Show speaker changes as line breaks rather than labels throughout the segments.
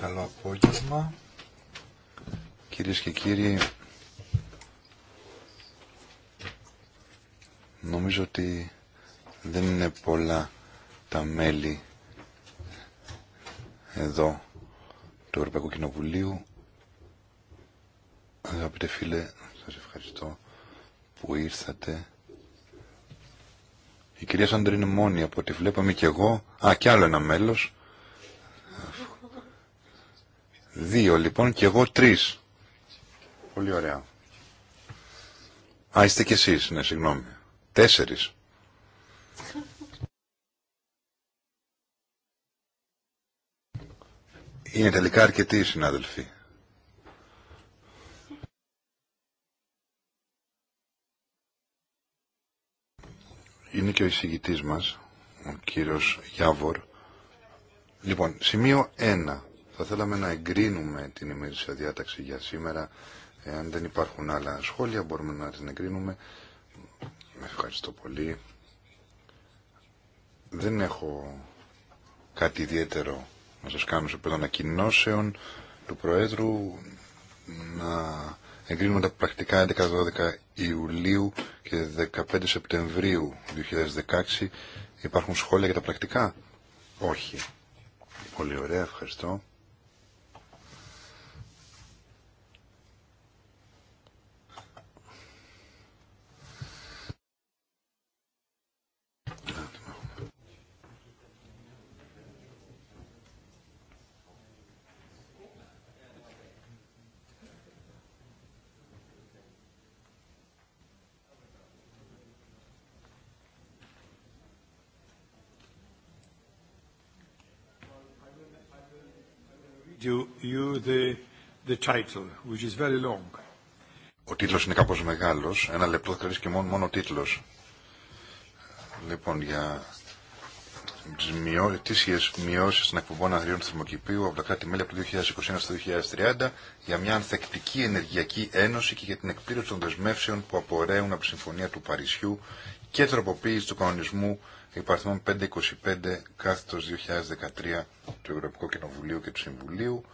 Καλό απόγευμα, κυρίες και κύριοι. Νομίζω ότι δεν είναι πολλά τα μέλη εδώ του Ευρωπαϊκού Κοινοβουλίου. Αγαπητέ φίλε, σας ευχαριστώ που ήρθατε η κυρία Σάντριν μόνη από ό,τι βλέπαμε και εγώ. Α, κι άλλο ένα μέλος. Δύο λοιπόν και εγώ τρεις. Πολύ ωραία. Α, είστε κι εσείς, ναι, συγγνώμη. Τέσσερις. Είναι τελικά αρκετοί οι συνάδελφοι. είναι και ο εισηγητής μας, ο κύριος Γιάβορ. Λοιπόν, σημείο 1. Θα θέλαμε να εγκρίνουμε την ημερήσια διάταξη για σήμερα. Εάν δεν υπάρχουν άλλα σχόλια μπορούμε να την εγκρίνουμε. Ευχαριστώ πολύ. Δεν έχω κάτι ιδιαίτερο να σας κάνω σε πέρα ανακοινώσεων του Προέδρου. Να εγκρίνουμε τα πρακτικά 11-12 Ιουλίου και 15 Σεπτεμβρίου 2016. Υπάρχουν σχόλια για τα πρακτικά? Όχι. Πολύ ωραία, ευχαριστώ. the title, which is very long. Ο τίτλος είναι κάπως μεγάλος. Ένα λεπτό θα κρατήσει και μόνο, μόνο τίτλος. Λοιπόν, για τις μειώσεις, μειώσεις των εκπομπών αγριών του θερμοκηπίου από τα κράτη-μέλη από το 2021 στο 2030 για μια ανθεκτική ενεργειακή ένωση και για την εκπλήρωση των δεσμεύσεων που απορρέουν από τη Συμφωνία του Παρισιού και τροποποίηση του κανονισμού υπαρθμών 525 κάθετος 2013 του Ευρωπαϊκού Κοινοβουλίου και του Συμβουλίου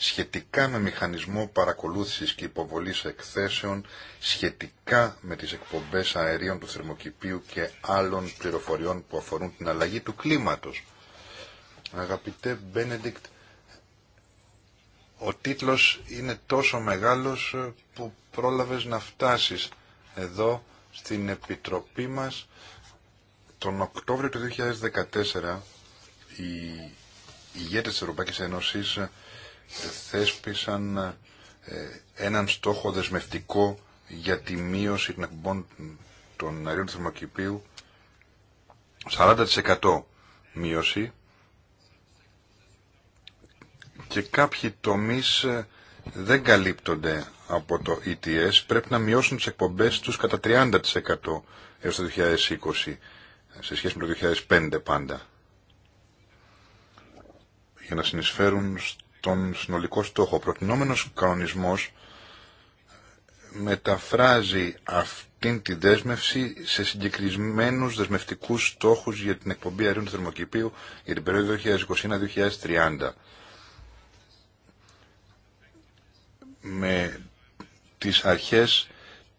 σχετικά με μηχανισμό παρακολούθησης και υποβολής εκθέσεων, σχετικά με τις εκπομπές αερίων του θερμοκηπίου και άλλων πληροφοριών που αφορούν την αλλαγή του κλίματος. Αγαπητέ Μπένεντικτ, ο τίτλος είναι τόσο μεγάλος που πρόλαβες να φτάσεις εδώ στην Επιτροπή μας τον Οκτώβριο του 2014 οι ηγέτες της Ευρωπαϊκής Ένωσης θέσπισαν ε, έναν στόχο δεσμευτικό για τη μείωση των εκπομπών των αερίων του θερμοκηπίου 40% μείωση και κάποιοι τομείς ε, δεν καλύπτονται από το ETS, πρέπει να μειώσουν τις εκπομπές τους κατά 30% έως το 2020, σε σχέση με το 2005 πάντα, για να συνεισφέρουν τον συνολικό στόχο. Ο προτινόμενος κανονισμός μεταφράζει αυτήν τη δέσμευση σε συγκεκριμένους δεσμευτικούς στόχους για την εκπομπή αερίων του θερμοκηπίου για την περίοδο 2021-2030. Με τις αρχές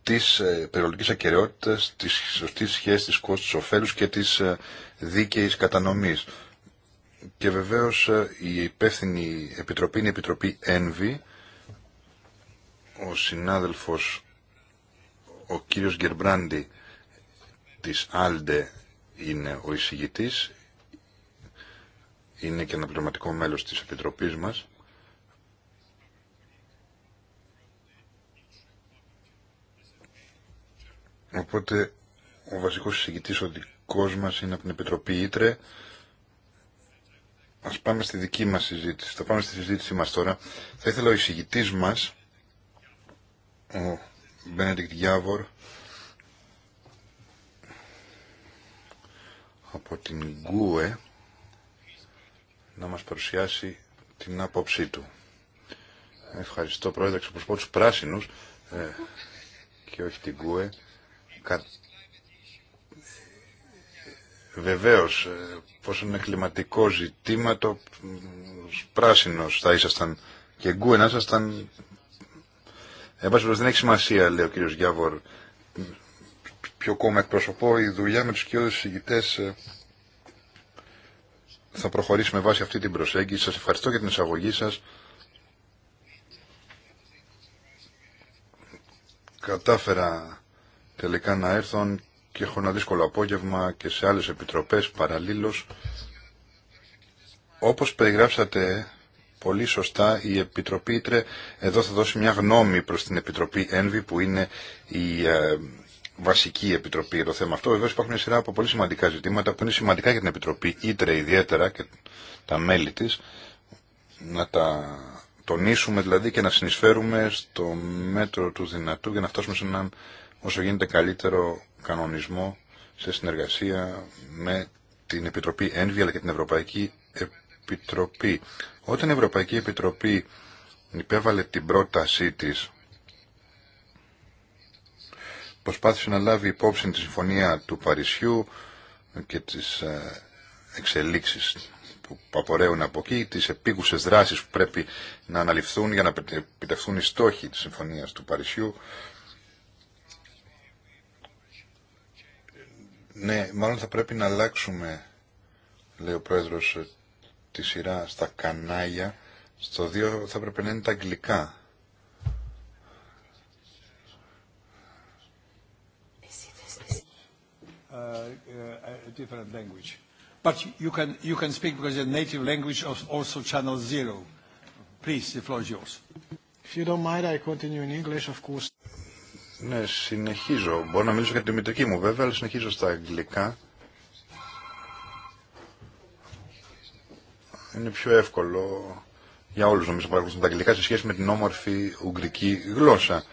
της ε, περιολικής ακαιρεότητας, της σωστής σχέσης της κόστης ωφέλους και της ε, δίκαιης κατανομής και βεβαίως ε, η υπεύθυνη επιτροπή είναι η Επιτροπή ΕΝΒΗ. Ο συνάδελφος, ο κύριος Γκερμπράντη της Άλντε είναι ο εισηγητής. Είναι και ένα πληρωματικό μέλος της Επιτροπής μας. Οπότε ο βασικός εισηγητής ο δικός μας είναι από την Επιτροπή Ήτρε ας πάμε στη δική μας συζήτηση. Θα πάμε στη συζήτησή μας τώρα. Θα ήθελα ο εισηγητής μας, ο Μπένεντικτ Γιάβορ, από την Γκούε, να μας παρουσιάσει την άποψή του. Ευχαριστώ πρόεδρε, εξωπροσπώ τους πράσινους ε, και όχι την ΚΟΕ. Βεβαίως, ε, πόσο είναι κλιματικό ζητήμα το πράσινος θα ήσασταν και γκου να ήσασταν δεν έχει σημασία, λέει ο κύριος Γιάβορ, ποιο κόμμα εκπροσωπώ, η δουλειά με τους κοιόδους συγκητέ ε, θα προχωρήσει με βάση αυτή την προσέγγιση. Σας ευχαριστώ για την εισαγωγή σας. Κατάφερα τελικά να έρθω και έχω ένα δύσκολο απόγευμα και σε άλλες επιτροπές παραλλήλως. Όπως περιγράψατε πολύ σωστά, η Επιτροπή Ήτρε εδώ θα δώσει μια γνώμη προς την Επιτροπή Ένβη που είναι η ε, βασική Επιτροπή για το θέμα αυτό. Βεβαίως υπάρχουν μια σειρά από πολύ σημαντικά ζητήματα που είναι σημαντικά για την Επιτροπή Ήτρε ιδιαίτερα και τα μέλη της να τα τονίσουμε δηλαδή και να συνεισφέρουμε στο μέτρο του δυνατού για να φτάσουμε σε έναν όσο γίνεται καλύτερο κανονισμό σε συνεργασία με την Επιτροπή Ένβια αλλά και την Ευρωπαϊκή Επιτροπή. Όταν η Ευρωπαϊκή Επιτροπή υπέβαλε την πρότασή της προσπάθησε να λάβει υπόψη τη συμφωνία του Παρισιού και τις ε, εξελίξεις που απορρέουν από εκεί, τις επίγουσες δράσεις που πρέπει να αναλυφθούν για να επιτευχθούν οι στόχοι της συμφωνίας του Παρισιού Ναι, μάλλον θα πρέπει να αλλάξουμε, λέει ο πρόεδρος, τη σειρά στα κανάλια. Στο 2 θα πρέπει να είναι τα αγγλικά. a different language. But you can, you can speak because the native language is also channel zero. Please, the floor is yours. If you don't mind, I continue in English, of course. Ναι, συνεχίζω. Μπορώ να μιλήσω για τη μητρική μου βέβαια, αλλά συνεχίζω στα αγγλικά. Είναι πιο εύκολο για όλους νομίζω να παρακολουθούν τα αγγλικά σε σχέση με την όμορφη ουγγρική γλώσσα.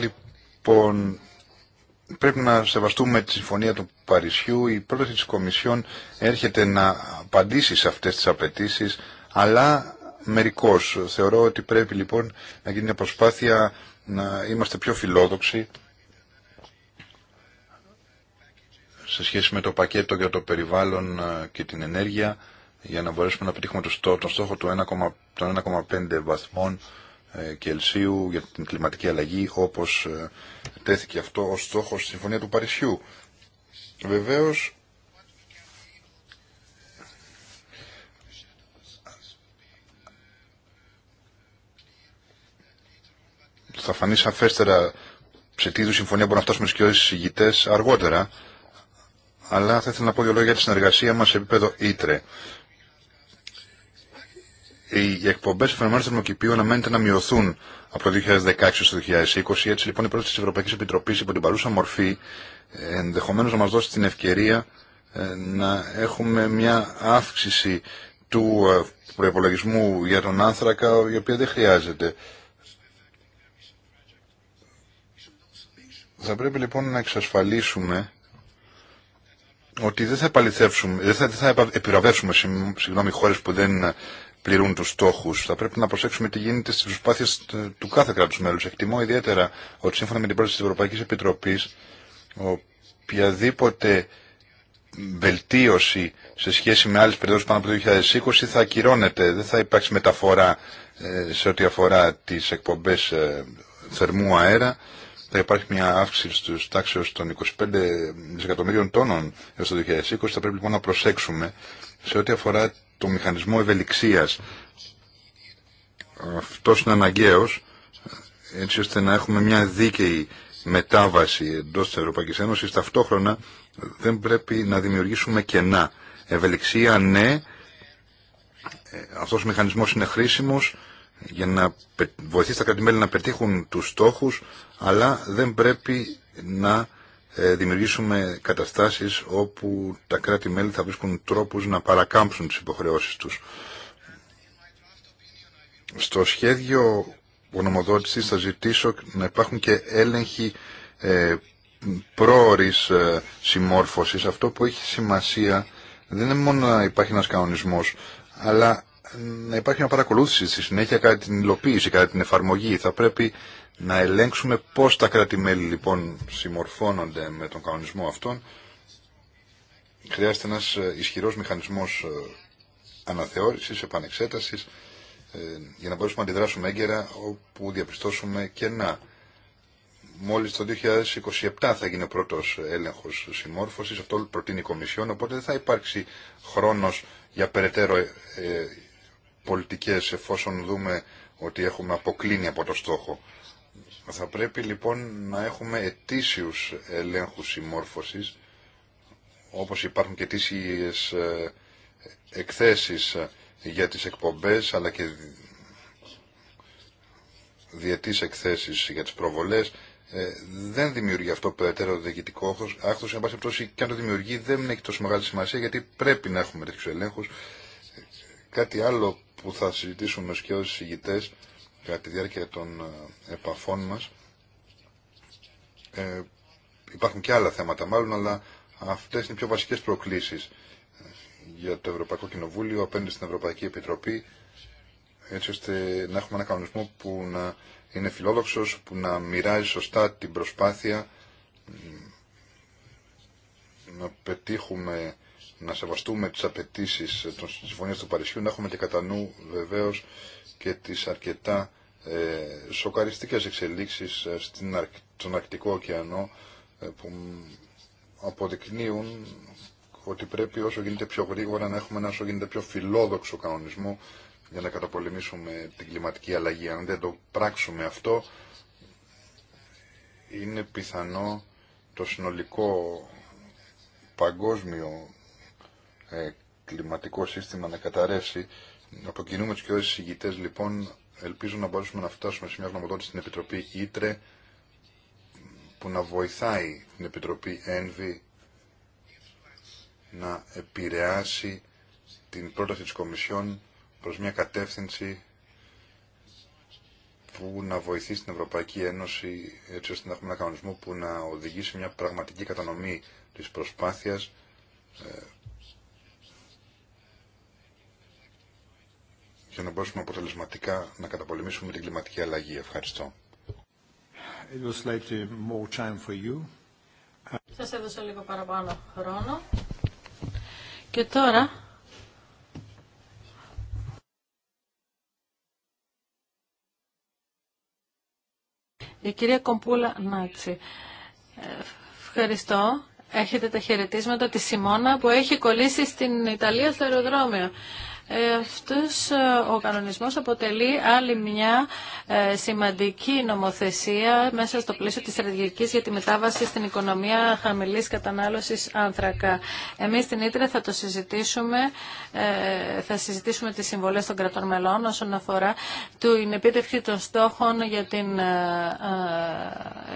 Λοιπόν, πρέπει να σεβαστούμε τη Συμφωνία του Παρισιού. Η πρόταση της Κομισιόν έρχεται να απαντήσει σε αυτές τις απαιτήσεις, αλλά μερικώς. Θεωρώ ότι πρέπει λοιπόν να γίνει μια προσπάθεια να είμαστε πιο φιλόδοξοι σε σχέση με το πακέτο για το περιβάλλον ε, και την ενέργεια για να μπορέσουμε να πετύχουμε το τον στόχο των 1,5 βαθμών ε, Κελσίου για την κλιματική αλλαγή όπως ε, τέθηκε αυτό ως στόχο στη Συμφωνία του Παρισιού. Βεβαίως θα φανεί σαφέστερα σε τι είδου συμφωνία μπορούμε να φτάσουμε στου κοινού συζητητέ αργότερα. Αλλά θα ήθελα να πω δύο λόγια για τη συνεργασία μα σε επίπεδο ήτρε. Οι εκπομπέ φαινομένων θερμοκηπίου αναμένεται να μειωθούν από το 2016 στο 2020. Έτσι λοιπόν η πρόταση τη Ευρωπαϊκή Επιτροπή υπό την παρούσα μορφή ενδεχομένω να μα δώσει την ευκαιρία ε, να έχουμε μια αύξηση του ε, προπολογισμού για τον άνθρακα, η οποία δεν χρειάζεται. Θα πρέπει λοιπόν να εξασφαλίσουμε ότι δεν θα επαληθεύσουμε, δεν θα, δεν επιβραβεύσουμε χώρες που δεν ε, πληρούν τους στόχους. Θα πρέπει να προσέξουμε τι γίνεται στις προσπάθειες ε, του κάθε κράτους μέλους. Εκτιμώ ιδιαίτερα ότι σύμφωνα με την πρόταση της Ευρωπαϊκής Επιτροπής οποιαδήποτε βελτίωση σε σχέση με άλλες περιόδους πάνω από το 2020 θα ακυρώνεται. Δεν θα υπάρξει μεταφορά ε, σε ό,τι αφορά τις εκπομπές θερμού αέρα θα υπάρχει μια αύξηση στου τάξεω των 25 δισεκατομμύριων τόνων έω το 2020. Θα πρέπει λοιπόν να προσέξουμε σε ό,τι αφορά το μηχανισμό ευελιξία. Αυτό είναι αναγκαίο, έτσι ώστε να έχουμε μια δίκαιη μετάβαση εντό τη Ευρωπαϊκή Ένωση, Ταυτόχρονα δεν πρέπει να δημιουργήσουμε κενά. Ευελιξία ναι, ε, αυτός ο μηχανισμός είναι χρήσιμος για να βοηθήσει τα κρατημέλη να πετύχουν τους στόχους, αλλά δεν πρέπει να ε, δημιουργήσουμε καταστάσεις όπου τα κράτη-μέλη θα βρίσκουν τρόπους να παρακάμψουν τις υποχρεώσεις τους. Στο σχέδιο γνωμοδότησης θα ζητήσω να υπάρχουν και έλεγχοι ε, πρόορης ε, Αυτό που έχει σημασία δεν είναι μόνο να υπάρχει ένας κανονισμός, αλλά να υπάρχει μια παρακολούθηση στη συνέχεια κατά την υλοποίηση, κατά την εφαρμογή. Θα πρέπει να ελέγξουμε πώς τα κράτη-μέλη λοιπόν συμμορφώνονται με τον κανονισμό αυτόν. Χρειάζεται ένας ε, ισχυρός μηχανισμός ε, αναθεώρησης, επανεξέτασης, ε, για να μπορέσουμε να αντιδράσουμε έγκαιρα όπου διαπιστώσουμε κενά. Μόλις το 2027 θα γίνει ο πρώτος έλεγχος συμμόρφωσης, αυτό προτείνει η Κομισιόν, οπότε δεν θα υπάρξει χρόνος για περαιτέρω πολιτικές εφόσον δούμε ότι έχουμε αποκλίνει από το στόχο. Θα πρέπει λοιπόν να έχουμε ετήσιους ελέγχους συμμόρφωσης όπως υπάρχουν και ετήσιες ε, εκθέσεις για τις εκπομπές αλλά και διετής εκθέσεις για τις προβολές ε, δεν δημιουργεί αυτό περαιτέρω διοικητικό άχθο. Εν πάση και αν το δημιουργεί, δεν έχει τόσο μεγάλη σημασία γιατί πρέπει να έχουμε τέτοιου ελέγχου Κάτι άλλο που θα συζητήσουμε και ως συγητές κατά τη διάρκεια των ε, επαφών μας. Ε, υπάρχουν και άλλα θέματα μάλλον, αλλά αυτές είναι οι πιο βασικές προκλήσεις για το Ευρωπαϊκό Κοινοβούλιο απέναντι στην Ευρωπαϊκή Επιτροπή, έτσι ώστε να έχουμε ένα κανονισμό που να είναι φιλόδοξος, που να μοιράζει σωστά την προσπάθεια να πετύχουμε να σεβαστούμε τις απαιτήσει των συμφωνίας του Παρισιού, να έχουμε και κατά νου βεβαίως και τις αρκετά ε, σοκαριστικές εξελίξεις ε, στην στον Αρκτικό ωκεανό ε, που αποδεικνύουν ότι πρέπει όσο γίνεται πιο γρήγορα να έχουμε ένα όσο γίνεται πιο φιλόδοξο κανονισμό για να καταπολεμήσουμε την κλιματική αλλαγή. Αν δεν το πράξουμε αυτό, είναι πιθανό το συνολικό παγκόσμιο ε, κλιματικό σύστημα να καταρρεύσει. Από κοινού με του και όλου λοιπόν, ελπίζω να μπορέσουμε να φτάσουμε σε μια γνωμοδότηση στην Επιτροπή Ήτρε που να βοηθάει την Επιτροπή Ένβη να επηρεάσει την πρόταση της Κομισιόν προς μια κατεύθυνση που να βοηθήσει την Ευρωπαϊκή Ένωση έτσι ώστε να έχουμε ένα κανονισμό που να οδηγήσει μια πραγματική κατανομή της προσπάθειας ε, για να μπορέσουμε αποτελεσματικά να καταπολεμήσουμε την κλιματική αλλαγή. Ευχαριστώ. Σα έδωσα
λίγο παραπάνω χρόνο. Και τώρα... Η κυρία Κομπούλα Νάτσι. Ευχαριστώ. Έχετε τα χαιρετίσματα τη Σιμώνα που έχει κολλήσει στην Ιταλία στο αεροδρόμιο. Ε, αυτός ε, ο κανονισμός αποτελεί άλλη μια ε, σημαντική νομοθεσία μέσα στο πλαίσιο της στρατηγικής για τη μετάβαση στην οικονομία χαμηλής κατανάλωσης άνθρακα. Εμείς στην Ήτρε θα το συζητήσουμε, θα συζητήσουμε τις συμβολές των κρατών μελών όσον αφορά την επίτευξη των στόχων για την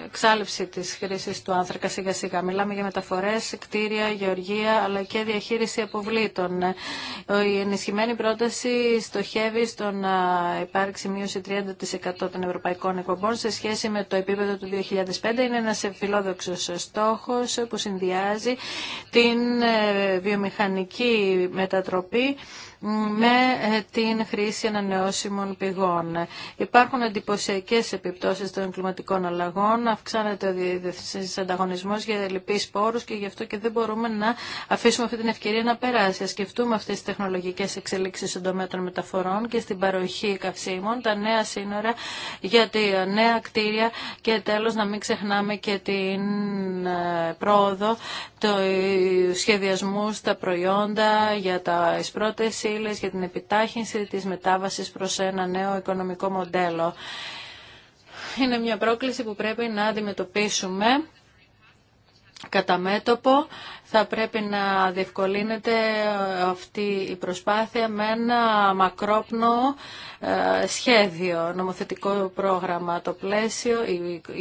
εξάλληψη της χρήσης του άνθρακα σιγά σιγά. Μιλάμε για μεταφορές, κτίρια, γεωργία αλλά και διαχείριση αποβλήτων. Η συγκεκριμένη πρόταση στοχεύει στο να υπάρξει μείωση 30% των ευρωπαϊκών εκπομπών σε σχέση με το επίπεδο του 2005. Είναι ένας φιλόδοξος στόχος που συνδυάζει την ε, βιομηχανική μετατροπή με ε, την χρήση ανανεώσιμων πηγών. Υπάρχουν εντυπωσιακέ επιπτώσει των κλιματικών αλλαγών, αυξάνεται ο διεθνή ανταγωνισμός για λοιπεί πόρου και γι' αυτό και δεν μπορούμε να αφήσουμε αυτή την ευκαιρία να περάσει. Α σκεφτούμε αυτέ τι τεχνολογικέ εξελίξει στον τομέα των μεταφορών και στην παροχή καυσίμων, τα νέα σύνορα για τα νέα κτίρια και τέλο, να μην ξεχνάμε και την ε, πρόοδο του ε, σχεδιασμού στα προϊόντα για τα εισπρότεση ύλες για την επιτάχυνση της μετάβασης προς ένα νέο οικονομικό μοντέλο. Είναι μια πρόκληση που πρέπει να αντιμετωπίσουμε κατά μέτωπο θα πρέπει να διευκολύνεται ε, αυτή η προσπάθεια με ένα μακρόπνο ε, σχέδιο, νομοθετικό πρόγραμμα, το πλαίσιο,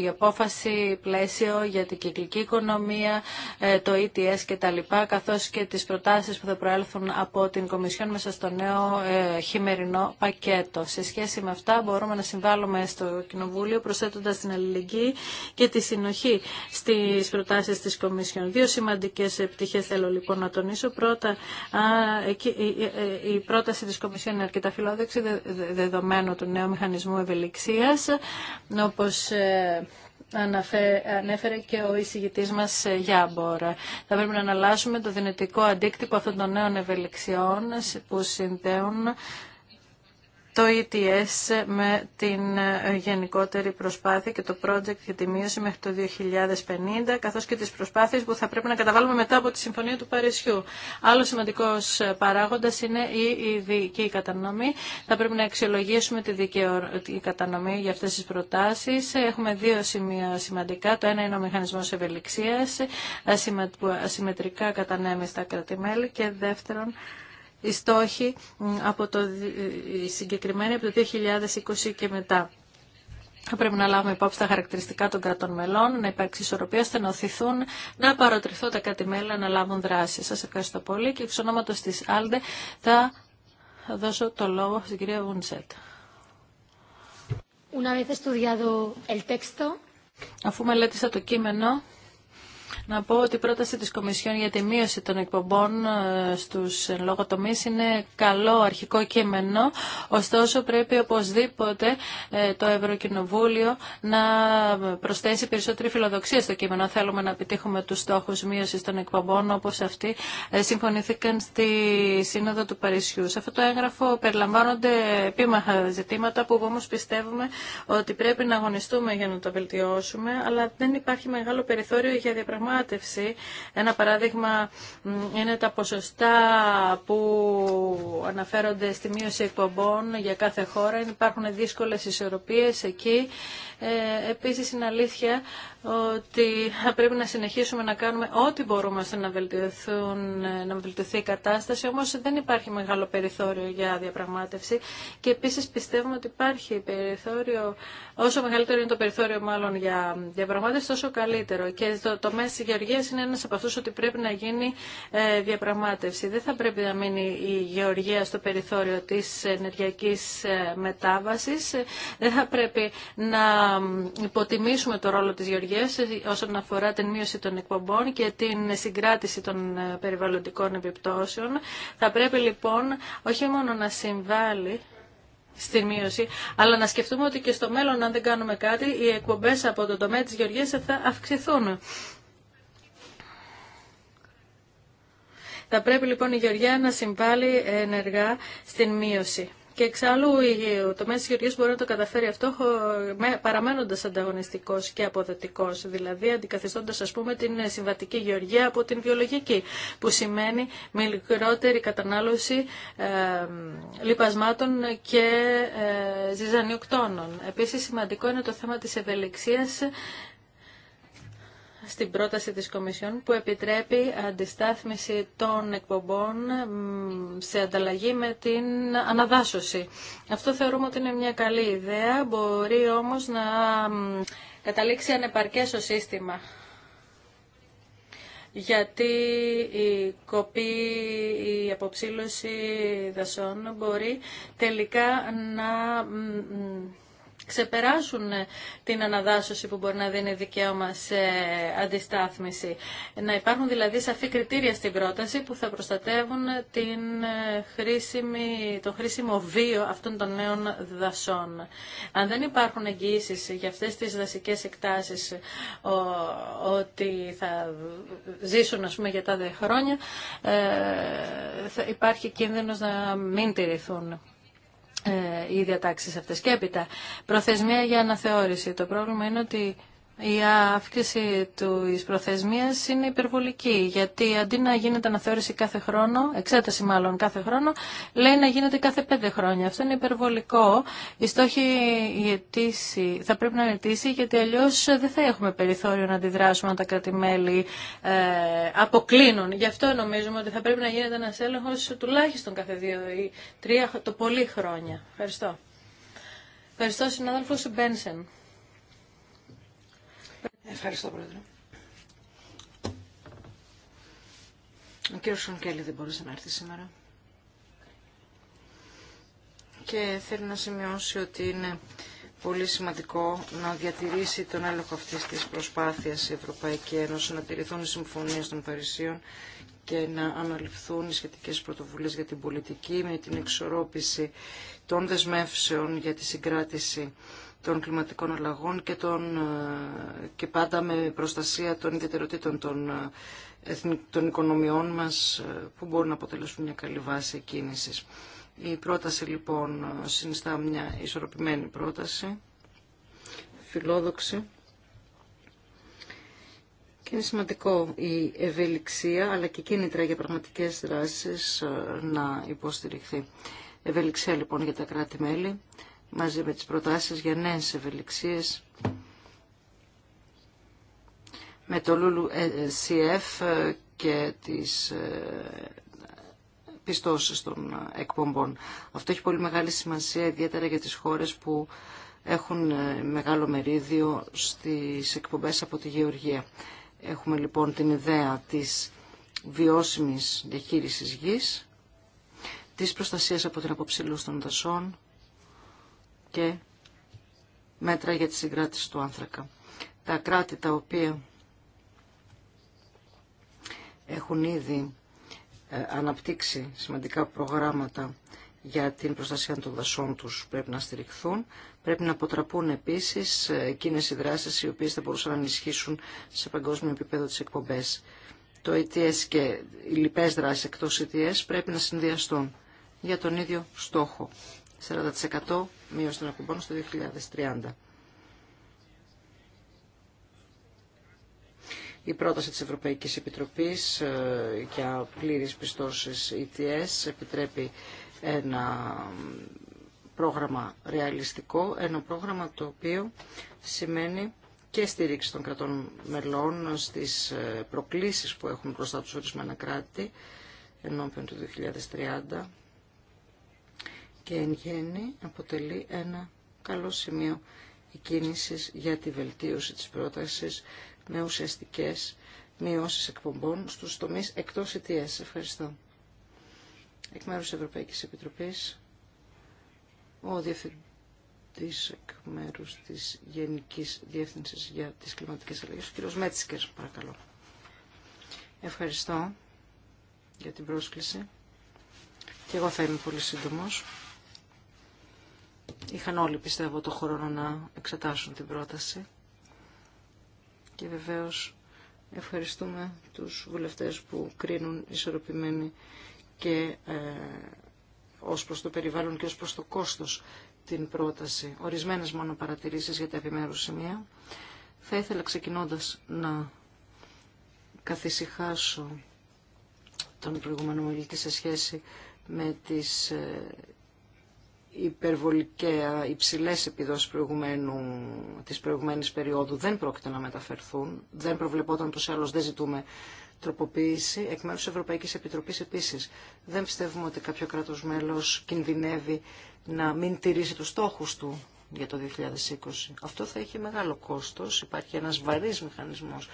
η, απόφαση πλαίσιο για την κυκλική οικονομία, ε, το ETS κτλ, καθώς και τις προτάσεις που θα προέλθουν από την Κομισιόν μέσα στο νέο χειμερινό πακέτο. Σε σχέση με αυτά μπορούμε να συμβάλλουμε στο Κοινοβούλιο προσθέτοντας την αλληλεγγύη και τη συνοχή στις προτάσεις της Κομισιόν. Δύο σημαντικές πτυχέ θέλω λοιπόν να τονίσω. Πρώτα, η πρόταση της Κομισιόν είναι αρκετά φιλόδοξη δεδομένου του νέου μηχανισμού ευελιξίας, όπως ε, ανέφερε και ο εισηγητής μας ε, Γιάμπορα. Θα πρέπει να αναλάσουμε το δυνητικό αντίκτυπο αυτών των νέων ευελιξιών που συνδέουν το ETS με την ε, γενικότερη προσπάθεια και το project για τη μείωση μέχρι το 2050, καθώς και τις προσπάθειες που θα πρέπει να καταβάλουμε μετά από τη Συμφωνία του Παρισιού. Άλλο σημαντικός ε, παράγοντας είναι η ειδική κατανομή. Θα πρέπει να αξιολογήσουμε τη δικαιωτική κατανομή για αυτές τις προτάσεις. Έχουμε δύο σημεία σημαντικά. Το ένα είναι ο μηχανισμός ευελιξίας, που ασυμμετρικά κατανέμει στα κρατημέλη και δεύτερον, οι στόχοι από το, συγκεκριμένοι από το 2020 και μετά. Θα πρέπει να λάβουμε υπόψη τα χαρακτηριστικά των κρατών μελών, να υπάρξει ισορροπία ώστε να οθηθούν, να παροτριθούν τα κράτη μέλη να λάβουν δράση. Σας ευχαριστώ πολύ και εξ ονόματος της Άλντε θα δώσω το λόγο στην κυρία Βουντσέτ. Αφού μελέτησα το κείμενο, να πω ότι η πρόταση της Κομισιόν για τη μείωση των εκπομπών ε, στους λόγω τομείς είναι καλό αρχικό κείμενο, ωστόσο πρέπει οπωσδήποτε ε, το Ευρωκοινοβούλιο να προσθέσει περισσότερη φιλοδοξία στο κείμενο. Θέλουμε να επιτύχουμε τους στόχους μείωσης των εκπομπών όπως αυτοί ε, συμφωνήθηκαν στη Σύνοδο του Παρισιού. Σε αυτό το έγγραφο περιλαμβάνονται επίμαχα ζητήματα που όμως πιστεύουμε ότι πρέπει να αγωνιστούμε για να τα βελτιώσουμε, αλλά δεν υπάρχει μεγάλο περιθώριο για διαπραγμάτευση διαπραγμάτευση. Ένα παράδειγμα είναι τα ποσοστά που αναφέρονται στη μείωση εκπομπών για κάθε χώρα. Υπάρχουν δύσκολες ισορροπίες εκεί ε, επίσης είναι αλήθεια ότι πρέπει να συνεχίσουμε να κάνουμε ό,τι μπορούμε ώστε να, βελτιωθούν, να βελτιωθεί η κατάσταση, όμως δεν υπάρχει μεγάλο περιθώριο για διαπραγμάτευση και επίσης πιστεύουμε ότι υπάρχει περιθώριο, όσο μεγαλύτερο είναι το περιθώριο μάλλον για διαπραγμάτευση, τόσο καλύτερο. Και το μέσο της γεωργίας είναι ένας από αυτούς ότι πρέπει να γίνει ε, διαπραγμάτευση. Δεν θα πρέπει να μείνει η γεωργία στο περιθώριο της ενεργειακής ε, μετάβασης. Ε, δεν θα πρέπει να υποτιμήσουμε το ρόλο της Γεωργίας όσον αφορά την μείωση των εκπομπών και την συγκράτηση των ε, περιβαλλοντικών επιπτώσεων. Θα πρέπει λοιπόν όχι μόνο να συμβάλλει στη μείωση, αλλά να σκεφτούμε ότι και στο μέλλον αν δεν κάνουμε κάτι οι εκπομπές από τον τομέα της Γεωργίας θα αυξηθούν. Θα πρέπει λοιπόν η Γεωργία να συμβάλλει ενεργά στην μείωση. Και εξάλλου το μέσο τη Γεωργία μπορεί να το καταφέρει αυτό παραμένοντα ανταγωνιστικό και αποδοτικό. Δηλαδή αντικαθιστώντα, α πούμε, την συμβατική γεωργία από την βιολογική. Που σημαίνει μικρότερη κατανάλωση ε, λιπασμάτων και ε, ζυζανιοκτώνων. Επίση σημαντικό είναι το θέμα τη ευελιξία στην πρόταση της Κομισιόν που επιτρέπει αντιστάθμιση των εκπομπών σε ανταλλαγή με την αναδάσωση. Αυτό θεωρούμε ότι είναι μια καλή ιδέα, μπορεί όμως να καταλήξει ανεπαρκές ο σύστημα γιατί η κοπή, η αποψήλωση δασών μπορεί τελικά να ξεπεράσουν ε, την αναδάσωση που μπορεί να δίνει δικαίωμα σε αντιστάθμιση. Να υπάρχουν δηλαδή σαφή κριτήρια στην πρόταση που θα προστατεύουν την ε, χρήσιμη, το χρήσιμο βίο αυτών των νέων δασών. Αν δεν υπάρχουν εγγυήσει για αυτές τις δασικές εκτάσεις ότι θα ζήσουν ας πούμε, για τα δε χρόνια, ε, υπάρχει κίνδυνος να μην τηρηθούν. Ε, οι διατάξεις αυτές. Και έπειτα, προθεσμία για αναθεώρηση. Το πρόβλημα είναι ότι η αύξηση τη προθεσμία είναι υπερβολική, γιατί αντί να γίνεται αναθεώρηση κάθε χρόνο, εξέταση μάλλον κάθε χρόνο, λέει να γίνεται κάθε πέντε χρόνια. Αυτό είναι υπερβολικό. Η στόχη η αιτήση, θα πρέπει να αιτήσει, γιατί αλλιώ δεν θα έχουμε περιθώριο να αντιδράσουμε αν τα κράτη-μέλη ε, αποκλίνουν. Γι' αυτό νομίζουμε ότι θα πρέπει να γίνεται ένα έλεγχο τουλάχιστον κάθε δύο ή τρία το πολύ χρόνια. Ευχαριστώ. Ευχαριστώ, συνάδελφο Μπένσεν.
Ευχαριστώ, Πρόεδρε. Ο κύριος Σονκέλη δεν μπορούσε να έρθει σήμερα. Και θέλει να σημειώσει ότι είναι πολύ σημαντικό να διατηρήσει τον έλεγχο αυτής της προσπάθειας η Ευρωπαϊκή Ένωση, να τηρηθούν οι συμφωνίες των Παρισίων και να αναλυφθούν οι σχετικές πρωτοβουλίες για την πολιτική με την εξορρόπηση των δεσμεύσεων για τη συγκράτηση των κλιματικών αλλαγών και, των, ε, και πάντα με προστασία των ιδιαιτεροτήτων των, ε, των οικονομιών μας ε, που μπορούν να αποτελέσουν μια καλή βάση κίνησης. Η πρόταση λοιπόν συνιστά μια ισορροπημένη πρόταση, φιλόδοξη. Και είναι σημαντικό η ευελιξία αλλά και κίνητρα για πραγματικές δράσεις να υποστηριχθεί. Ευελιξία λοιπόν για τα κράτη-μέλη μαζί με τις προτάσεις για νέες ευελιξίες με το Λούλου CF ε, ε, ε, και τις πιστώσεις των εκπομπών. Αυτό έχει πολύ μεγάλη σημασία ιδιαίτερα για τις χώρες που έχουν μεγάλο μερίδιο στις εκπομπές από τη γεωργία. Έχουμε λοιπόν την ιδέα της βιώσιμης διαχείρισης γης, της προστασίας από την αποψηλού των δασών, και μέτρα για τη συγκράτηση του άνθρακα. Τα κράτη τα οποία έχουν ήδη ε, αναπτύξει σημαντικά προγράμματα για την προστασία των δασών τους πρέπει να στηριχθούν. Πρέπει να αποτραπούν επίσης ε, εκείνες οι δράσεις οι οποίες θα μπορούσαν να ενισχύσουν σε παγκόσμιο επίπεδο τις εκπομπές. Το ETS και οι λοιπές δράσεις εκτός ETS πρέπει να συνδυαστούν για τον ίδιο στόχο. 40% μείωση των ακουμπών στο 2030. Η πρόταση της Ευρωπαϊκής Επιτροπής ε, για πλήρης πιστώσεις ETS επιτρέπει ένα πρόγραμμα ρεαλιστικό, ένα πρόγραμμα το οποίο σημαίνει και στήριξη των κρατών μελών στις ε, προκλήσεις που έχουν μπροστά τους ορισμένα κράτη ενώπιον του 2030 και εν γέννη αποτελεί ένα καλό σημείο εκκίνησης για τη βελτίωση της πρότασης με ουσιαστικές μειώσεις εκπομπών στους τομείς εκτός ETS. Ευχαριστώ. Εκ μέρους της Ευρωπαϊκής Επιτροπής, ο Διευθυντής εκ μέρους της Γενικής Διεύθυνσης για τις Κλιματικές Αλλαγές, ο κ. Μέτσικερς, παρακαλώ. Ευχαριστώ για την πρόσκληση. Και εγώ θα είμαι πολύ σύντομος. Είχαν όλοι πιστεύω το χρόνο να εξετάσουν την πρόταση. Και βεβαίως ευχαριστούμε τους βουλευτές που κρίνουν ισορροπημένοι και ε, ως προς το περιβάλλον και ως προς το κόστος την πρόταση. Ορισμένες μόνο παρατηρήσεις για τα επιμέρους σημεία. Θα ήθελα ξεκινώντας να καθησυχάσω τον προηγούμενο μιλητή σε σχέση με τις ε, υπερβολικά υψηλές επιδόσεις προηγουμένου, της προηγουμένης περίοδου δεν πρόκειται να μεταφερθούν. Δεν προβλεπόταν τους άλλους, δεν ζητούμε τροποποίηση. Εκ μέρους της Ευρωπαϊκής Επιτροπής επίσης δεν πιστεύουμε ότι κάποιο κράτος μέλος κινδυνεύει να μην τηρήσει τους στόχους του για το 2020. Αυτό θα έχει μεγάλο κόστος. Υπάρχει ένας βαρύς μηχανισμός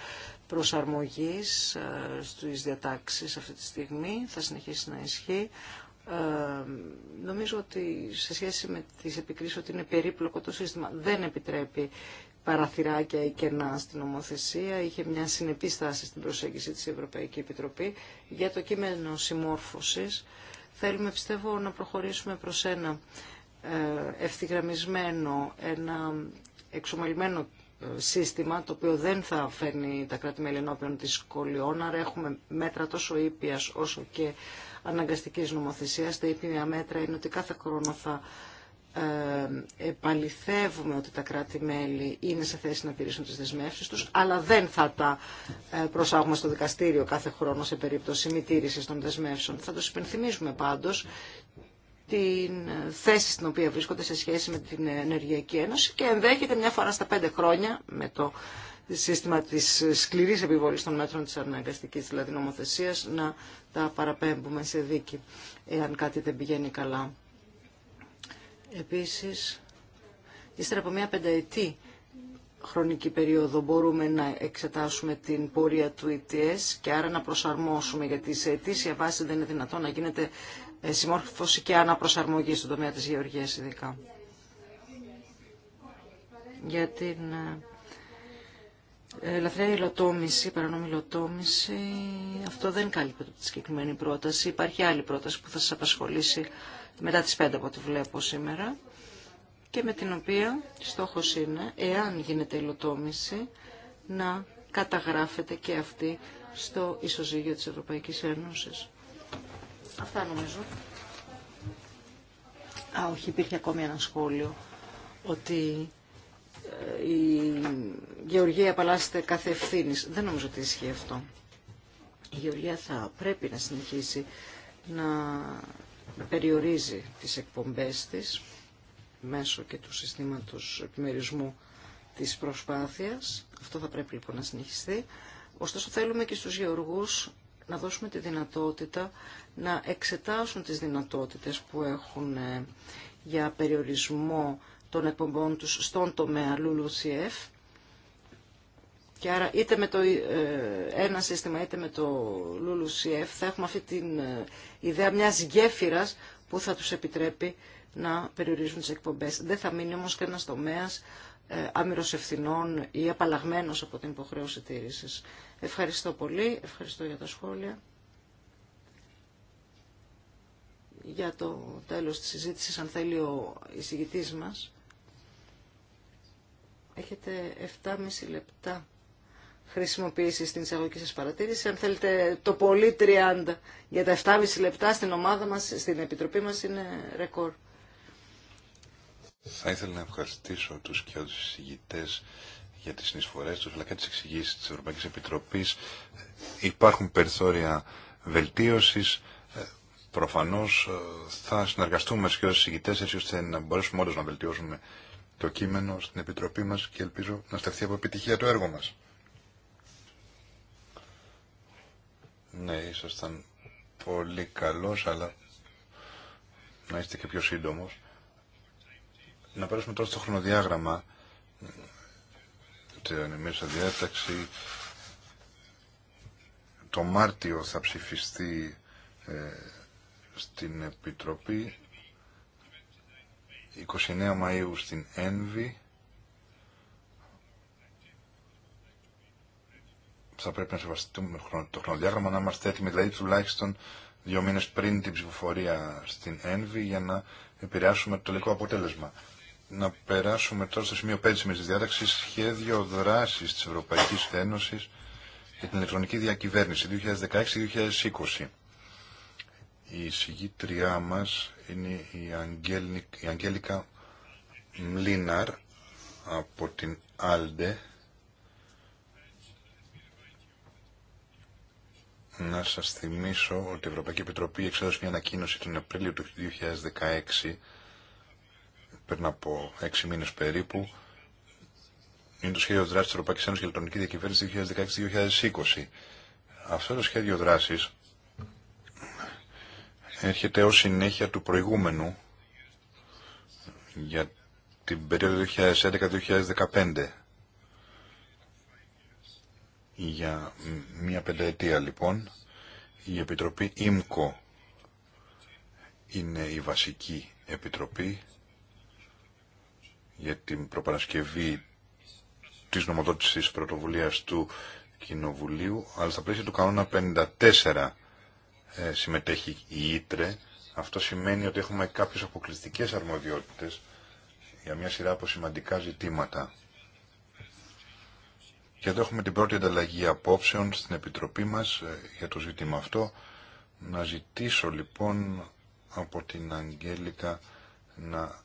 προσαρμογής ε, στις διατάξεις αυτή τη στιγμή. Θα συνεχίσει να ισχύει. Ε, νομίζω ότι σε σχέση με τις επικρίσεις ότι είναι περίπλοκο το σύστημα δεν επιτρέπει παραθυράκια ή κενά στην νομοθεσία. Είχε μια συνεπίσταση στην προσέγγιση της Ευρωπαϊκή Επιτροπή για το κείμενο συμμόρφωσης. Θέλουμε, πιστεύω, να προχωρήσουμε προς ένα ε, ευθυγραμμισμένο, ένα εξομαλυμένο ε, σύστημα το οποίο δεν θα φέρνει τα κράτη-μέλη ενώπιον της σχολιών, άρα έχουμε μέτρα τόσο ήπιας όσο και αναγκαστικής νομοθεσίας. Τα ήπια μέτρα είναι ότι κάθε χρόνο θα ε, επαληθεύουμε ότι τα κράτη-μέλη είναι σε θέση να τηρήσουν τι δεσμεύσει τους, αλλά δεν θα τα ε, προσάγουμε στο δικαστήριο κάθε χρόνο σε περίπτωση μη τηρήση των δεσμεύσεων. Θα του υπενθυμίζουμε πάντως την θέση στην οποία βρίσκονται σε σχέση με την Ενεργειακή Ένωση και ενδέχεται μια φορά στα πέντε χρόνια με το σύστημα της σκληρής επιβολής των μέτρων της αναγκαστικής δηλαδή νομοθεσίας να τα παραπέμπουμε σε δίκη εάν κάτι δεν πηγαίνει καλά. Επίσης, ύστερα από μια πενταετή χρονική περίοδο μπορούμε να εξετάσουμε την πορεία του ETS και άρα να προσαρμόσουμε γιατί σε αιτήσια βάση δεν είναι δυνατόν να γίνεται ε, συμμόρφωση και αναπροσαρμογή στον τομέα της γεωργίας ειδικά. Για την ε, Ελαφριά υλοτόμηση, παρανόμη υλοτόμηση, αυτό δεν καλύπτεται τη συγκεκριμένη πρόταση. Υπάρχει άλλη πρόταση που θα σας απασχολήσει μετά τις 5 από ό,τι βλέπω σήμερα και με την οποία στόχος είναι, εάν γίνεται υλοτόμηση, να καταγράφεται και αυτή στο ισοζύγιο της Ευρωπαϊκής Ένωσης. Αυτά νομίζω. Α, όχι, υπήρχε ακόμη ένα σχόλιο ότι ε, η γεωργία απαλλάσσεται κάθε ευθύνη. Δεν νομίζω ότι ισχύει αυτό. Η γεωργία θα πρέπει να συνεχίσει να περιορίζει τις εκπομπές της μέσω και του συστήματος επιμερισμού της προσπάθειας. Αυτό θα πρέπει λοιπόν να συνεχιστεί. Ωστόσο θέλουμε και στους γεωργούς να δώσουμε τη δυνατότητα να εξετάσουν τις δυνατότητες που έχουν ε, για περιορισμό των εκπομπών τους στον τομέα LULUCF. Και άρα είτε με το ε, ένα σύστημα είτε με το LULUCF θα έχουμε αυτή την ε, ιδέα μιας γέφυρας που θα τους επιτρέπει να περιορίζουν τις εκπομπές. Δεν θα μείνει όμως κανένας τομέας ε, άμυρος ευθυνών ή απαλλαγμένος από την υποχρέωση τήρησης. Ευχαριστώ πολύ, ευχαριστώ για τα σχόλια. Για το τέλος της συζήτησης, αν θέλει ο εισηγητής μας, Έχετε 7,5 λεπτά χρησιμοποίηση στην εισαγωγική σας παρατήρηση. Αν θέλετε το πολύ 30 για τα 7,5 λεπτά στην ομάδα μας, στην επιτροπή μας είναι ρεκόρ.
Θα ήθελα να ευχαριστήσω τους και τους για τις συνεισφορές τους, αλλά και τις εξηγήσεις της Ευρωπαϊκής Επιτροπής. Υπάρχουν περιθώρια βελτίωσης. Ε, προφανώς ε, θα συνεργαστούμε με τους συζητητές έτσι ώστε να μπορέσουμε όντως να βελτιώσουμε το κείμενο στην Επιτροπή μας και ελπίζω να σταθεί από επιτυχία το έργο μας. Ναι, ήσασταν πολύ καλός, αλλά να είστε και πιο σύντομος. Να περάσουμε τώρα στο χρονοδιάγραμμα την μέσα διάταξη. Το Μάρτιο θα ψηφιστεί ε, στην Επιτροπή 29 Μαΐου στην Ένβη. Θα πρέπει να σεβαστούμε το χρονοδιάγραμμα, να είμαστε έτοιμοι δηλαδή τουλάχιστον δύο μήνες πριν την ψηφοφορία στην Ένβη για να επηρεάσουμε το τελικό αποτέλεσμα. Να περάσουμε τώρα στο σημείο 5 της διάταξης, σχέδιο δράσης της Ευρωπαϊκής Ένωσης για την ηλεκτρονική διακυβέρνηση 2016-2020. Η συγγήτριά μας είναι η, Αγγέλικα Μλίναρ από την Άλντε. Να σας θυμίσω ότι η Ευρωπαϊκή Επιτροπή εξέδωσε μια ανακοίνωση τον Απρίλιο του 2016, πριν από έξι μήνες περίπου, είναι το σχέδιο δράσης τη Ευρωπαϊκή Ένωση για ηλεκτρονική διακυβέρνηση 2016-2020. Αυτό το σχέδιο δράσης έρχεται ως συνέχεια του προηγούμενου για την περίοδο 2011-2015 για μία πενταετία λοιπόν η Επιτροπή ΙΜΚΟ είναι η βασική επιτροπή για την προπαρασκευή της νομοδότησης πρωτοβουλίας του Κοινοβουλίου αλλά στα πλαίσια του κανόνα 54 ε, συμμετέχει η Ήτρε. Αυτό σημαίνει ότι έχουμε κάποιες αποκλειστικές αρμοδιότητες για μια σειρά από σημαντικά ζητήματα. Και εδώ έχουμε την πρώτη ανταλλαγή απόψεων στην Επιτροπή μας ε, για το ζήτημα αυτό. Να ζητήσω λοιπόν από την Αγγέλικα να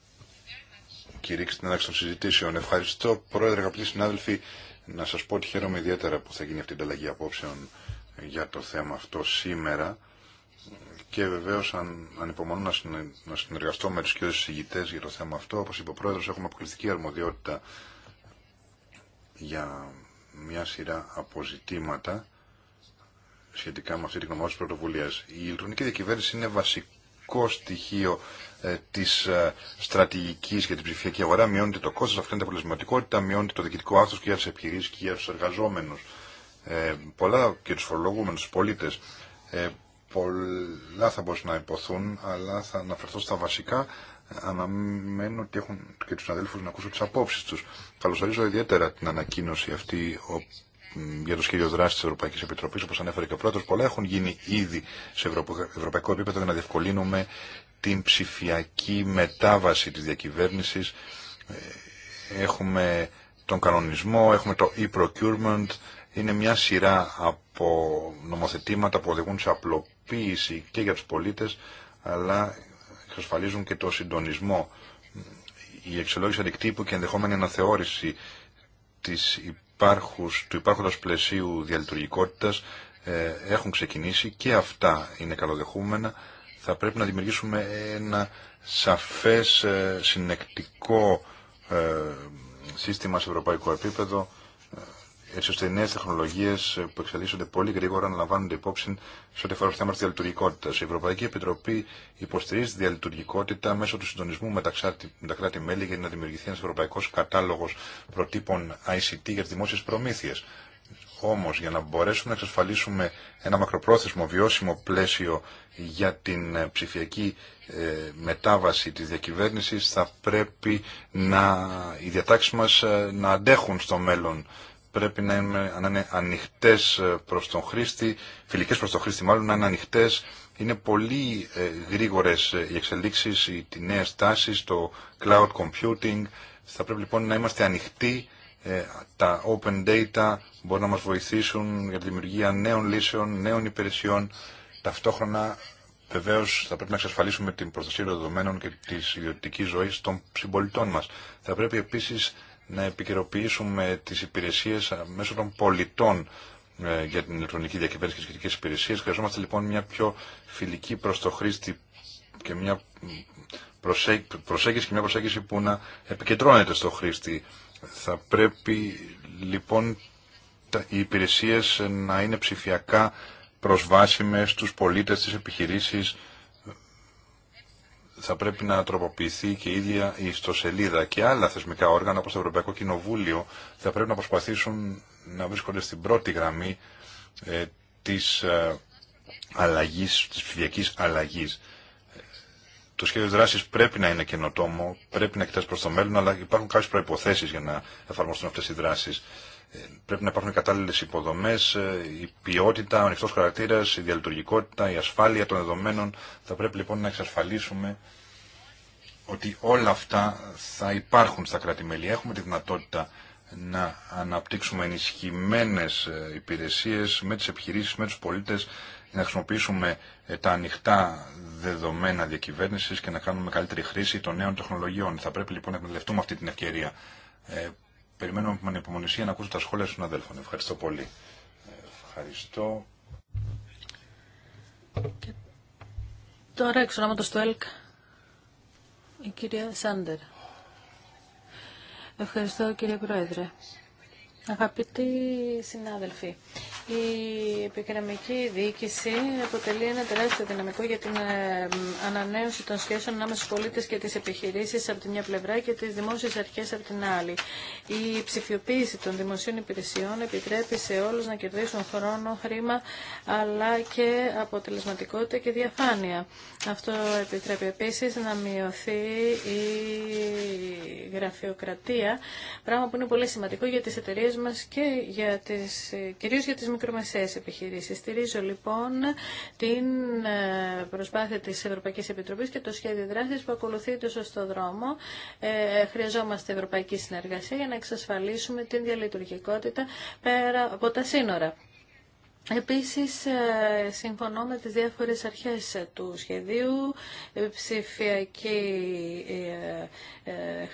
κηρύξει την έναξη των συζητήσεων. Ευχαριστώ Πρόεδρε, αγαπητοί συνάδελφοι, να σας πω ότι χαίρομαι ιδιαίτερα που θα γίνει αυτή η ανταλλαγή απόψεων για το θέμα αυτό σήμερα και βεβαίω αν, υπομονώ να, συνεργαστώ με του και συγητέ για το θέμα αυτό, όπω είπε ο πρόεδρο, έχουμε αποκλειστική αρμοδιότητα για μια σειρά αποζητήματα σχετικά με αυτή την γνωμάτωση πρωτοβουλία. Η ηλεκτρονική διακυβέρνηση είναι βασικό στοιχείο ε, τη ε, στρατηγική για την ψηφιακή αγορά. Μειώνεται το κόστο, αυξάνεται η αποτελεσματικότητα, μειώνεται το διοικητικό άρθρο και για τι επιχειρήσει και για του εργαζόμενου. Ε, πολλά και του φορολογούμενου πολίτε. Ε, πολλά θα μπορούσαν να υποθούν, αλλά θα αναφερθώ στα βασικά. Αναμένω ότι έχουν και του αδέλφους να ακούσουν τι απόψει του. Καλωσορίζω ιδιαίτερα την ανακοίνωση αυτή για το σχέδιο δράση τη Ευρωπαϊκή Επιτροπή, όπω ανέφερε και ο πρόεδρο. Πολλά έχουν γίνει ήδη σε ευρωπαϊκό επίπεδο για να διευκολύνουμε την ψηφιακή μετάβαση τη διακυβέρνηση. Ε, έχουμε τον κανονισμό, έχουμε το e-procurement. Είναι μια σειρά από νομοθετήματα που οδηγούν σε απλοποίηση και για τους πολίτες, αλλά εξασφαλίζουν και το συντονισμό. Η εξολόγηση αντικτύπου και ενδεχόμενη αναθεώρηση της υπάρχους, του υπάρχοντας πλαισίου διαλειτουργικότητας ε, έχουν ξεκινήσει και αυτά είναι καλοδεχούμενα. Θα πρέπει να δημιουργήσουμε ένα σαφές, ε, συνεκτικό ε, σύστημα σε ευρωπαϊκό επίπεδο έτσι ώστε οι νέε τεχνολογίε που εξελίσσονται πολύ γρήγορα να λαμβάνονται υπόψη σε ό,τι αφορά το θέμα τη διαλειτουργικότητα. Η Ευρωπαϊκή Επιτροπή υποστηρίζει τη διαλειτουργικότητα μέσω του συντονισμού με τα κράτη-μέλη για να δημιουργηθεί ένα ευρωπαϊκό κατάλογο προτύπων ICT για τι δημόσιε προμήθειε. Όμω, για να μπορέσουμε να εξασφαλίσουμε ένα μακροπρόθεσμο βιώσιμο πλαίσιο για την ε, ψηφιακή ε, μετάβαση της διακυβέρνηση, θα πρέπει να, οι ε, να αντέχουν στο μέλλον πρέπει να είναι, να είναι ανοιχτές ε, προς τον χρήστη, φιλικές προς τον χρήστη μάλλον, να είναι ανοιχτές. Είναι πολύ ε, γρήγορε ε, οι εξελίξει, οι, οι τάσει, το cloud computing. Θα πρέπει λοιπόν να είμαστε ανοιχτοί. τα open data μπορούν να μας βοηθήσουν για τη δημιουργία νέων λύσεων, νέων υπηρεσιών. Ταυτόχρονα Βεβαίω θα πρέπει να εξασφαλίσουμε την προστασία των δεδομένων και τη ιδιωτική ζωή των συμπολιτών μα. Θα πρέπει επίση να επικαιροποιήσουμε τις υπηρεσίες μέσω των πολιτών ε, για την ηλεκτρονική διακυβέρνηση και σχετικές υπηρεσίες. Χρειαζόμαστε λοιπόν μια πιο φιλική προς το χρήστη και μια προσέγγιση και μια προσέγγιση που να επικεντρώνεται στο χρήστη. Θα πρέπει λοιπόν οι υπηρεσίες να είναι ψηφιακά προσβάσιμες στους πολίτες, στις επιχειρήσεις, θα πρέπει να τροποποιηθεί και η ίδια η ιστοσελίδα και άλλα θεσμικά όργανα όπως το Ευρωπαϊκό Κοινοβούλιο θα πρέπει να προσπαθήσουν να βρίσκονται στην πρώτη γραμμή ε, της ε, αλλαγής, της αλλαγής. Το σχέδιο δράσης πρέπει να είναι καινοτόμο, πρέπει να κοιτάς προς το μέλλον, αλλά υπάρχουν κάποιες προϋποθέσεις για να εφαρμοστούν αυτές οι δράσεις. Ε, πρέπει να υπάρχουν κατάλληλε υποδομέ, ε, η ποιότητα, ο ανοιχτό χαρακτήρα, η διαλειτουργικότητα, η ασφάλεια των δεδομένων. Θα πρέπει λοιπόν να εξασφαλίσουμε ότι όλα αυτά θα υπάρχουν στα κράτη-μέλη. Έχουμε τη δυνατότητα να αναπτύξουμε ενισχυμένε ε, υπηρεσίε με τι επιχειρήσει, με του πολίτε, να χρησιμοποιήσουμε τα ανοιχτά δεδομένα διακυβέρνηση και να κάνουμε καλύτερη χρήση των νέων τεχνολογιών. Θα πρέπει λοιπόν να εκμεταλλευτούμε αυτή την ευκαιρία περιμένουμε με ανυπομονησία να ακούσω τα σχόλια των αδέλφων. Ευχαριστώ πολύ. Ευχαριστώ.
Και τώρα εξ ονόματος του ΕΛΚ, η κυρία Σάντερ. Ευχαριστώ κύριε Πρόεδρε. Αγαπητοί συνάδελφοι, η επικοινωνική διοίκηση αποτελεί ένα τεράστιο δυναμικό για την ε, ανανέωση των σχέσεων ανάμεσα στους πολίτες και τις επιχειρήσεις από τη μια πλευρά και τις δημόσιες αρχές από την άλλη. Η ψηφιοποίηση των δημοσίων υπηρεσιών επιτρέπει σε όλους να κερδίσουν χρόνο, χρήμα, αλλά και αποτελεσματικότητα και διαφάνεια. Αυτό επιτρέπει επίσης να μειωθεί η γραφειοκρατία, πράγμα που είναι πολύ σημαντικό για τις εταιρείες μας και για τις, ε, κυρίως μικρομεσαίες επιχειρήσεις. Στηρίζω λοιπόν την ε, προσπάθεια της Ευρωπαϊκής Επιτροπής και το σχέδιο δράσης που ακολουθεί το σωστό δρόμο. Ε, χρειαζόμαστε ευρωπαϊκή συνεργασία για να εξασφαλίσουμε την διαλειτουργικότητα πέρα από τα σύνορα. Επίσης, ε, συμφωνώ με τις διάφορες αρχές του σχεδίου, ψηφιακή ε, ε,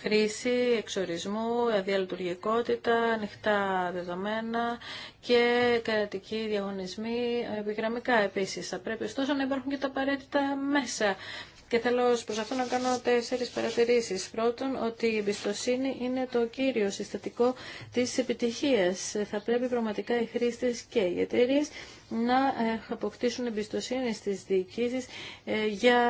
χρήση, εξορισμού, αδιαλειτουργικότητα, ανοιχτά δεδομένα και κρατικοί διαγωνισμοί επιγραμμικά επίσης. Θα πρέπει ωστόσο να υπάρχουν και τα απαραίτητα μέσα και θέλω προ αυτό να κάνω τέσσερις παρατηρήσεις. Πρώτον, ότι η εμπιστοσύνη είναι το κύριο συστατικό της επιτυχία. Θα πρέπει πραγματικά οι χρήστε και οι εταιρείε να ε, αποκτήσουν εμπιστοσύνη στις διοικήσεις ε, για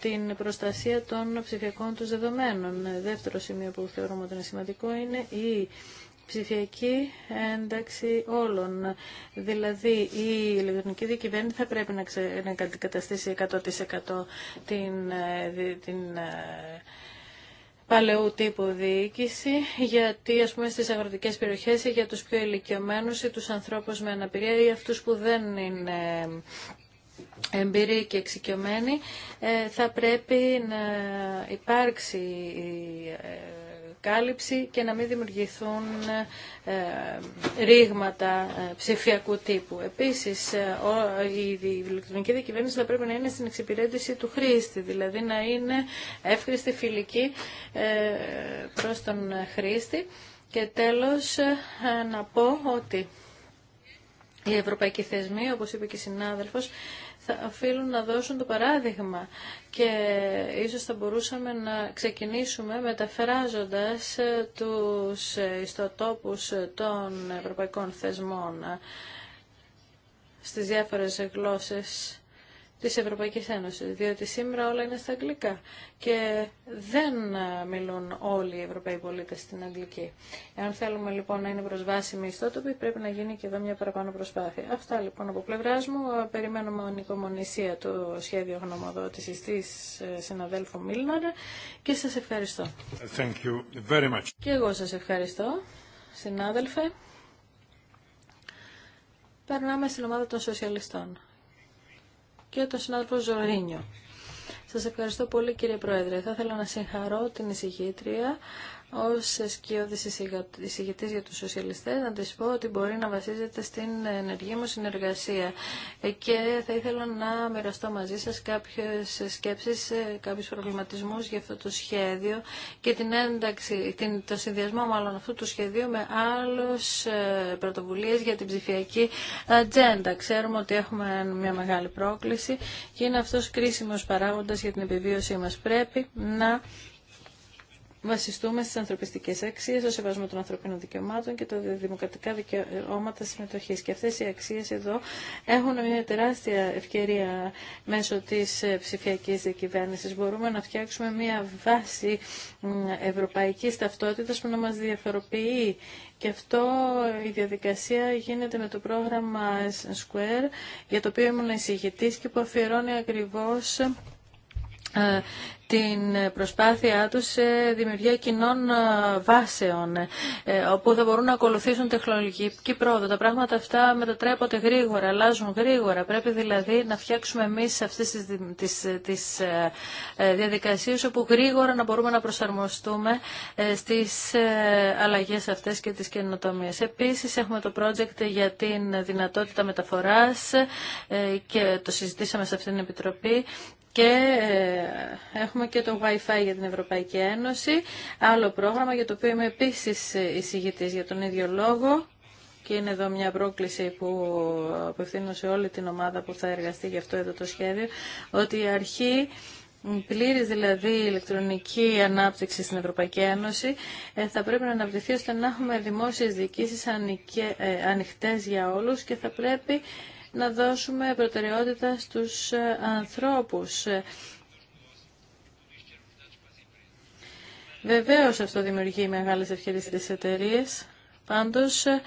την προστασία των ψηφιακών τους δεδομένων. Δεύτερο σημείο που θεωρούμε ότι είναι σημαντικό είναι η ψηφιακή ένταξη όλων. Δηλαδή η ηλεκτρονική δικυβέρνηση θα πρέπει να, ξε, 100% την, ε, την ε, παλαιού τύπου διοίκηση, γιατί ας πούμε στις αγροτικές περιοχές ή για τους πιο ηλικιωμένους ή τους ανθρώπους με αναπηρία ή αυτούς που δεν είναι εμπειροί και εξοικειωμένοι, ε, θα πρέπει να υπάρξει και να μην δημιουργηθούν ε, ρήγματα ε, ψηφιακού τύπου. Επίσης, ε, η ηλεκτρονική διακυβέρνηση θα πρέπει να είναι στην εξυπηρέτηση του χρήστη, δηλαδή να είναι εύχρηστη φιλική προς τον χρήστη. Και τέλος, να πω ότι οι ευρωπαϊκοί θεσμοί, όπως είπε και η συνάδελφος, θα οφείλουν να δώσουν το παράδειγμα και ίσως θα μπορούσαμε να ξεκινήσουμε μεταφράζοντας ε, τους ε, ιστοτόπους ε, των ευρωπαϊκών θεσμών στις διάφορες γλώσσες της Ευρωπαϊκής Ένωσης, διότι σήμερα όλα είναι στα αγγλικά και δεν ε, μιλούν όλοι οι Ευρωπαίοι πολίτες στην αγγλική. Εάν θέλουμε λοιπόν να είναι προσβάσιμοι οι ιστότοποι, πρέπει να γίνει και εδώ μια παραπάνω προσπάθεια. Αυτά λοιπόν από πλευρά μου. Ε, περιμένουμε ονικομονησία το σχέδιο γνωμοδότησης της ε, συναδέλφου Μίλναρ και σας ευχαριστώ.
Thank you very much.
Και εγώ σας ευχαριστώ, συνάδελφε. Περνάμε στην ομάδα των σοσιαλιστών και τον συνάδελφο Ζωρίνιο. Σας ευχαριστώ πολύ κύριε Πρόεδρε. Θα ήθελα να συγχαρώ την εισηγήτρια ως σκιώδης εισηγητής για του σοσιαλιστές να τη πω ότι μπορεί να βασίζεται στην ενεργή μου συνεργασία ε, και θα ήθελα να μοιραστώ μαζί σα κάποιες σκέψεις, ε, κάποιου προβληματισμού για αυτό το σχέδιο και την ένταξη, την, το συνδυασμό μάλλον αυτού του σχεδίου με άλλε πρωτοβουλίε για την ψηφιακή ατζέντα. Ξέρουμε ότι έχουμε μια μεγάλη πρόκληση και είναι αυτός κρίσιμο παράγοντα για την επιβίωσή μας. Πρέπει να βασιστούμε στι ανθρωπιστικέ αξίε, το σεβασμό των ανθρωπίνων δικαιωμάτων και τα δημοκρατικά δικαιώματα συμμετοχή. Και αυτέ οι αξίε εδώ έχουν μια τεράστια ευκαιρία μέσω τη ε, ψηφιακή διακυβέρνηση. Μπορούμε να φτιάξουμε μια βάση Ευρωπαϊκή ταυτότητα που να μα διαφοροποιεί. Και αυτό η διαδικασία γίνεται με το πρόγραμμα Square, για το οποίο ήμουν εισηγητής και που αφιερώνει ακριβώς ε, την προσπάθειά τους σε δημιουργία κοινών ε, βάσεων, ε, όπου θα μπορούν να ακολουθήσουν τεχνολογική πρόοδο. Τα πράγματα αυτά μετατρέπονται γρήγορα, αλλάζουν γρήγορα. Πρέπει δηλαδή να φτιάξουμε εμείς αυτές τις, τις, τις διαδικασίες, όπου γρήγορα να μπορούμε να προσαρμοστούμε στις αλλαγές αυτές και τις καινοτομίες. Επίσης έχουμε το project για την δυνατότητα μεταφοράς και το συζητήσαμε σε αυτήν την Επιτροπή και ε, έχουμε και το Wi-Fi για την Ευρωπαϊκή Ένωση, άλλο πρόγραμμα για το οποίο είμαι επίσης εισηγητής για τον ίδιο λόγο και είναι εδώ μια πρόκληση που απευθύνω σε όλη την ομάδα που θα εργαστεί για αυτό εδώ το σχέδιο, ότι η αρχή πλήρης δηλαδή ηλεκτρονική ανάπτυξη στην Ευρωπαϊκή Ένωση ε, θα πρέπει να αναπτυχθεί ώστε να έχουμε δημόσιες διοικήσεις ε, ανοιχτές για όλους και θα πρέπει να δώσουμε προτεραιότητα στους ε, ανθρώπους. Βεβαίως αυτό δημιουργεί μεγάλες ευκαιρίες στις εταιρείε. Πάντως ε,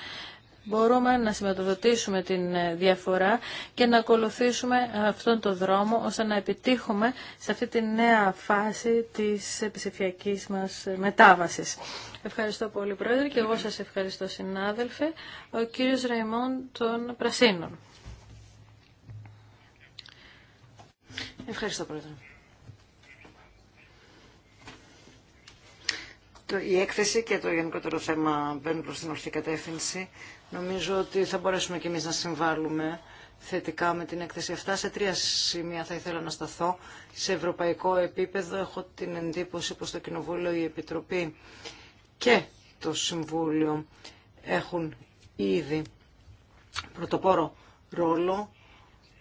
μπορούμε να σηματοδοτήσουμε την ε, διαφορά και να ακολουθήσουμε αυτόν τον δρόμο ώστε να επιτύχουμε σε αυτή τη νέα φάση της ψηφιακή μας μετάβασης. Ευχαριστώ πολύ Πρόεδρε και εγώ σας ευχαριστώ συνάδελφε, ο κύριος Ραϊμόν των Πρασίνων.
Ευχαριστώ, Πρόεδρε. η έκθεση και το γενικότερο θέμα μπαίνουν προς την ορθή κατεύθυνση. Νομίζω ότι θα μπορέσουμε και εμείς να συμβάλλουμε θετικά με την έκθεση αυτά. Σε τρία σημεία θα ήθελα να σταθώ. Σε ευρωπαϊκό επίπεδο έχω την εντύπωση πως το Κοινοβούλιο, η Επιτροπή και το Συμβούλιο έχουν ήδη πρωτοπόρο ρόλο,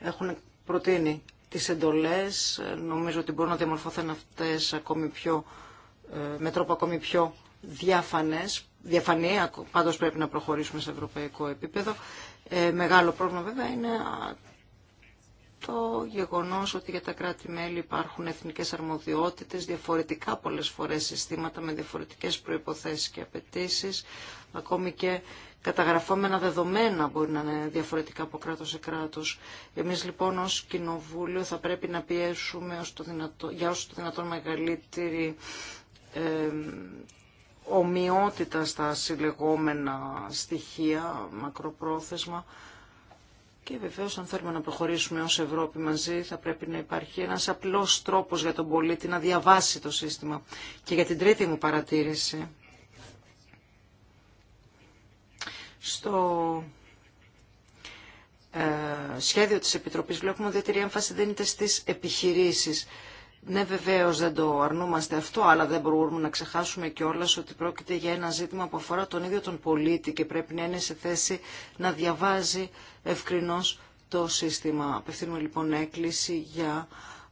έχουν προτείνει τις εντολές. Νομίζω ότι μπορούν να διαμορφωθούν αυτές ακόμη πιο, ε, με τρόπο ακόμη πιο διαφανές. Διαφανή, πάντως πρέπει να προχωρήσουμε σε ευρωπαϊκό επίπεδο. Ε, μεγάλο πρόβλημα βέβαια είναι το γεγονός ότι για τα κράτη-μέλη υπάρχουν εθνικές αρμοδιότητες, διαφορετικά πολλές φορές συστήματα με διαφορετικές προϋποθέσεις και απαιτήσεις, ακόμη και καταγραφόμενα δεδομένα μπορεί να είναι διαφορετικά από κράτος σε κράτος. Εμείς λοιπόν ως Κοινοβούλιο θα πρέπει να πιέσουμε ως το δυνατό, για όσο το δυνατόν μεγαλύτερη ε, ομοιότητα στα συλλεγόμενα στοιχεία, μακροπρόθεσμα, και βεβαίω, αν θέλουμε να προχωρήσουμε ως Ευρώπη μαζί, θα πρέπει να υπάρχει ένας απλός τρόπος για τον πολίτη να διαβάσει το σύστημα. Και για την τρίτη μου παρατήρηση, Στο ε, σχέδιο της Επιτροπής βλέπουμε ότι η ιδιαίτερη έμφαση δίνεται στις επιχειρήσεις. Ναι, βεβαίω δεν το αρνούμαστε αυτό, αλλά δεν μπορούμε να ξεχάσουμε κιόλα ότι πρόκειται για ένα ζήτημα που αφορά τον ίδιο τον πολίτη και πρέπει να είναι σε θέση να διαβάζει ευκρινώς το σύστημα. Απευθύνουμε λοιπόν έκκληση για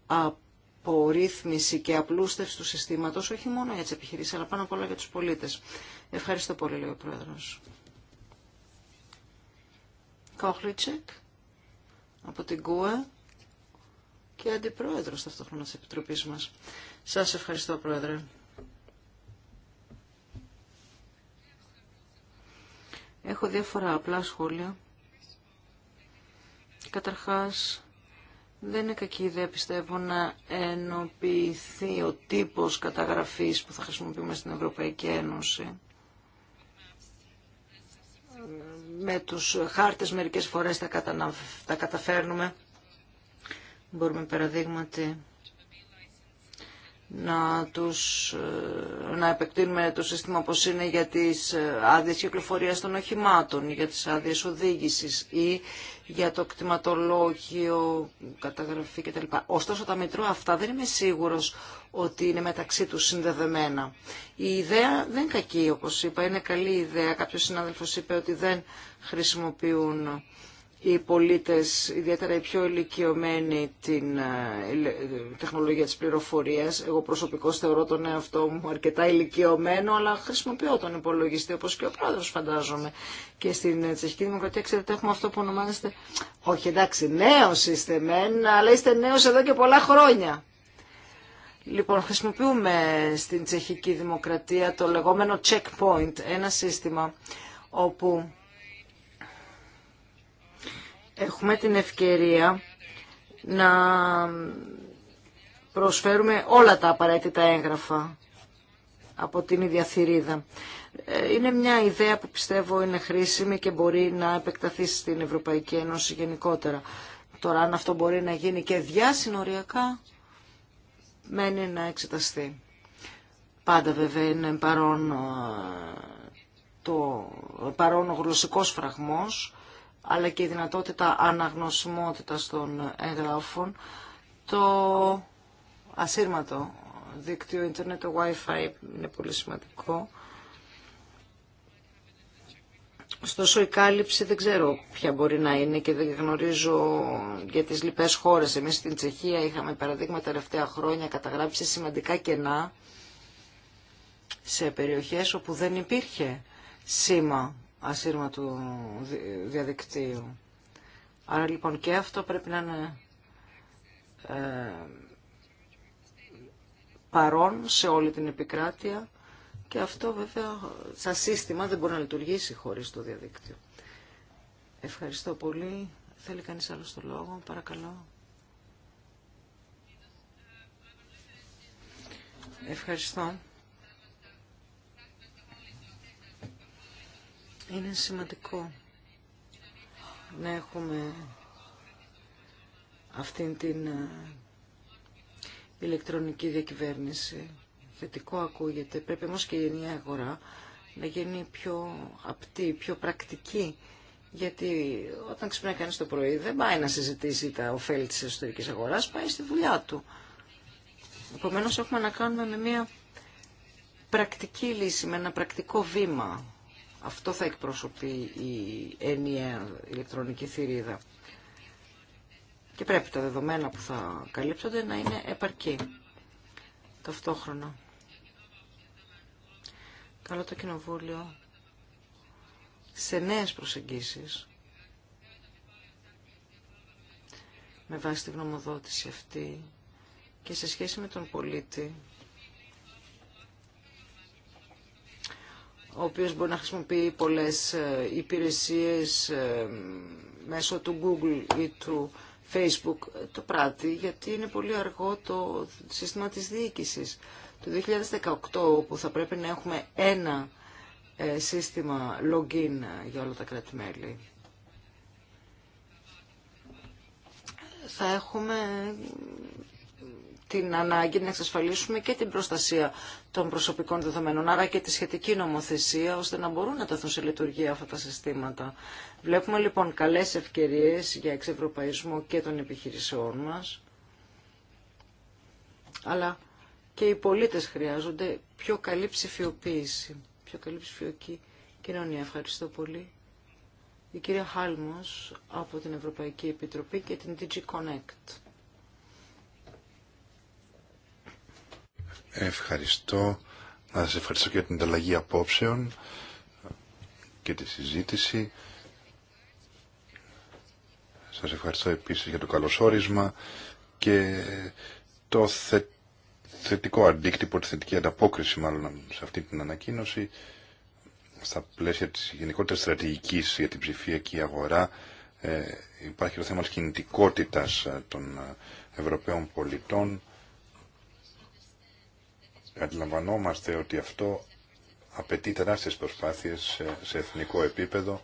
απορρίθμιση και απλούστευση του συστήματος, όχι μόνο για τι επιχειρήσει, αλλά πάνω απ' όλα για τους πολίτες. Ευχαριστώ πολύ, λέει ο Πρόεδρος. Κόχλιτσεκ από την ΚΟΕ και αντιπρόεδρος ταυτόχρονα της Επιτροπής μας. Σας ευχαριστώ, Πρόεδρε. Έχω διάφορα απλά σχόλια. Καταρχάς, δεν είναι κακή ιδέα, πιστεύω, να ενοποιηθεί ο τύπος καταγραφής που θα χρησιμοποιούμε στην Ευρωπαϊκή Ένωση με τους χάρτες μερικές φορές τα, καταφέρνουμε. Μπορούμε παραδείγματι να, τους, ε, να επεκτείνουμε το σύστημα όπως είναι για τις ε, άδειε κυκλοφορία των οχημάτων, για τις άδειε οδήγησης ή για το κτηματολόγιο, καταγραφή κτλ. Ωστόσο τα μητρώα αυτά δεν είμαι σίγουρος ότι είναι μεταξύ τους συνδεδεμένα. Η ιδέα δεν είναι κακή όπως είπα, είναι καλή ιδέα. Κάποιος συνάδελφος είπε ότι δεν χρησιμοποιούν οι πολίτες, ιδιαίτερα οι πιο ηλικιωμένοι, την ε, ε, τεχνολογία της πληροφορίας. Εγώ προσωπικώς θεωρώ τον εαυτό μου αρκετά ηλικιωμένο, αλλά χρησιμοποιώ τον υπολογιστή, όπως και ο πρόεδρος φαντάζομαι. Και στην ε, Τσεχική Δημοκρατία, ξέρετε, έχουμε αυτό που ονομάζεται... Όχι, εντάξει, νέο είστε μεν, αλλά είστε νέος εδώ και πολλά χρόνια. Λοιπόν, χρησιμοποιούμε στην Τσεχική Δημοκρατία το λεγόμενο checkpoint, ένα σύστημα όπου έχουμε την ευκαιρία να προσφέρουμε όλα τα απαραίτητα έγγραφα από την ίδια θηρίδα. Ε, είναι μια ιδέα που πιστεύω είναι χρήσιμη και μπορεί να επεκταθεί στην Ευρωπαϊκή Ένωση γενικότερα. Τώρα αν αυτό μπορεί να γίνει και διασυνοριακά, μένει να εξεταστεί. Πάντα βέβαια είναι παρόν, ε, το, παρόν ο γλωσσικός φραγμός αλλά και η δυνατότητα αναγνωσιμότητας των εγγράφων, το ασύρματο δίκτυο ίντερνετ, το Wi-Fi είναι πολύ σημαντικό. Ωστόσο η κάλυψη δεν ξέρω ποια μπορεί να είναι και δεν γνωρίζω για τις λοιπές χώρες. Εμείς στην Τσεχία είχαμε παραδείγματα τα τελευταία χρόνια καταγράψει σημαντικά κενά σε περιοχές όπου δεν υπήρχε σήμα του διαδικτύου. Άρα λοιπόν και αυτό πρέπει να είναι ε, παρόν σε όλη την επικράτεια και αυτό βέβαια σαν σύστημα δεν μπορεί να λειτουργήσει χωρίς το διαδίκτυο. Ευχαριστώ πολύ. Θέλει κανείς άλλο το λόγο. Παρακαλώ. Ευχαριστώ. Είναι σημαντικό να έχουμε αυτήν την ε, ηλεκτρονική διακυβέρνηση. Θετικό ακούγεται. Πρέπει όμως και η ενιαία αγορά να γίνει πιο απτή, πιο πρακτική. Γιατί όταν ξυπνάει κάνει το πρωί δεν πάει να συζητήσει τα ωφέλη της εσωτερικής αγοράς, πάει στη δουλειά του. Επομένως έχουμε να κάνουμε με μια πρακτική λύση, με ένα πρακτικό βήμα αυτό θα εκπροσωπεί η ενιαία ηλεκτρονική θηρίδα. Και πρέπει τα δεδομένα που θα καλύπτονται να είναι επαρκή ταυτόχρονα. Καλό το Κοινοβούλιο σε νέες προσεγγίσεις με βάση τη γνωμοδότηση αυτή και σε σχέση με τον πολίτη ο οποίος μπορεί να χρησιμοποιεί πολλές ε, υπηρεσίες ε, μέσω του Google ή του Facebook ε, το πράττει γιατί είναι πολύ αργό το σύστημα της διοίκησης. Το 2018 όπου θα πρέπει να έχουμε ένα σύστημα login για όλα τα κράτη-μέλη. Θα έχουμε την ανάγκη να εξασφαλίσουμε και την προστασία των προσωπικών δεδομένων, άρα και τη σχετική νομοθεσία, ώστε να μπορούν να τεθούν σε λειτουργία αυτά τα συστήματα. Βλέπουμε λοιπόν καλές ευκαιρίες για εξευρωπαϊσμό και των επιχειρησεών μας, αλλά και οι πολίτες χρειάζονται πιο καλή ψηφιοποίηση, πιο καλή ψηφιακή κοινωνία. Ευχαριστώ πολύ. Η κυρία Χάλμος από την Ευρωπαϊκή Επιτροπή και την DigiConnect.
Ευχαριστώ. Να σας ευχαριστώ για την ανταλλαγή απόψεων και τη συζήτηση. Σας ευχαριστώ επίσης για το καλωσόρισμα και το θετικό αντίκτυπο, τη θετική ανταπόκριση μάλλον σε αυτή την ανακοίνωση στα πλαίσια της γενικότερης στρατηγικής για την ψηφιακή αγορά ε, υπάρχει το θέμα της κινητικότητας ε, των ε, Ευρωπαίων πολιτών Αντιλαμβανόμαστε ότι αυτό απαιτεί τεράστιες προσπάθειες σε εθνικό επίπεδο,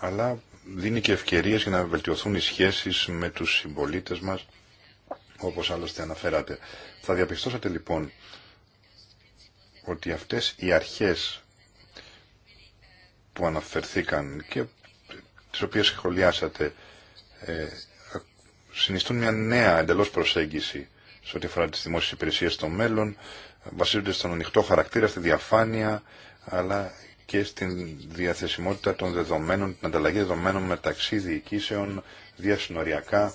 αλλά δίνει και ευκαιρίες για να βελτιωθούν οι σχέσεις με τους συμπολίτε μας, όπως άλλωστε αναφέρατε. Θα διαπιστώσατε λοιπόν ότι αυτές οι αρχές που αναφερθήκαν και τις οποίες σχολιάσατε, ε, συνιστούν μια νέα εντελώς προσέγγιση σε ό,τι αφορά τι δημόσιε υπηρεσίε στο μέλλον, βασίζονται στον ανοιχτό χαρακτήρα, στη διαφάνεια, αλλά και στην διαθεσιμότητα των δεδομένων, την ανταλλαγή δεδομένων μεταξύ διοικήσεων, διασυνοριακά,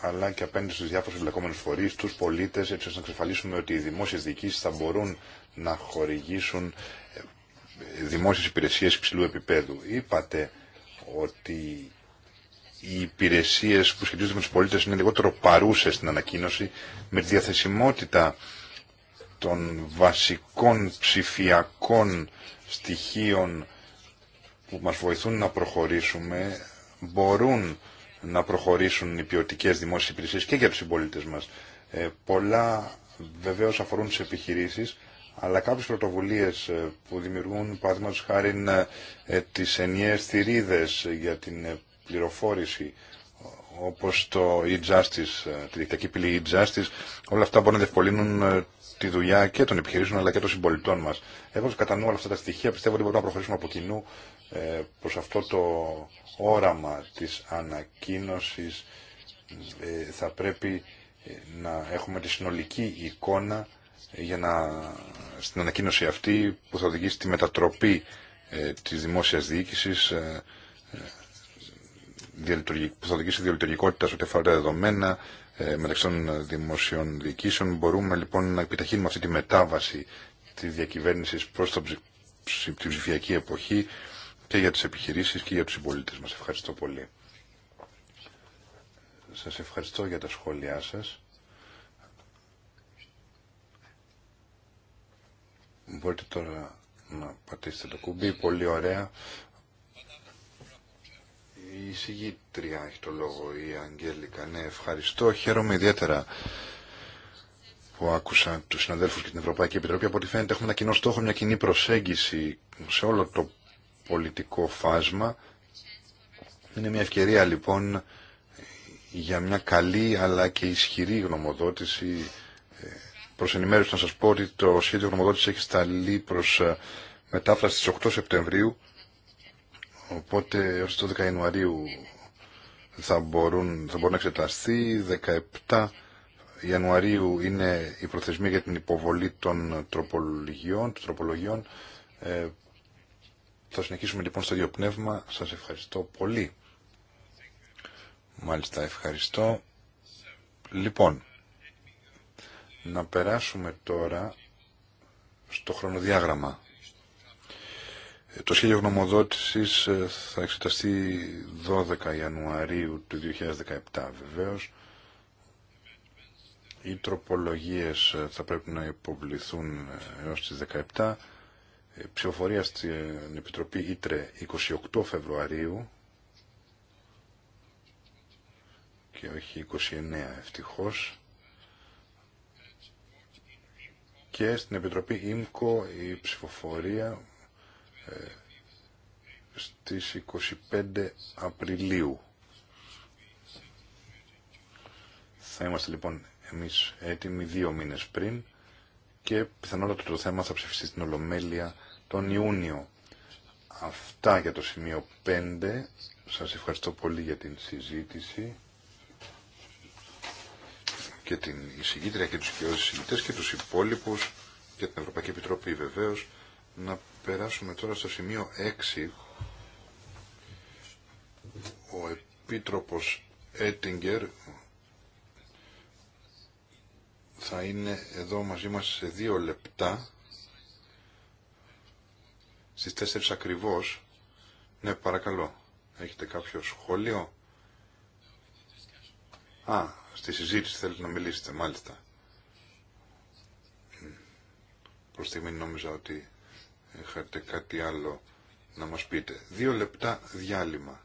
αλλά και απέναντι στου διάφορου εμπλεκόμενους φορεί, τους πολίτε, έτσι ώστε να εξασφαλίσουμε ότι οι δημόσιε διοικήσει θα μπορούν να χορηγήσουν ε, δημόσιε υπηρεσίε υψηλού επίπεδου. Είπατε ότι οι υπηρεσίε που σχετίζονται με τους πολίτε είναι λιγότερο παρούσε στην ανακοίνωση με τη διαθεσιμότητα των βασικών ψηφιακών στοιχείων που μας βοηθούν να προχωρήσουμε μπορούν να προχωρήσουν οι ποιοτικέ δημόσιες υπηρεσίες και για τους συμπολίτε μας. Ε, πολλά βεβαίως αφορούν τις επιχειρήσεις, αλλά κάποιες πρωτοβουλίες ε, που δημιουργούν, παραδείγματο χάρη, ε, ε, τις ενιαίες για την πληροφόρηση όπως το e-justice, τη δικτυακή πύλη e-justice, όλα αυτά μπορούν να διευκολύνουν ε, τη δουλειά και των επιχειρήσεων αλλά και των συμπολιτών μας. Έχοντας κατά νου όλα αυτά τα στοιχεία, πιστεύω ότι μπορούμε να προχωρήσουμε από κοινού ε, προς αυτό το όραμα της ανακοίνωσης. Ε, θα πρέπει να έχουμε τη συνολική εικόνα για να, στην ανακοίνωση αυτή που θα οδηγήσει τη μετατροπή της δημόσιας διοίκησης που θα οδηγήσει διαλειτουργικότητα σε ό,τι αφορά τα δεδομένα ε, μεταξύ των δημοσίων διοικήσεων. Μπορούμε λοιπόν να επιταχύνουμε αυτή τη μετάβαση τη διακυβέρνηση προ την ψηφιακή εποχή και για τι επιχειρήσει και για του συμπολίτε μα. Ευχαριστώ πολύ. Σας ευχαριστώ για τα σχόλιά σας. Μπορείτε τώρα να πατήσετε το κουμπί. Πολύ ωραία. Η εισηγήτρια έχει το λόγο, η Αγγέλικα. Ναι, ευχαριστώ. Χαίρομαι ιδιαίτερα που άκουσα του συναδέλφου και την Ευρωπαϊκή Επιτροπή. Από ό,τι φαίνεται έχουμε ένα κοινό στόχο, μια κοινή προσέγγιση σε όλο το πολιτικό φάσμα. Είναι μια ευκαιρία λοιπόν για μια καλή αλλά και ισχυρή γνωμοδότηση. Ε, προ ενημέρωση να σα πω ότι το σχέδιο γνωμοδότηση έχει σταλεί προ ε, μετάφραση στι 8 Σεπτεμβρίου Οπότε έως το 10 Ιανουαρίου θα, μπορούν, θα μπορεί να εξεταστεί. 17 Ιανουαρίου είναι η προθεσμία για την υποβολή των τροπολογιών. Των τροπολογιών. Ε, θα συνεχίσουμε λοιπόν στο ίδιο πνεύμα. Σας ευχαριστώ πολύ. Μάλιστα, ευχαριστώ. Λοιπόν, να περάσουμε τώρα στο χρονοδιάγραμμα. Το σχέδιο γνωμοδότησης ε, θα εξεταστεί 12 Ιανουαρίου του 2017 βεβαίως. Οι τροπολογίες ε, θα πρέπει να υποβληθούν ε, έως τις 17. Ψηφοφορία στην Επιτροπή Ήτρε 28 Φεβρουαρίου και όχι 29 ευτυχώς. Και στην Επιτροπή ΙΜΚΟ η ψηφοφορία στις 25 Απριλίου. Θα είμαστε λοιπόν εμείς έτοιμοι δύο μήνες πριν και πιθανότατα το θέμα θα ψηφιστεί στην Ολομέλεια τον Ιούνιο. Αυτά για το σημείο 5. Σας ευχαριστώ πολύ για την συζήτηση και την εισηγήτρια και τους κοιόδους και τους υπόλοιπους και την Ευρωπαϊκή Επιτροπή βεβαίως να περάσουμε τώρα στο σημείο 6. Ο Επίτροπος Έτιγκερ θα είναι εδώ μαζί μας σε δύο λεπτά στις τέσσερις ακριβώς. Ναι, παρακαλώ. Έχετε κάποιο σχόλιο. Α, στη συζήτηση θέλετε να μιλήσετε, μάλιστα. Προς στιγμή νόμιζα ότι είχατε κάτι άλλο να μας πείτε. Δύο λεπτά διάλειμμα.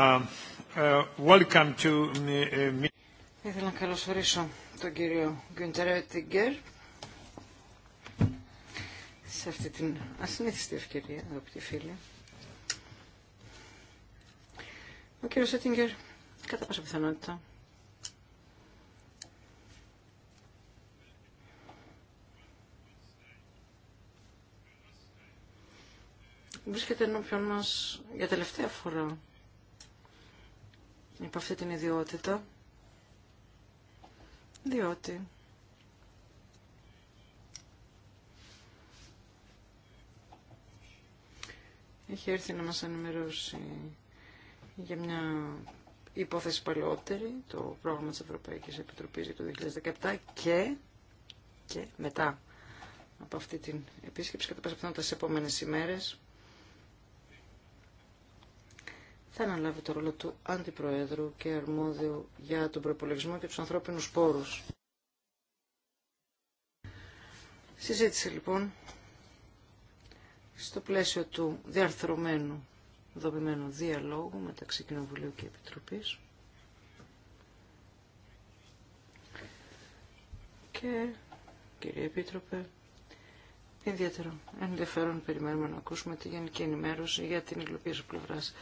Um, uh, uh,
Ήθελα να καλωσορίσω τον κύριο Γκίντερ Έτιγκερ σε αυτή την ασυνήθιστη ευκαιρία, αγαπητοί φίλοι. Ο κύριο Έτιγκερ, κατά πάσα πιθανότητα, βρίσκεται ενώπιον μα για τελευταία φορά από αυτή την ιδιότητα, διότι έχει έρθει να μας ενημερώσει για μια υπόθεση παλαιότερη, το πρόγραμμα της Ευρωπαϊκής Επιτροπής για το 2017 και, και μετά από αυτή την επίσκεψη, κατά πάσα πιθανότητα στις επόμενες ημέρες, θα αναλάβει το ρόλο του Αντιπροέδρου και αρμόδιου για τον προπολογισμό και τους ανθρώπινους πόρους. Συζήτησε λοιπόν στο πλαίσιο του διαρθρωμένου δομημένου διαλόγου μεταξύ Κοινοβουλίου και Επιτροπής και κύριε Επίτροπε ιδιαίτερο ενδιαφέρον περιμένουμε να ακούσουμε τη γενική ενημέρωση για την υλοποίηση πλευράς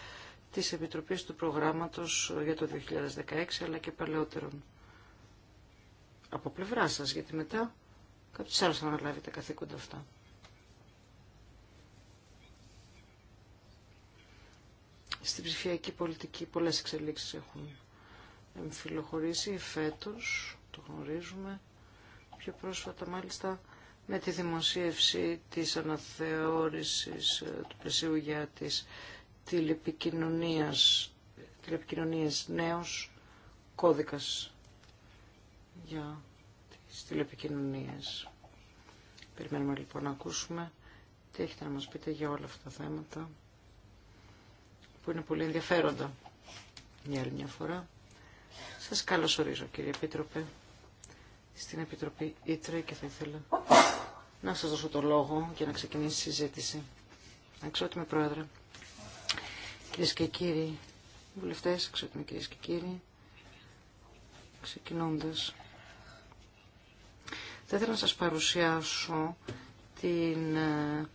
της Επιτροπής του Προγράμματος για το 2016 αλλά και παλαιότερων από πλευρά σα γιατί μετά κάποιος άλλος θα αναλάβει τα καθήκοντα αυτά. Στην ψηφιακή πολιτική πολλές εξελίξεις έχουν εμφυλοχωρήσει φέτος, το γνωρίζουμε, πιο πρόσφατα μάλιστα με τη δημοσίευση της αναθεώρησης του πλαισίου για τις τηλεπικοινωνίας, τηλεπικοινωνίας νέος κώδικας για τις τηλεπικοινωνίες. Περιμένουμε λοιπόν να ακούσουμε τι έχετε να μας πείτε για όλα αυτά τα θέματα που είναι πολύ ενδιαφέροντα μια άλλη μια φορά. Σας καλωσορίζω κύριε Επίτροπε στην Επιτροπή Ήτρε και θα ήθελα να σας δώσω το λόγο για να ξεκινήσει η συζήτηση. με Πρόεδρε. Κυρίε και κύριοι βουλευτέ, ξεκινώντας, κυρίε και κύριοι, ξεκινώντα. Θα ήθελα να σας παρουσιάσω την ε,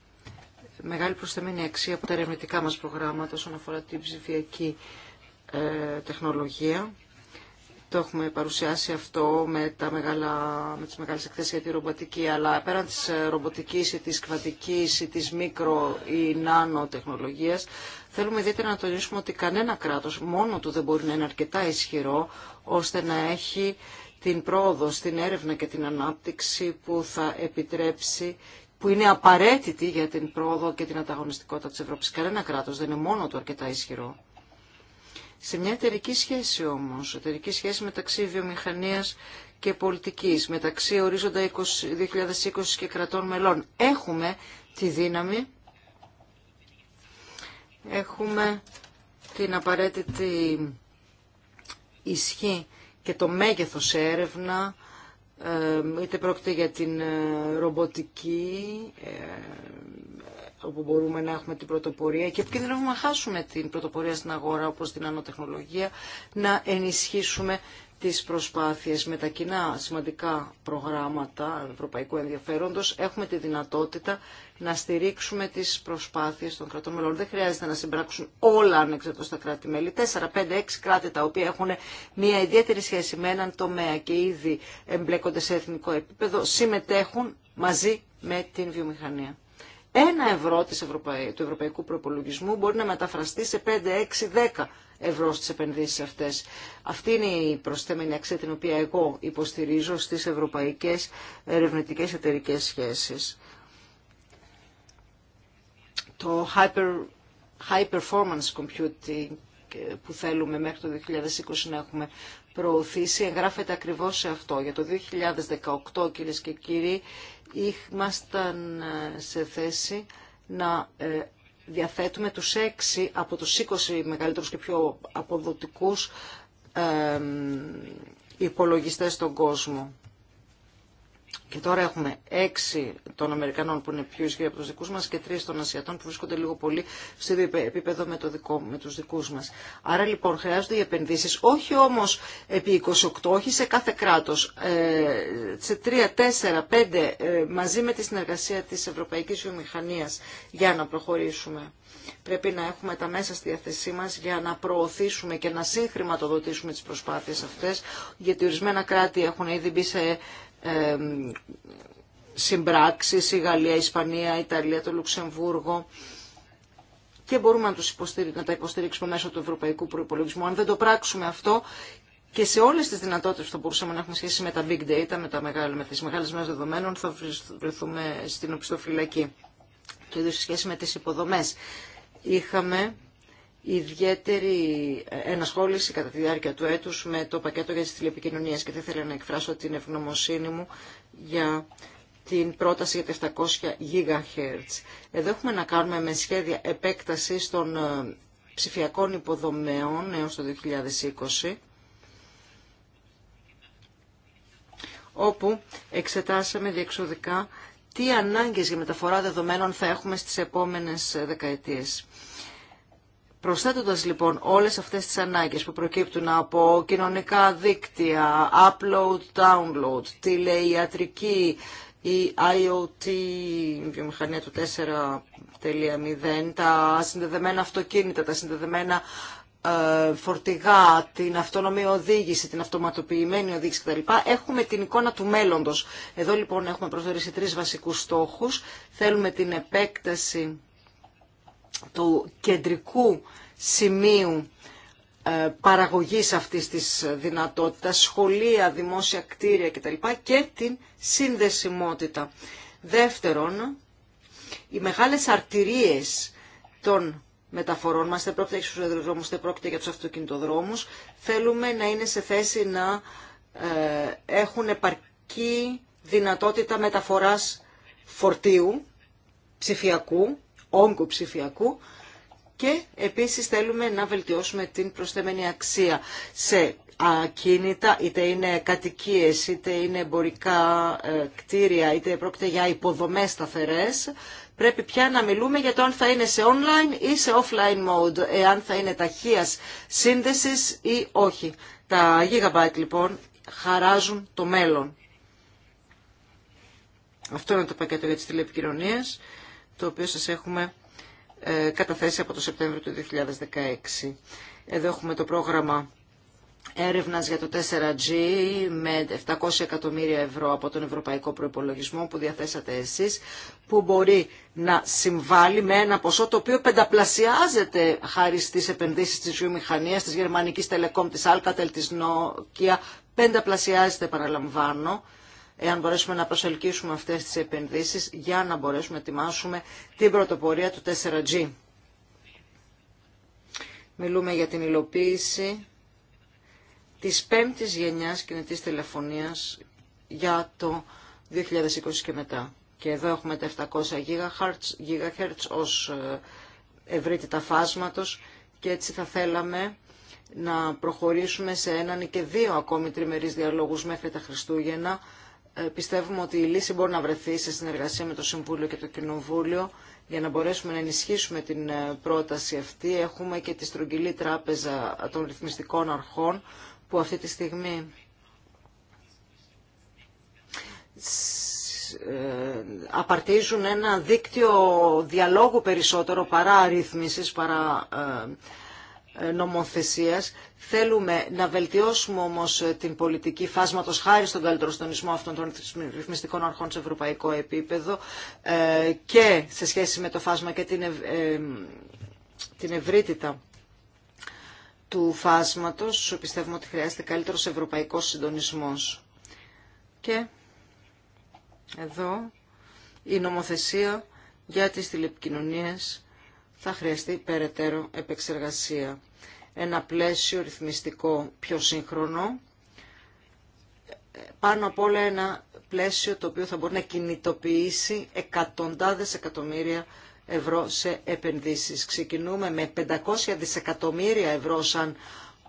μεγάλη προσθεμένη αξία από τα ερευνητικά μας προγράμματα όσον αφορά την ψηφιακή ε, τεχνολογία το έχουμε παρουσιάσει αυτό με, τα μεγάλα, με τις μεγάλες εκθέσεις για τη ρομποτική, αλλά πέραν της ε, ρομποτικής ή της κρατικής ή της μικρο ή νάνο τεχνολογίας, θέλουμε ιδιαίτερα να τονίσουμε ότι κανένα κράτος μόνο του δεν μπορεί να είναι αρκετά ισχυρό, ώστε να έχει την πρόοδο στην έρευνα και την ανάπτυξη που θα επιτρέψει που είναι απαραίτητη για την πρόοδο και την ανταγωνιστικότητα της Ευρώπης. Κανένα κράτος δεν είναι μόνο του αρκετά ισχυρό. Σε μια εταιρική σχέση όμως, εταιρική σχέση μεταξύ βιομηχανίας και πολιτικής, μεταξύ ορίζοντα 20, 2020 και κρατών μελών, έχουμε τη δύναμη, έχουμε την απαραίτητη ισχύ και το μέγεθος έρευνα, ε, είτε πρόκειται για την ε, ρομποτική, ε, όπου μπορούμε να έχουμε την πρωτοπορία και επικίνδυνο να χάσουμε την πρωτοπορία στην αγορά όπως την ανωτεχνολογία, να ενισχύσουμε τις προσπάθειες με τα κοινά σημαντικά προγράμματα ευρωπαϊκού ενδιαφέροντος έχουμε τη δυνατότητα να στηρίξουμε τις προσπάθειες των κρατών μελών. Δεν χρειάζεται να συμπράξουν όλα ανεξαρτώ στα κράτη-μέλη. Τέσσερα, πέντε, έξι κράτη τα οποία έχουν μια ιδιαίτερη σχέση με έναν τομέα και ήδη εμπλέκονται σε εθνικό επίπεδο συμμετέχουν μαζί με την βιομηχανία ένα ευρώ της του ευρωπαϊκού προπολογισμού μπορεί να μεταφραστεί σε 5, 6, 10 ευρώ στις επενδύσεις αυτές. Αυτή είναι η προσθέμενη αξία την οποία εγώ υποστηρίζω στις ευρωπαϊκές ερευνητικέ εταιρικέ σχέσεις. Το hyper, high performance computing που θέλουμε μέχρι το 2020 να έχουμε προωθήσει εγγράφεται ακριβώς σε αυτό. Για το 2018 κυρίες και κύριοι ήμασταν ε, σε θέση να ε, διαθέτουμε τους έξι από τους 20 μεγαλύτερους και πιο αποδοτικούς ε, υπολογιστές στον κόσμο. Και τώρα έχουμε έξι των Αμερικανών που είναι πιο ισχυροί από του δικού μα και τρει των Ασιατών που βρίσκονται λίγο πολύ στο επίπεδο με, το δικό, με του δικού μα. Άρα λοιπόν χρειάζονται οι επενδύσει, όχι όμω επί 28, όχι σε κάθε κράτο, ε, σε τρία, τέσσερα, πέντε, ε, μαζί με τη συνεργασία τη Ευρωπαϊκή Βιομηχανία για να προχωρήσουμε. Πρέπει να έχουμε τα μέσα στη διάθεσή μα για να προωθήσουμε και να συγχρηματοδοτήσουμε τι προσπάθειε αυτέ, γιατί ορισμένα κράτη έχουν ήδη μπει σε συμπράξεις, η Γαλλία, η Ισπανία, η Ιταλία, το Λουξεμβούργο και μπορούμε να, τους να τα υποστηρίξουμε μέσω του ευρωπαϊκού προϋπολογισμού. Αν δεν το πράξουμε αυτό και σε όλες τις δυνατότητες που θα μπορούσαμε να έχουμε σχέση με τα big data, με, τα μεγάλα, με τις μεγάλες μέρες δεδομένων, θα βρεθούμε στην οπισθοφυλακή. Το ίδιο σε σχέση με τις υποδομές. Είχαμε ιδιαίτερη ενασχόληση κατά τη διάρκεια του έτους με το πακέτο για τις τηλεπικοινωνίες και θα ήθελα να εκφράσω την ευγνωμοσύνη μου για την πρόταση για τα 700 GHz. Εδώ έχουμε να κάνουμε με σχέδια επέκτασης των ε, ψηφιακών υποδομέων έως το 2020 όπου εξετάσαμε διεξοδικά τι ανάγκες για μεταφορά δεδομένων θα έχουμε στις επόμενες δεκαετίες. Προσθέτοντας λοιπόν όλες αυτές τις ανάγκες που προκύπτουν από κοινωνικά δίκτυα, upload, download, τηλεϊατρική, η IoT, η βιομηχανία του 4.0, τα συνδεδεμένα αυτοκίνητα, τα συνδεδεμένα ε, φορτηγά, την αυτονομή οδήγηση, την αυτοματοποιημένη οδήγηση κτλ. Έχουμε την εικόνα του μέλλοντος. Εδώ λοιπόν έχουμε προσδιορίσει τρεις βασικούς στόχους. Θέλουμε την επέκταση του κεντρικού σημείου ε, παραγωγής αυτής της δυνατότητας, σχολεία, δημόσια κτίρια κτλ. και την συνδεσιμότητα. Δεύτερον, οι μεγάλες αρτηρίες των μεταφορών μας, δεν πρόκειται για τους δεν πρόκειται για τους αυτοκινητοδρόμους, θέλουμε να είναι σε θέση να ε, έχουν επαρκή δυνατότητα μεταφοράς φορτίου, ψηφιακού, όγκου ψηφιακού και επίσης θέλουμε να βελτιώσουμε την προσθέμενη αξία σε ακίνητα, είτε είναι κατοικίες, είτε είναι εμπορικά ε, κτίρια, είτε πρόκειται για υποδομές σταθερές, πρέπει πια να μιλούμε για το αν θα είναι σε online ή σε offline mode, εάν θα είναι ταχείας σύνδεσης ή όχι. Τα gigabyte λοιπόν χαράζουν το μέλλον. Αυτό είναι το πακέτο για τις τηλεπικοινωνίες το οποίο σας έχουμε ε, καταθέσει από το Σεπτέμβριο του 2016. Εδώ έχουμε το πρόγραμμα έρευνας για το 4G με 700 εκατομμύρια ευρώ από τον Ευρωπαϊκό Προϋπολογισμό που διαθέσατε εσείς, που μπορεί να συμβάλλει με ένα ποσό το οποίο πενταπλασιάζεται χάρη στις επενδύσεις της βιομηχανίας, της Γερμανικής Τελεκόμ, της Alcatel, της Nokia, πενταπλασιάζεται παραλαμβάνω εάν μπορέσουμε να προσελκύσουμε αυτές τις επενδύσεις για να μπορέσουμε να ετοιμάσουμε την πρωτοπορία του 4G. Μιλούμε για την υλοποίηση της πέμπτης γενιάς κινητής τηλεφωνίας για το 2020 και μετά. Και εδώ έχουμε τα 700 GHz, GHz ως ε, ευρύτητα φάσματος και έτσι θα θέλαμε να προχωρήσουμε σε έναν και δύο ακόμη τριμερείς διαλόγους μέχρι τα Χριστούγεννα ε, πιστεύουμε ότι η λύση μπορεί να βρεθεί σε συνεργασία με το Συμβούλιο και το Κοινοβούλιο για να μπορέσουμε να ενισχύσουμε την ε, πρόταση αυτή. Έχουμε και τη στρογγυλή τράπεζα των ρυθμιστικών αρχών που αυτή τη στιγμή ε, απαρτίζουν ένα δίκτυο διαλόγου περισσότερο παρά αρρύθμισης, παρά νομοθεσίας. Θέλουμε να βελτιώσουμε όμως την πολιτική φάσματος χάρη στον καλύτερο συντονισμό αυτών των ρυθμιστικών αρχών σε ευρωπαϊκό επίπεδο ε, και σε σχέση με το φάσμα και την, ε, την ευρύτητα του φάσματος πιστεύουμε ότι χρειάζεται καλύτερος ευρωπαϊκός συντονισμός. Και εδώ η νομοθεσία για τις τηλεπικοινωνίες θα χρειαστεί περαιτέρω επεξεργασία. Ένα πλαίσιο ρυθμιστικό πιο σύγχρονο, πάνω απ' όλα ένα πλαίσιο το οποίο θα μπορεί να κινητοποιήσει εκατοντάδες εκατομμύρια ευρώ σε επενδύσεις. Ξεκινούμε με 500 δισεκατομμύρια ευρώ σαν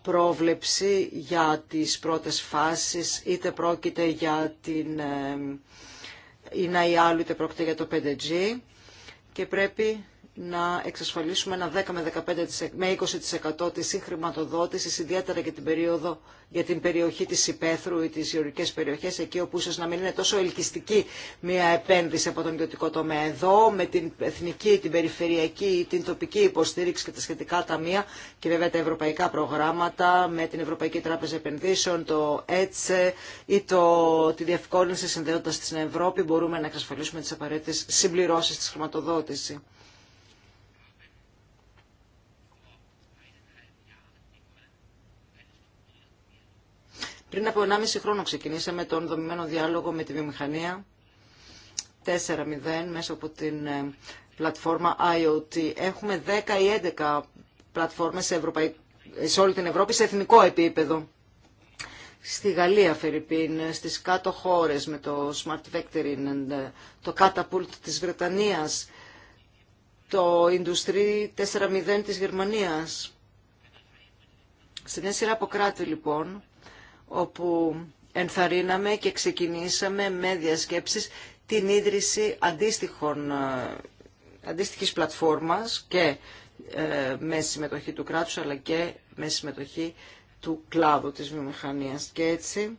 πρόβλεψη για τις πρώτες φάσεις, είτε πρόκειται για την ή ε, να ή άλλο, είτε πρόκειται για το 5G και πρέπει να εξασφαλίσουμε ένα 10 με, 15, με 20% της συγχρηματοδότησης, ιδιαίτερα για την, περίοδο, για την περιοχή της Υπέθρου ή τις γεωργικές περιοχές, εκεί όπου ίσως να μην είναι τόσο ελκυστική μια επένδυση από τον ιδιωτικό τομέα. Εδώ με την εθνική, την περιφερειακή, την τοπική υποστήριξη και τα σχετικά ταμεία και βέβαια τα ευρωπαϊκά προγράμματα με την Ευρωπαϊκή Τράπεζα Επενδύσεων, το ΕΤΣΕ ή το, τη διευκόλυνση συνδέοντας στην Ευρώπη μπορούμε να εξασφαλίσουμε τις απαραίτητες συμπληρώσεις της χρηματοδότηση. Πριν από 1,5 χρόνο ξεκινήσαμε τον δομημένο διάλογο με τη βιομηχανία 4.0 μέσα από την ε, πλατφόρμα IoT. Έχουμε 10 ή 11 πλατφόρμες σε, όλη την Ευρώπη σε εθνικό επίπεδο. Στη Γαλλία, Φερρυπίν, στις κάτω χώρες με το Smart Vectoring, ε, το Catapult της Βρετανίας, το Industry 4.0 της Γερμανίας. Σε μια από κράτη λοιπόν όπου ενθαρρύναμε και ξεκινήσαμε με διασκέψεις την ίδρυση αντίστοιχων, ε, αντίστοιχης πλατφόρμας και ε, με συμμετοχή του κράτους αλλά και με συμμετοχή του κλάδου της βιομηχανίας. Και έτσι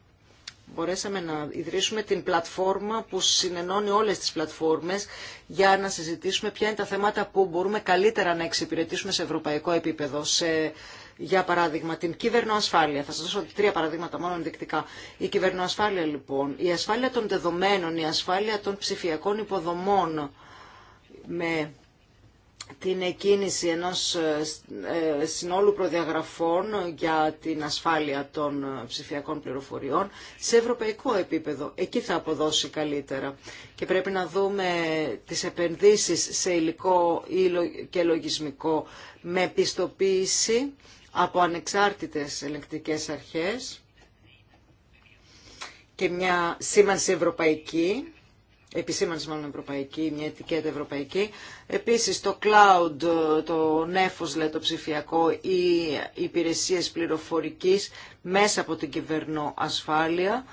μπορέσαμε να ιδρύσουμε την πλατφόρμα που συνενώνει όλες τις πλατφόρμες για να συζητήσουμε ποια είναι τα θέματα που μπορούμε καλύτερα να εξυπηρετήσουμε σε ευρωπαϊκό επίπεδο, σε για παράδειγμα την κυβερνοασφάλεια. Θα σας δώσω τρία παραδείγματα μόνο ενδεικτικά. Η κυβερνοασφάλεια λοιπόν, η ασφάλεια των δεδομένων, η ασφάλεια των ψηφιακών υποδομών με την εκκίνηση ενός ε, ε, συνόλου προδιαγραφών για την ασφάλεια των ε, ψηφιακών πληροφοριών σε ευρωπαϊκό επίπεδο. Εκεί θα αποδώσει καλύτερα. Και πρέπει να δούμε τις επενδύσεις σε υλικό και λογισμικό με πιστοποίηση από ανεξάρτητες ελεκτικές αρχές και μια σήμανση ευρωπαϊκή, επισήμανση μάλλον ευρωπαϊκή, μια ετικέτα ευρωπαϊκή. Επίσης το cloud, το νέφος λέει το ψηφιακό ή υπηρεσίες πληροφορικής μέσα από την κυβερνό ασφάλεια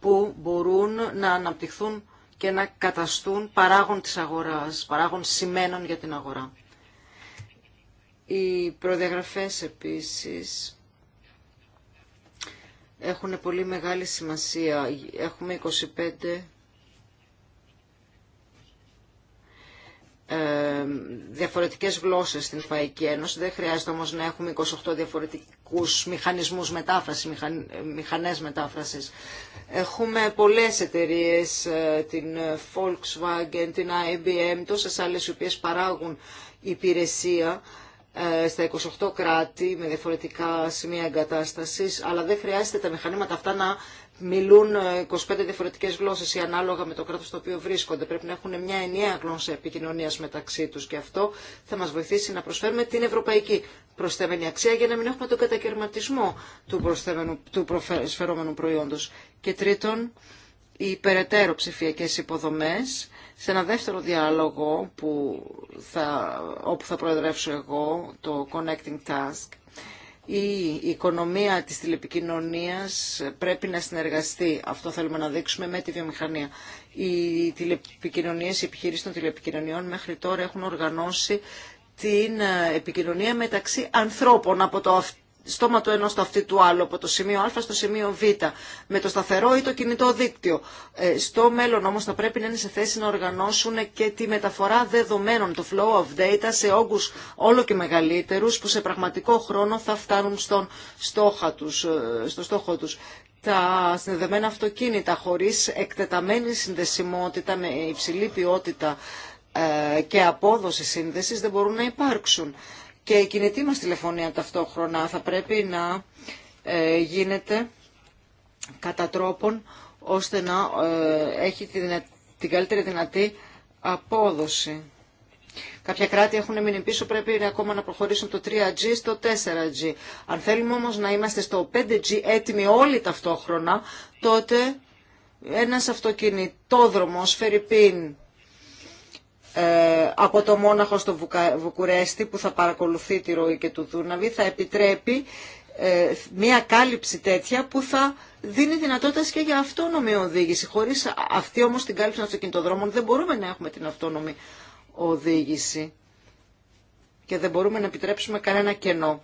που μπορούν να αναπτυχθούν και να καταστούν παράγων της αγοράς, παράγων σημαίνων για την αγορά. Οι προδιαγραφές επίσης έχουν πολύ μεγάλη σημασία. Έχουμε 25 ε, διαφορετικές γλώσσες στην Φαϊκή Ένωση. Δεν χρειάζεται όμως να έχουμε 28 διαφορετικούς μηχανισμούς μετάφρασης, μηχαν, ε, μηχανές μετάφρασης. Έχουμε πολλές εταιρείες, ε, την Volkswagen, την IBM, τόσες άλλες οι οποίες παράγουν υπηρεσία ε, στα 28 κράτη με διαφορετικά σημεία εγκατάστασης, αλλά δεν χρειάζεται τα μηχανήματα αυτά να μιλούν 25 ε, διαφορετικές γλώσσες ή ανάλογα με το κράτος στο οποίο βρίσκονται. Πρέπει να έχουν μια ενιαία γλώσσα επικοινωνίας μεταξύ τους και αυτό θα μας βοηθήσει να προσφέρουμε την ευρωπαϊκή προσθέμενη αξία για να μην έχουμε τον κατακαιρματισμό του, προσφερόμενου προϊόντος. Και τρίτον, οι περαιτέρω ψηφιακές υποδομές σε ένα δεύτερο διάλογο που θα, όπου θα προεδρεύσω εγώ, το Connecting Task, η οικονομία της τηλεπικοινωνίας πρέπει να συνεργαστεί. Αυτό θέλουμε να δείξουμε με τη βιομηχανία. Οι τηλεπικοινωνίες, οι επιχείρησεις των τηλεπικοινωνιών μέχρι τώρα έχουν οργανώσει την επικοινωνία μεταξύ ανθρώπων από το αυτό στόμα του ενός αυτή του άλλου, από το σημείο Α στο σημείο Β, με το σταθερό ή το κινητό δίκτυο. Ε, στο μέλλον όμως θα πρέπει να είναι σε θέση να οργανώσουν και τη μεταφορά δεδομένων, το flow of data, σε όγκους όλο και μεγαλύτερους που σε πραγματικό χρόνο θα φτάνουν στον στόχο τους, ε, στο στόχο τους τα συνδεδεμένα αυτοκίνητα χωρίς εκτεταμένη συνδεσιμότητα με υψηλή ποιότητα ε, και απόδοση σύνδεσης δεν μπορούν να υπάρξουν και η κινητή μας τηλεφωνία ταυτόχρονα θα πρέπει να ε, γίνεται κατά τρόπον ώστε να ε, έχει την καλύτερη δυνατή απόδοση. Κάποια κράτη έχουν μείνει πίσω, πρέπει ακόμα να προχωρήσουν το 3G στο 4G. Αν θέλουμε όμως να είμαστε στο 5G έτοιμοι όλοι ταυτόχρονα, τότε ένας αυτοκινητόδρομος φέρει ε, από το μόναχο στο Βουκουρέστι που θα παρακολουθεί τη ροή και του Δούναβη θα επιτρέπει ε, μια κάλυψη τέτοια που θα δίνει δυνατότητα και για αυτόνομη οδήγηση. Χωρίς αυτή όμως την κάλυψη των αυτοκινητοδρόμων δεν μπορούμε να έχουμε την αυτόνομη οδήγηση και δεν μπορούμε να επιτρέψουμε κανένα κενό.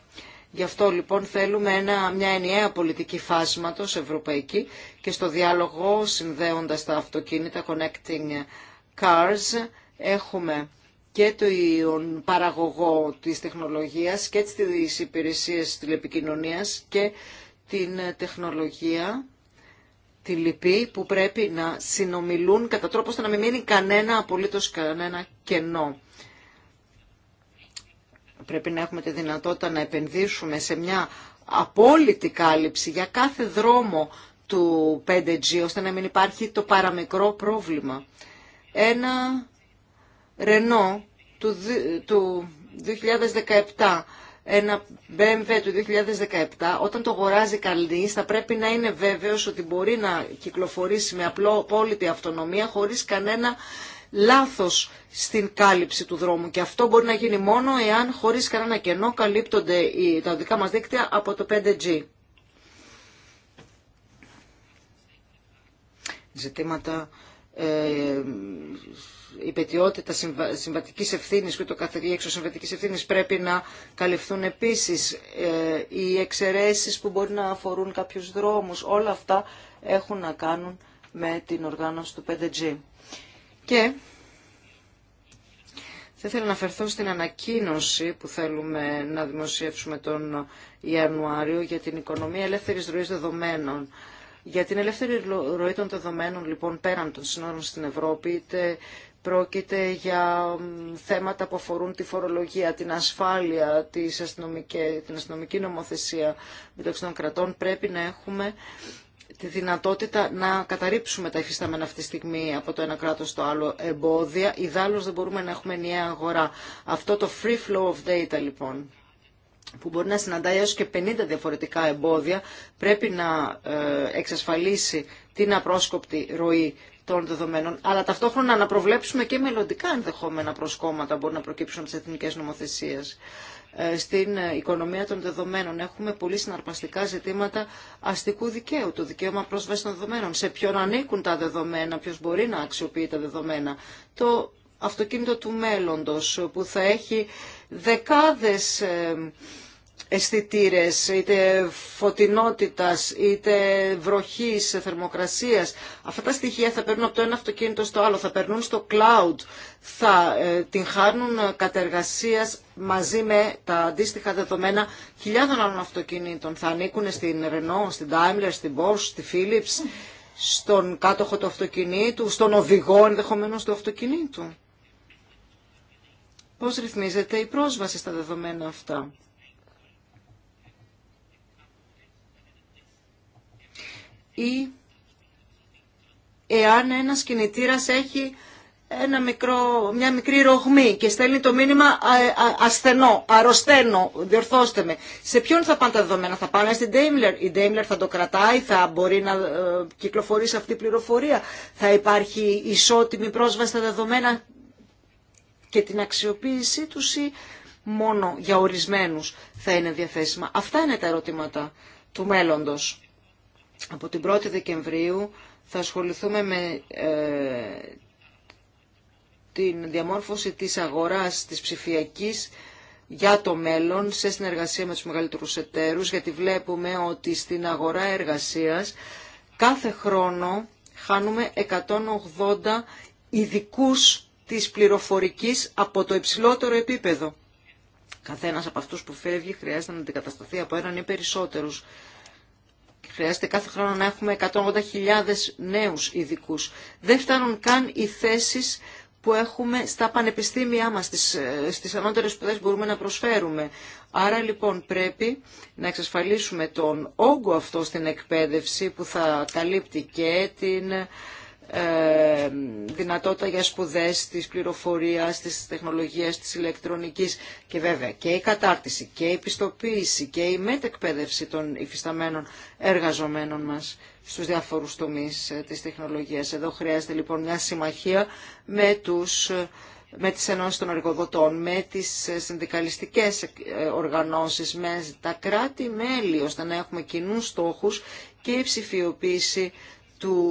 Γι' αυτό λοιπόν θέλουμε ένα, μια ενιαία πολιτική φάσματος ευρωπαϊκή και στο διάλογο συνδέοντας τα αυτοκίνητα Connecting Cars έχουμε και τον παραγωγό της τεχνολογίας και τις υπηρεσίες τηλεπικοινωνίας και την τεχνολογία, τη λυπή που πρέπει να συνομιλούν κατά τρόπο ώστε να μην μείνει κανένα απολύτως κανένα κενό. Πρέπει να έχουμε τη δυνατότητα να επενδύσουμε σε μια απόλυτη κάλυψη για κάθε δρόμο του 5G ώστε να μην υπάρχει το παραμικρό πρόβλημα. Ένα Ρενό του, 2017 ένα BMW του 2017, όταν το αγοράζει καλή, θα πρέπει να είναι βέβαιος ότι μπορεί να κυκλοφορήσει με απλό, απόλυτη αυτονομία, χωρίς κανένα λάθος στην κάλυψη του δρόμου. Και αυτό μπορεί να γίνει μόνο εάν χωρίς κανένα κενό καλύπτονται τα οδικά μας δίκτυα από το 5G. Ζητήματα ε, η πετιότητα συμβα, συμβατικής ευθύνης και το έξω εξωσυμβατικής ευθύνης πρέπει να καλυφθούν επίσης ε, οι εξαιρέσεις που μπορεί να αφορούν κάποιους δρόμους όλα αυτά έχουν να κάνουν με την οργάνωση του 5G και θα ήθελα να αφαιρθώ στην ανακοίνωση που θέλουμε να δημοσιεύσουμε τον Ιανουάριο για την οικονομία ελεύθερης ροής δεδομένων για την ελεύθερη ροή των δεδομένων λοιπόν πέραν των συνόρων στην Ευρώπη, είτε πρόκειται για θέματα που αφορούν τη φορολογία, την ασφάλεια, την αστυνομική νομοθεσία μεταξύ των κρατών, πρέπει να έχουμε τη δυνατότητα να καταρρύψουμε τα υφιστάμενα αυτή τη στιγμή από το ένα κράτος στο άλλο εμπόδια. Ιδάλλως δεν μπορούμε να έχουμε ενιαία αγορά. Αυτό το free flow of data λοιπόν που μπορεί να συναντάει έως και 50 διαφορετικά εμπόδια, πρέπει να ε, εξασφαλίσει την απρόσκοπτη ροή των δεδομένων, αλλά ταυτόχρονα να προβλέψουμε και μελλοντικά ενδεχόμενα προσκόμματα που μπορεί να προκύψουν από τις εθνικές νομοθεσίες. Ε, στην ε, οικονομία των δεδομένων έχουμε πολύ συναρπαστικά ζητήματα αστικού δικαίου, το δικαίωμα πρόσβαση των δεδομένων, σε ποιον ανήκουν τα δεδομένα, ποιος μπορεί να αξιοποιεί τα δεδομένα. Το αυτοκίνητο του μέλλοντος που θα έχει δεκάδες ε, αισθητήρε, είτε φωτεινότητας, είτε βροχής, θερμοκρασίας. Αυτά τα στοιχεία θα παίρνουν από το ένα αυτοκίνητο στο άλλο, θα περνούν στο cloud, θα ε, την χάνουν κατεργασίας μαζί με τα αντίστοιχα δεδομένα χιλιάδων άλλων αυτοκινήτων. Θα ανήκουν στην Renault, στην Daimler, στην Bosch, στη Philips, στον κάτοχο του αυτοκινήτου, στον οδηγό ενδεχομένω του αυτοκινήτου πώς ρυθμίζεται η πρόσβαση στα δεδομένα αυτά. Ή εάν ένας κινητήρας έχει ένα μικρό, μια μικρή ρογμή και στέλνει το μήνυμα ασθενό, αρρωσταίνω, διορθώστε με. Σε ποιον θα πάνε τα δεδομένα, θα πάνε στην Daimler, η Daimler θα το κρατάει, θα μπορεί να ε, κυκλοφορεί σε αυτή η πληροφορία, θα υπάρχει ισότιμη πρόσβαση στα δεδομένα και την αξιοποίησή του ή μόνο για ορισμένους θα είναι διαθέσιμα. Αυτά είναι τα ερωτήματα του μέλλοντος. Από την 1η Δεκεμβρίου θα ασχοληθούμε με ε, την διαμόρφωση της αγοράς της ψηφιακής για το μέλλον σε συνεργασία με τους μεγαλύτερους εταίρους γιατί βλέπουμε ότι στην αγορά εργασίας κάθε χρόνο χάνουμε 180 ειδικούς της πληροφορικής από το υψηλότερο επίπεδο. Καθένας από αυτούς που φεύγει χρειάζεται να αντικατασταθεί από έναν ή περισσότερους. Χρειάζεται κάθε χρόνο να έχουμε 180.000 νέους ειδικού. Δεν φτάνουν καν οι θέσεις που έχουμε στα πανεπιστήμια μας, στις, ε, στις ανώτερες σπουδές μπορούμε να προσφέρουμε. Άρα λοιπόν πρέπει να εξασφαλίσουμε τον όγκο αυτό στην εκπαίδευση που θα καλύπτει και την ε, δυνατότητα για σπουδές της πληροφορίας, της τεχνολογίας, της ηλεκτρονικής και βέβαια και η κατάρτιση και η πιστοποίηση και η μετεκπαίδευση των υφισταμένων εργαζομένων μας στους διάφορους τομείς ε, της τεχνολογίας. Εδώ χρειάζεται λοιπόν μια συμμαχία με τους ε, με τις ενώσεις των εργοδοτών, με τις συνδικαλιστικές οργανώσεις, με τα κράτη-μέλη, ώστε να έχουμε κοινούς στόχους και η ψηφιοποίηση του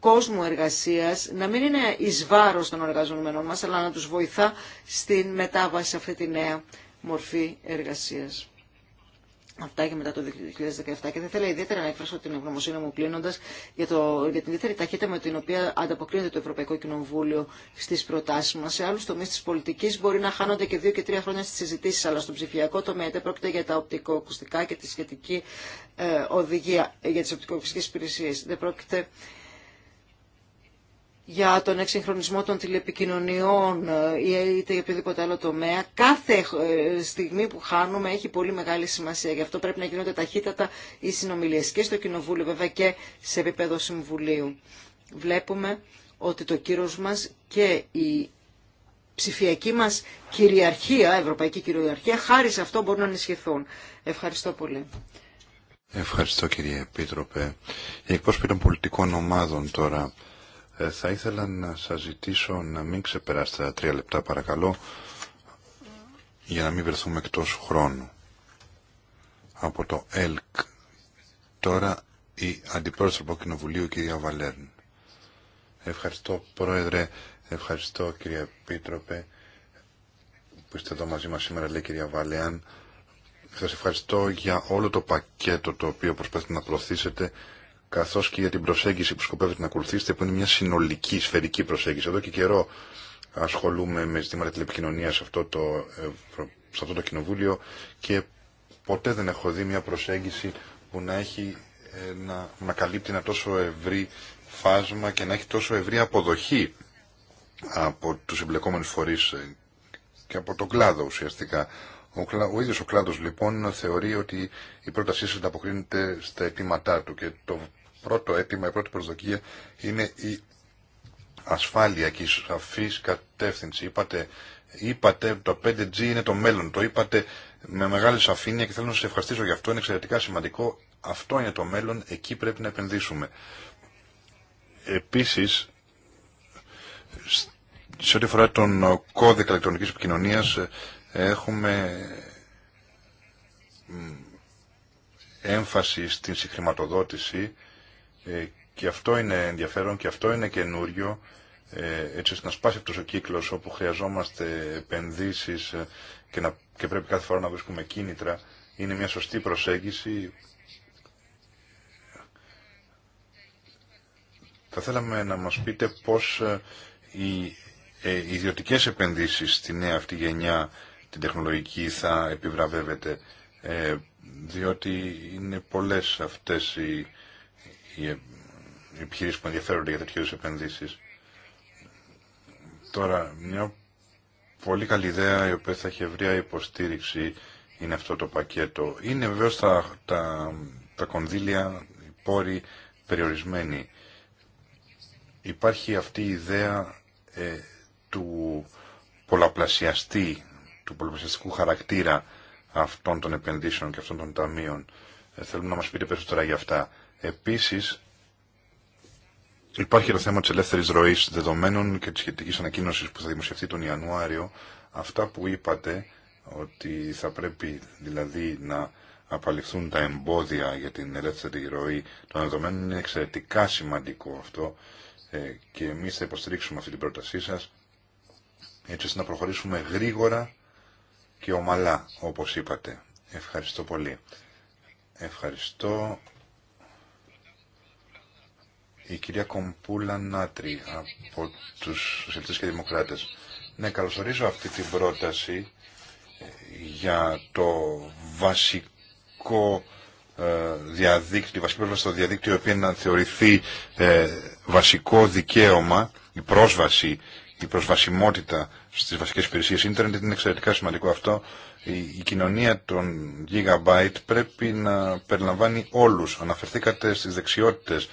κόσμου εργασίας να μην είναι εις βάρος των εργαζομένων μας, αλλά να τους βοηθά στην μετάβαση σε αυτή τη νέα μορφή εργασίας. Αυτά και μετά το 2017. Και θα ήθελα ιδιαίτερα να εκφράσω την ευγνωμοσύνη μου κλείνοντα για, για την ιδιαίτερη ταχύτητα με την οποία ανταποκρίνεται το Ευρωπαϊκό Κοινοβούλιο στι προτάσει μα. Σε άλλου τομεί τη πολιτική μπορεί να χάνονται και δύο και τρία χρόνια στι συζητήσει, αλλά στον ψηφιακό τομέα είτε πρόκειται για τα οπτικοακουστικά και τη σχετική ε, οδηγία για τι οπτικοακουστικέ υπηρεσίε. Δεν πρόκειται για τον εξυγχρονισμό των τηλεπικοινωνιών ε, ή είτε για οποιοδήποτε άλλο τομέα. Κάθε ε, στιγμή που χάνουμε έχει πολύ μεγάλη σημασία. Γι' αυτό πρέπει να γίνονται ταχύτατα οι συνομιλίε και στο Κοινοβούλιο βέβαια και σε επίπεδο Συμβουλίου. Βλέπουμε ότι το κύρος μας και η ψηφιακή μας κυριαρχία, ευρωπαϊκή κυριαρχία, χάρη σε αυτό μπορούν να ενισχυθούν. Ευχαριστώ πολύ.
Ευχαριστώ κύριε Επίτροπε. Οι εκπρόσωποι των πολιτικών ομάδων τώρα ε, θα ήθελα να σας ζητήσω να μην ξεπεράσετε τα τρία λεπτά παρακαλώ για να μην βρεθούμε εκτός χρόνου. Από το ΕΛΚ τώρα η Αντιπρόεδρο Κοινοβουλίου κυρία Βαλέρν. Ευχαριστώ Πρόεδρε, ευχαριστώ κυρία Πίτροπε που είστε εδώ μαζί μας σήμερα λέει κυρία Βαλέαν. Σας ευχαριστώ για όλο το πακέτο το οποίο προσπαθείτε να προωθήσετε καθώς και για την προσέγγιση που σκοπεύετε να ακολουθήσετε, που είναι μια συνολική, σφαιρική προσέγγιση. Εδώ και καιρό ασχολούμαι με ζητήματα τηλεπικοινωνία σε αυτό το, σε αυτό το κοινοβούλιο και ποτέ δεν έχω δει μια προσέγγιση που να, έχει, ε, να, καλύπτει ένα τόσο ευρύ φάσμα και να έχει τόσο ευρύ αποδοχή από τους εμπλεκόμενου φορείς ε, και από τον κλάδο ουσιαστικά. Ο, ο ίδιος ο κλάδος λοιπόν θεωρεί ότι η πρότασή σας ανταποκρίνεται στα αιτήματά του και το πρώτο αίτημα, η πρώτη προσδοκία είναι η ασφάλεια και η σαφής κατεύθυνση. Είπατε, είπατε το 5G είναι το μέλλον, το είπατε με μεγάλη σαφήνεια και θέλω να σας ευχαριστήσω γι' αυτό, είναι εξαιρετικά σημαντικό. Αυτό είναι το μέλλον, εκεί πρέπει να επενδύσουμε. Επίσης, σε ό,τι αφορά τον κώδικα ηλεκτρονικής επικοινωνίας, έχουμε έμφαση στην συγχρηματοδότηση ε, και αυτό είναι ενδιαφέρον και αυτό είναι καινούριο ε, έτσι ώστε να σπάσει αυτός ο κύκλος όπου χρειαζόμαστε επενδύσεις ε, και, να, πρέπει κάθε φορά να βρίσκουμε κίνητρα είναι μια σωστή προσέγγιση Θα θέλαμε να μας πείτε πώς οι ιδιωτικές επενδύσεις στη νέα αυτή γενιά την τεχνολογική θα επιβραβεύεται διότι είναι πολλές αυτές οι οι ε, επιχειρήσει που ενδιαφέρονται για τέτοιου επενδύσει. Τώρα, μια πολύ καλή ιδέα η οποία θα έχει ευρεία υποστήριξη είναι αυτό το πακέτο. Είναι βεβαίω τα, τα, κονδύλια, οι πόροι περιορισμένοι. Υπάρχει αυτή η ιδέα ε, του πολλαπλασιαστή, του πολλαπλασιαστικού χαρακτήρα αυτών των επενδύσεων και αυτών των ταμείων. Ε, θέλουμε να μας πείτε περισσότερα για αυτά. Επίσης, υπάρχει το θέμα της ελεύθερης ροής δεδομένων και της σχετικής ανακοίνωσης που θα δημοσιευτεί τον Ιανουάριο. Αυτά που είπατε, ότι θα πρέπει δηλαδή να απαλληφθούν τα εμπόδια για την ελεύθερη ροή των δεδομένων, είναι εξαιρετικά σημαντικό αυτό ε, και εμείς θα υποστηρίξουμε αυτή την πρότασή σας έτσι ώστε να προχωρήσουμε γρήγορα και ομαλά όπως είπατε. Ευχαριστώ πολύ. Ευχαριστώ η κυρία Κομπούλα Νάτρη από τους Σοσιαλιστές και Δημοκράτες. Ναι, καλωσορίζω αυτή την πρόταση ε, για το βασικό ε, διαδίκτυο, τη βασική πρόσβαση στο διαδίκτυο, η οποία να θεωρηθεί ε, βασικό δικαίωμα, η πρόσβαση, η προσβασιμότητα στις βασικές υπηρεσίες ίντερνετ είναι εξαιρετικά σημαντικό αυτό. Η, κοινωνία των gigabyte πρέπει να περιλαμβάνει όλους. Αναφερθήκατε στις δεξιότητες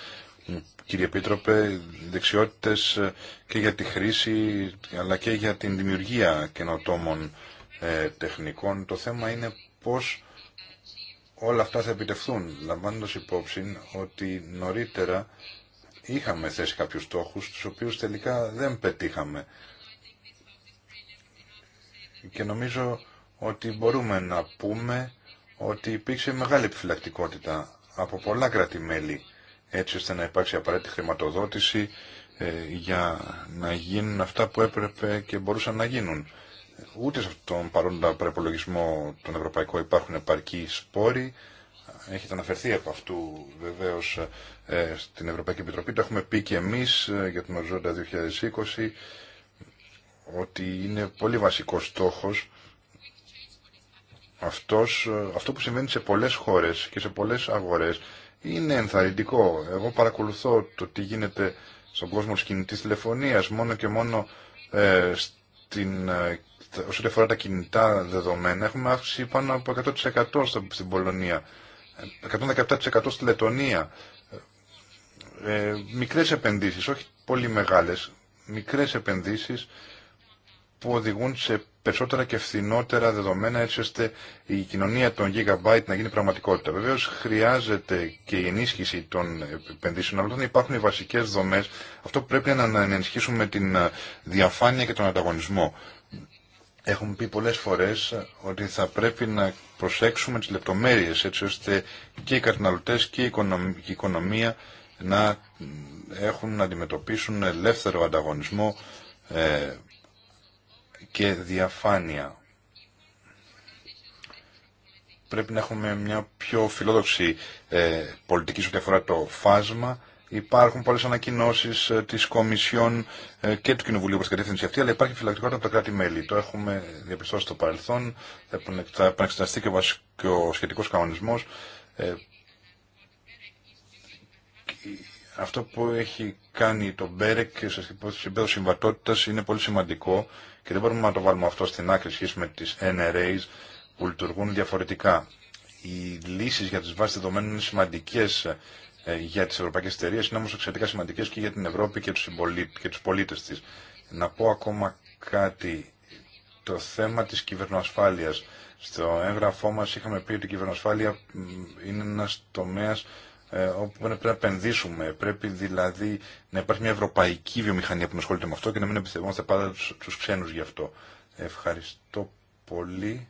κύριε Επίτροπε, δεξιότητες ε, και για τη χρήση αλλά και για την δημιουργία καινοτόμων ε, τεχνικών. Το θέμα είναι πώς όλα αυτά θα επιτευχθούν, λαμβάνοντας υπόψη ότι νωρίτερα είχαμε θέσει κάποιους στόχους, τους οποίους τελικά δεν πετύχαμε. Και νομίζω ότι μπορούμε να πούμε ότι υπήρξε μεγάλη επιφυλακτικότητα από πολλά κράτη-μέλη έτσι ώστε να υπάρξει απαραίτητη χρηματοδότηση ε, για να γίνουν αυτά που έπρεπε και μπορούσαν να γίνουν. Ούτε σε αυτόν τον παρόντα προπολογισμό τον ευρωπαϊκό υπάρχουν επαρκή σπόροι. Έχετε αναφερθεί από αυτού βεβαίω ε, στην Ευρωπαϊκή Επιτροπή. Το έχουμε πει και εμεί ε, για τον Οριζόντα 2020 ότι είναι πολύ βασικό στόχος αυτός, αυτό που συμβαίνει σε πολλές χώρες και σε πολλές αγορές είναι ενθαρρυντικό. Εγώ παρακολουθώ το τι γίνεται στον κόσμο της κινητής τηλεφωνίας, μόνο και μόνο ε, στην, ε, όσον αφορά τα κινητά δεδομένα, έχουμε αύξηση πάνω από 100% στην Πολωνία, 117% στη Λετωνία. Ε, ε, μικρές επενδύσεις, όχι πολύ μεγάλες, μικρές επενδύσεις που οδηγούν σε περισσότερα και φθηνότερα δεδομένα έτσι ώστε η κοινωνία των Gigabyte να γίνει πραγματικότητα. Βεβαίω χρειάζεται και η ενίσχυση των επενδύσεων, αλλά όταν υπάρχουν οι βασικέ δομέ, αυτό που πρέπει να, ενισχύσουμε την διαφάνεια και τον ανταγωνισμό. Έχουμε πει πολλές φορές ότι θα πρέπει να προσέξουμε τις λεπτομέρειες έτσι ώστε και οι καταναλωτές και η οικονομία να έχουν να αντιμετωπίσουν ελεύθερο ανταγωνισμό ε, και διαφάνεια. Πρέπει να έχουμε μια πιο φιλόδοξη ε, πολιτική σε αφορά το φάσμα. Υπάρχουν πολλές ανακοινώσεις ε, τη Κομισιόν ε, και του Κοινοβουλίου προ την κατεύθυνση αυτή, αλλά υπάρχει φυλακτικότητα από τα κράτη-μέλη. Το έχουμε διαπιστώσει στο παρελθόν. Θα ε, επανεξεταστεί και ο, ο σχετικό κανονισμό. Αυτό που έχει κάνει το Μπέρεκ σε επίπεδο συμβατότητα είναι πολύ σημαντικό και δεν μπορούμε να το βάλουμε αυτό στην άκρη σχέση με τι NRAs που λειτουργούν διαφορετικά. Οι λύσει για τι βάσει δεδομένων είναι σημαντικέ ε, για τι ευρωπαϊκέ εταιρείε, είναι όμω εξαιρετικά σημαντικέ και για την Ευρώπη και του πολίτε τη. Να πω ακόμα κάτι. Το θέμα τη κυβερνοασφάλεια. Στο έγγραφό μα είχαμε πει ότι η κυβερνοασφάλεια είναι ένα τομέα ε, όπου πρέπει να επενδύσουμε. Πρέπει δηλαδή να υπάρχει μια ευρωπαϊκή βιομηχανία που να ασχολείται με αυτό και να μην εμπιστευόμαστε πάντα τους, ξένου ξένους γι' αυτό. Ευχαριστώ πολύ.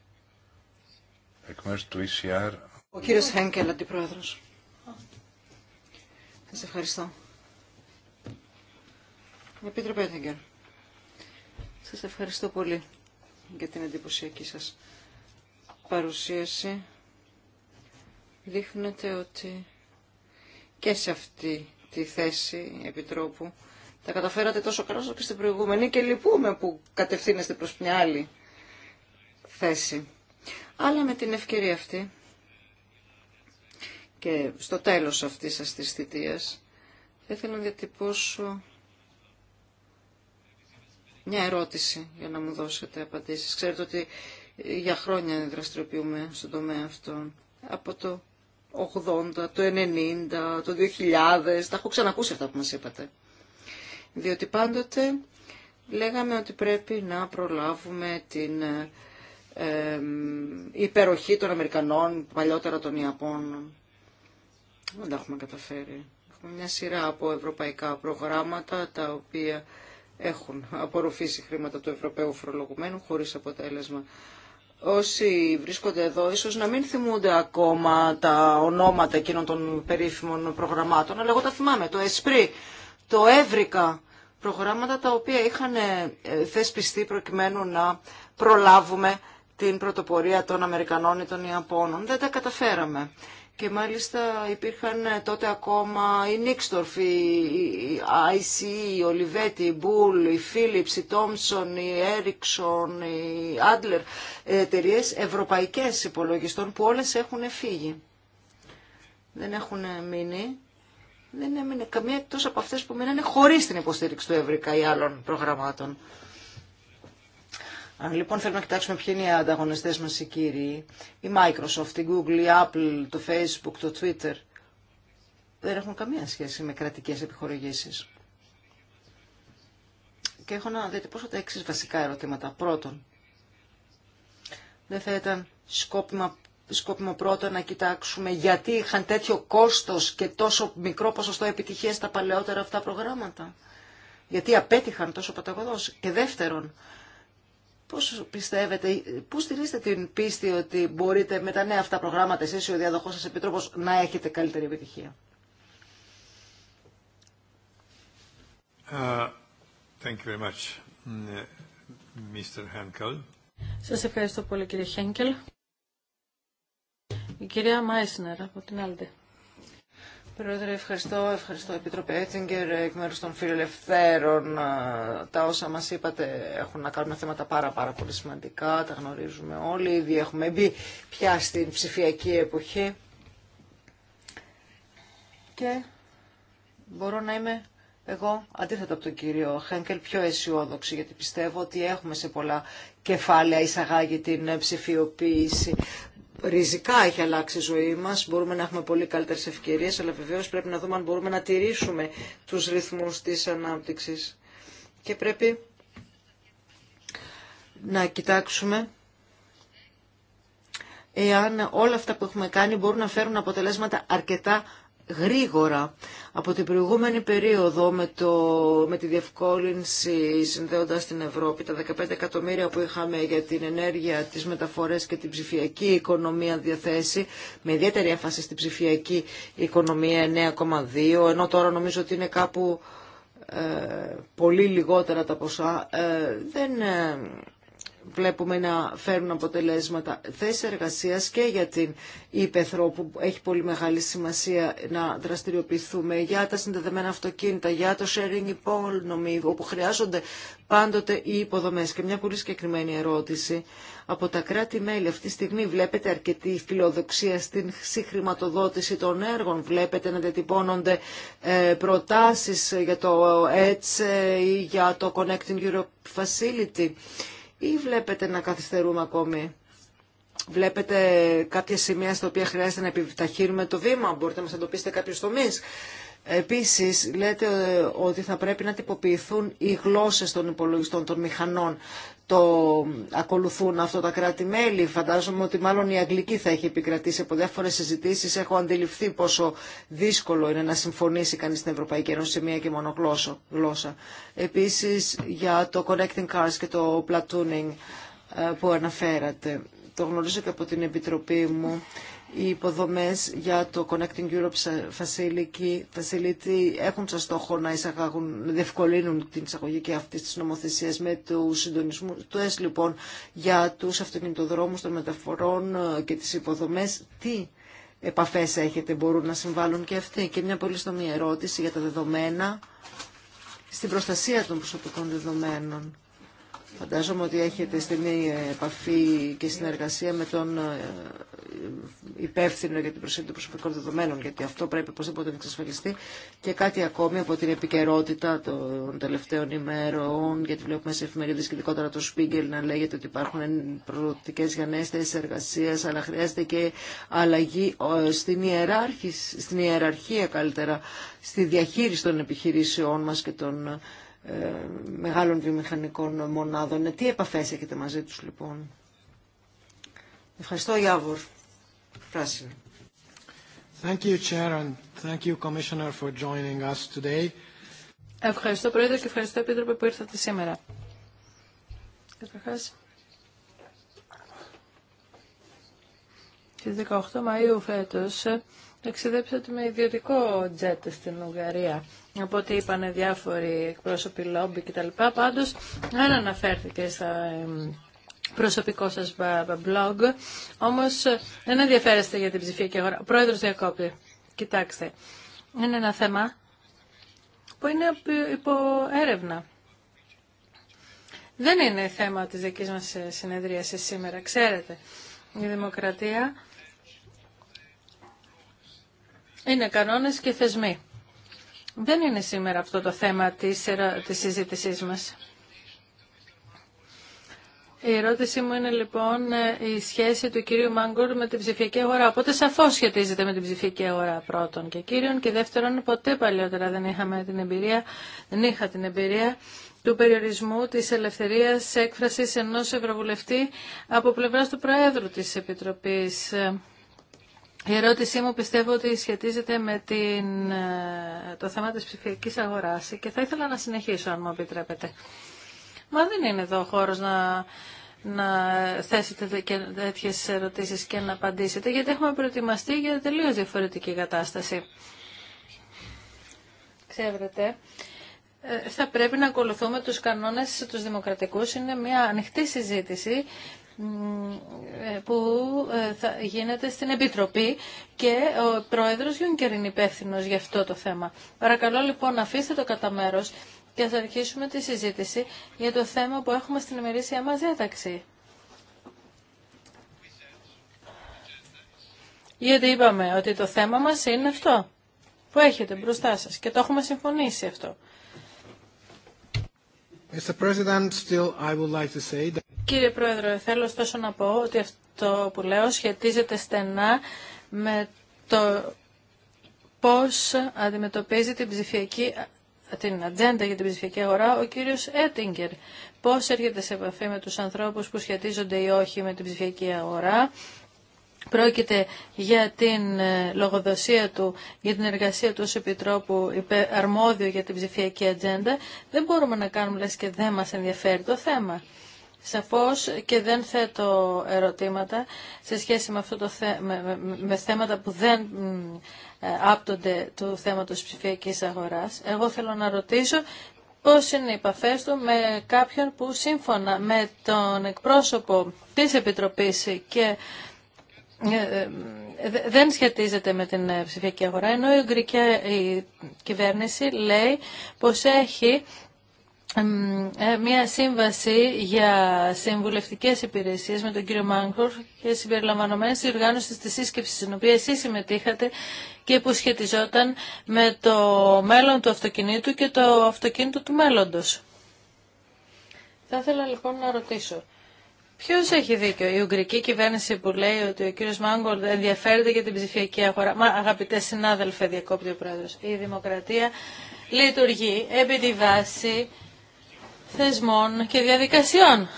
Εκ μέρους του ECR.
Ο κύριος Χένκελ, αντιπρόεδρος. Σας ευχαριστώ. Επίτροπε Έτιγκερ, σας ευχαριστώ πολύ για την εντυπωσιακή σας παρουσίαση. Δείχνετε ότι και σε αυτή τη θέση επιτρόπου. Τα καταφέρατε τόσο καλά όσο και στην προηγούμενη και λυπούμε που κατευθύνεστε προς μια άλλη θέση. Αλλά με την ευκαιρία αυτή και στο τέλος αυτής σας της θητείας θα ήθελα να διατυπώσω μια ερώτηση για να μου δώσετε απαντήσεις. Ξέρετε ότι για χρόνια δραστηριοποιούμε στον τομέα αυτόν. Από το 80, το 90, το 2000, τα έχω ξανακούσει αυτά που μας είπατε. Διότι πάντοτε λέγαμε ότι πρέπει να προλάβουμε την υπεροχή των Αμερικανών, παλιότερα των Ιαπώνων. Δεν τα έχουμε καταφέρει. Έχουμε μια σειρά από ευρωπαϊκά προγράμματα τα οποία έχουν απορροφήσει χρήματα του Ευρωπαίου φορολογουμένου χωρίς αποτέλεσμα όσοι βρίσκονται εδώ ίσως να μην θυμούνται ακόμα τα ονόματα εκείνων των περίφημων προγραμμάτων, αλλά εγώ τα θυμάμαι, το ΕΣΠΡΙ, το ΕΒΡΙΚΑ, προγράμματα τα οποία είχαν ε, θεσπιστεί προκειμένου να προλάβουμε την πρωτοπορία των Αμερικανών ή των Ιαπώνων. Δεν τα καταφέραμε και μάλιστα υπήρχαν ε, τότε ακόμα οι Νίξτορφ, οι ICE, οι Ολιβέτη, οι Μπούλ, οι Φίλιπς, οι Τόμσον, οι Έριξον, οι Άντλερ, ε, εταιρείε ευρωπαϊκές υπολογιστών που όλες έχουν φύγει. Δεν έχουν ε, μείνει. Δεν έμεινε καμία εκτός από αυτές που μείνανε χωρίς την υποστήριξη του Ευρικά ή άλλων προγραμμάτων. Αν λοιπόν θέλουμε να κοιτάξουμε ποιοι είναι οι ανταγωνιστές μας οι κύριοι, η Microsoft, η Google, η Apple, το Facebook, το Twitter, δεν έχουν καμία σχέση με κρατικές επιχορηγήσεις. Και έχω να δείτε πόσο τα εξή βασικά ερωτήματα. Πρώτον, δεν θα ήταν σκόπιμα σκόπιμο πρώτο να κοιτάξουμε γιατί είχαν τέτοιο κόστος και τόσο μικρό ποσοστό επιτυχίας τα παλαιότερα αυτά προγράμματα. Γιατί απέτυχαν τόσο παταγωδός. Και δεύτερον, Πώς πιστεύετε, πού στηρίζετε την πίστη ότι μπορείτε με τα νέα αυτά προγράμματα εσείς ο διαδοχός σας επιτρόπος να έχετε καλύτερη επιτυχία.
Uh, thank you very much, Mr.
Σας ευχαριστώ πολύ κύριε Χένκελ. Η κυρία Μάισνερ από την Άλντε.
Πρόεδρε, ευχαριστώ. Ευχαριστώ, Επίτροπε Έτσιγκερ, εκ μέρου των φιλελευθέρων. Τα όσα μα είπατε έχουν να κάνουν θέματα πάρα, πάρα πολύ σημαντικά. Τα γνωρίζουμε όλοι. Ήδη έχουμε μπει πια στην ψηφιακή εποχή. Και μπορώ να είμαι εγώ, αντίθετα από τον κύριο Χένκελ, πιο αισιόδοξη, γιατί πιστεύω ότι έχουμε σε πολλά κεφάλαια εισαγάγει την ψηφιοποίηση ριζικά έχει αλλάξει η ζωή μας, μπορούμε να έχουμε πολύ καλύτερες ευκαιρίες, αλλά βεβαίως πρέπει να δούμε αν μπορούμε να τηρήσουμε τους ρυθμούς της ανάπτυξης. Και πρέπει να κοιτάξουμε εάν όλα αυτά που έχουμε κάνει μπορούν να φέρουν αποτελέσματα αρκετά γρήγορα από την προηγούμενη περίοδο με, το, με τη διευκόλυνση συνδέοντας την Ευρώπη τα 15 εκατομμύρια που είχαμε για την ενέργεια, τις μεταφορές και την ψηφιακή οικονομία διαθέσει με ιδιαίτερη έμφαση στην ψηφιακή οικονομία 9,2 ενώ τώρα νομίζω ότι είναι κάπου ε, πολύ λιγότερα τα ποσά ε, δεν ε, βλέπουμε να φέρουν αποτελέσματα θέσεις εργασίας και για την Ήπεθρο που έχει πολύ μεγάλη σημασία να δραστηριοποιηθούμε, για τα συνδεδεμένα αυτοκίνητα, για το sharing υπόνομη, όπου χρειάζονται πάντοτε οι υποδομές. Και μια πολύ συγκεκριμένη ερώτηση. Από τα κράτη-μέλη αυτή τη στιγμή βλέπετε αρκετή φιλοδοξία στην συγχρηματοδότηση των έργων. Βλέπετε να διατυπώνονται ε, προτάσεις για το ΕΤΣΕ ή για το Connecting Europe Facility ή βλέπετε να καθυστερούμε ακόμη. Βλέπετε κάποια σημεία στα οποία χρειάζεται να επιταχύνουμε το βήμα. Μπορείτε να μας αντοπίσετε κάποιους τομείς. Επίσης, λέτε ότι θα πρέπει να τυποποιηθούν οι γλώσσες των υπολογιστών, των μηχανών το ακολουθούν αυτό τα κράτη-μέλη. Φαντάζομαι ότι μάλλον η Αγγλική θα έχει επικρατήσει από διάφορε συζητήσει. Έχω αντιληφθεί πόσο δύσκολο είναι να συμφωνήσει κανεί στην Ευρωπαϊκή Ένωση σε μία και μόνο γλώσσα. Επίση για το connecting cars και το platooning ε, που αναφέρατε. Το γνωρίζω και από την Επιτροπή μου οι υποδομές για το Connecting Europe Facility έχουν σαν στόχο να, εισαγάγουν, να διευκολύνουν την και αυτή της νομοθεσίας με του συντονισμού του ΕΣ λοιπόν για τους αυτοκινητοδρόμους των μεταφορών ε, και τις υποδομές. Τι επαφές έχετε, μπορούν να συμβάλλουν και αυτοί. Και μια πολύ στομή ερώτηση για τα δεδομένα στην προστασία των προσωπικών δεδομένων. Φαντάζομαι ότι έχετε στενή επαφή και συνεργασία με τον ε, υπεύθυνο για την προσέγγιση των προσωπικών δεδομένων, γιατί αυτό πρέπει οπωσδήποτε να εξασφαλιστεί. Και κάτι ακόμη από την επικαιρότητα των τελευταίων ημέρων, γιατί βλέπουμε σε εφημερίδε και ειδικότερα το Σπίγκελ να λέγεται ότι υπάρχουν προοπτικέ για νέε θέσει εργασία, αλλά χρειάζεται και αλλαγή ε, στην, στην ιεραρχία καλύτερα, στη διαχείριση των επιχειρήσεών μα και των ε, μεγάλων βιομηχανικών μονάδων. Ε, τι επαφές έχετε μαζί τους λοιπόν. Ευχαριστώ Γιάβορ.
Ευχαριστώ, Πρόεδρε, και ευχαριστώ, Επίτροπε, που ήρθατε σήμερα. Καταρχάς, στις 18 Μαΐου φέτος ταξιδέψατε με ιδιωτικό τζέτ στην Ουγγαρία. Από ό,τι είπανε διάφοροι εκπρόσωποι λόμπι κτλ. Πάντως, δεν αναφέρθηκε στα προσωπικό σας ε, ε, blog. Όμως ε, δεν ενδιαφέρεστε για την ψηφιακή αγορά. Ο πρόεδρος Κοιτάξτε, είναι ένα θέμα που είναι υπό έρευνα. Δεν είναι θέμα της δικής μας συνεδρίασης σήμερα. Ξέρετε, η δημοκρατία είναι κανόνες και θεσμοί. Δεν είναι σήμερα αυτό το θέμα της, της συζήτησής μας. Η ερώτησή μου είναι λοιπόν ε, η σχέση του κυρίου Μάγκορ με την ψηφιακή αγορά. Οπότε σαφώ σχετίζεται με την ψηφιακή αγορά πρώτον και κύριον και δεύτερον ποτέ παλιότερα δεν είχαμε την εμπειρία, δεν είχα την εμπειρία του περιορισμού της ελευθερίας έκφρασης ενός ευρωβουλευτή από πλευράς του Προέδρου της Επιτροπής. Η ερώτησή μου πιστεύω ότι σχετίζεται με την, ε, το θέμα της ψηφιακής αγοράς και θα ήθελα να συνεχίσω αν μου επιτρέπετε. Μα δεν είναι εδώ ο χώρος να, να θέσετε τέτοιες ερωτήσεις και να απαντήσετε, γιατί έχουμε προετοιμαστεί για τελείως διαφορετική κατάσταση. Ξέρετε, ε, θα πρέπει να ακολουθούμε τους κανόνες τους δημοκρατικούς. Είναι μια ανοιχτή συζήτηση ε, που ε, θα γίνεται στην Επιτροπή και ο Πρόεδρος Γιούνκερ είναι υπεύθυνο για αυτό το θέμα. Παρακαλώ λοιπόν αφήστε το κατά μέρος και θα αρχίσουμε τη συζήτηση για το θέμα που έχουμε στην ημερήσια μας διάταξη. Γιατί είπαμε ότι το θέμα μας είναι αυτό που έχετε μπροστά σας και το έχουμε συμφωνήσει αυτό. Κύριε Πρόεδρε, θέλω ωστόσο να πω ότι αυτό που λέω σχετίζεται στενά με το πώς αντιμετωπίζει την ψηφιακή την ατζέντα για την ψηφιακή αγορά ο κύριος Έτιγκερ. Πώς έρχεται σε επαφή με τους ανθρώπους που σχετίζονται ή όχι με την ψηφιακή αγορά. Πρόκειται για την ε, λογοδοσία του, για την εργασία του ως Επιτρόπου αρμόδιο για την ψηφιακή ατζέντα. Δεν μπορούμε να κάνουμε λες και δεν μας ενδιαφέρει το θέμα. Σαφώς και δεν θέτω ερωτήματα σε σχέση με, αυτό το με θέματα που δεν ε, άπτονται του θέματος ψηφιακής αγοράς. Εγώ θέλω να ρωτήσω πώς είναι οι επαφές του με κάποιον που σύμφωνα με τον εκπρόσωπο της Επιτροπής και ε, ε, δεν σχετίζεται με την ψηφιακή αγορά, ενώ η Ουγγρική κυβέρνηση λέει πως έχει μια ε, σύμβαση για συμβουλευτικές υπηρεσίες με τον κύριο Μάνκορ και συμπεριλαμβανόμενε της οργάνωση της σύσκεψης στην οποία εσείς συμμετείχατε και που σχετιζόταν με το μέλλον του αυτοκινήτου και το αυτοκίνητο του μέλλοντος. Θα ήθελα λοιπόν να ρωτήσω. Ποιο έχει δίκιο, η Ουγγρική κυβέρνηση που λέει ότι ο κύριο Μάγκολ ενδιαφέρεται για την ψηφιακή αγορά. Μα αγαπητέ συνάδελφε, διακόπτει ο πρόεδρο. Η δημοκρατία λειτουργεί επί τη βάση θεσμών και διαδικασιών.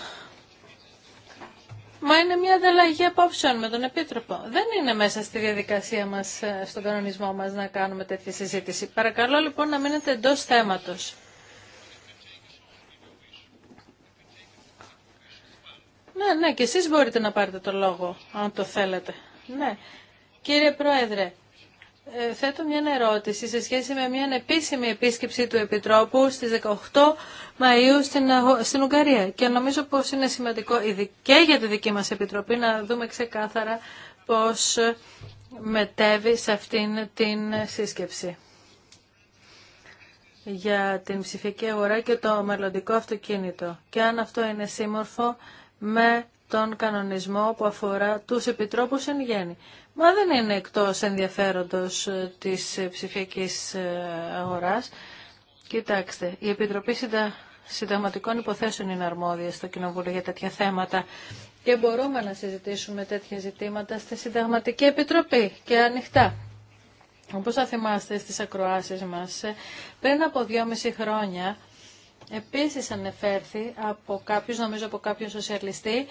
Μα είναι μια ανταλλαγή απόψεων με τον Επίτροπο. Δεν είναι μέσα στη διαδικασία μας, ε, στον κανονισμό μας, να κάνουμε τέτοια συζήτηση. Παρακαλώ λοιπόν να μείνετε εντός θέματος. Ναι, ναι, και εσείς μπορείτε να πάρετε το λόγο, αν το θέλετε. Ναι. Κύριε Πρόεδρε, ε, θέτω μια ερώτηση σε σχέση με μια επίσημη επίσκεψη του Επιτρόπου στις 18 Μαΐου στην, ε, στην Ουγγαρία. Και νομίζω πως είναι σημαντικό και για τη δική μας Επιτροπή να δούμε ξεκάθαρα πώς μετέβει σε αυτήν την σύσκεψη για την ψηφιακή αγορά και το μελλοντικό αυτοκίνητο και αν αυτό είναι σύμμορφο με τον κανονισμό που αφορά τους επιτρόπους εν γέννη. Μα δεν είναι εκτός ενδιαφέροντος ε, της ε, ψηφιακής ε, αγοράς. Κοιτάξτε, η Επιτροπή Συντα... Συνταγματικών Υποθέσεων είναι αρμόδια στο Κοινοβούλιο για τέτοια θέματα και μπορούμε να συζητήσουμε τέτοια ζητήματα στη Συνταγματική Επιτροπή και ανοιχτά. Όπως θα θυμάστε στις ακροάσεις μας, πριν από δυόμιση χρόνια επίσης ανεφέρθη από κάποιους, νομίζω από κάποιον σοσιαλιστή,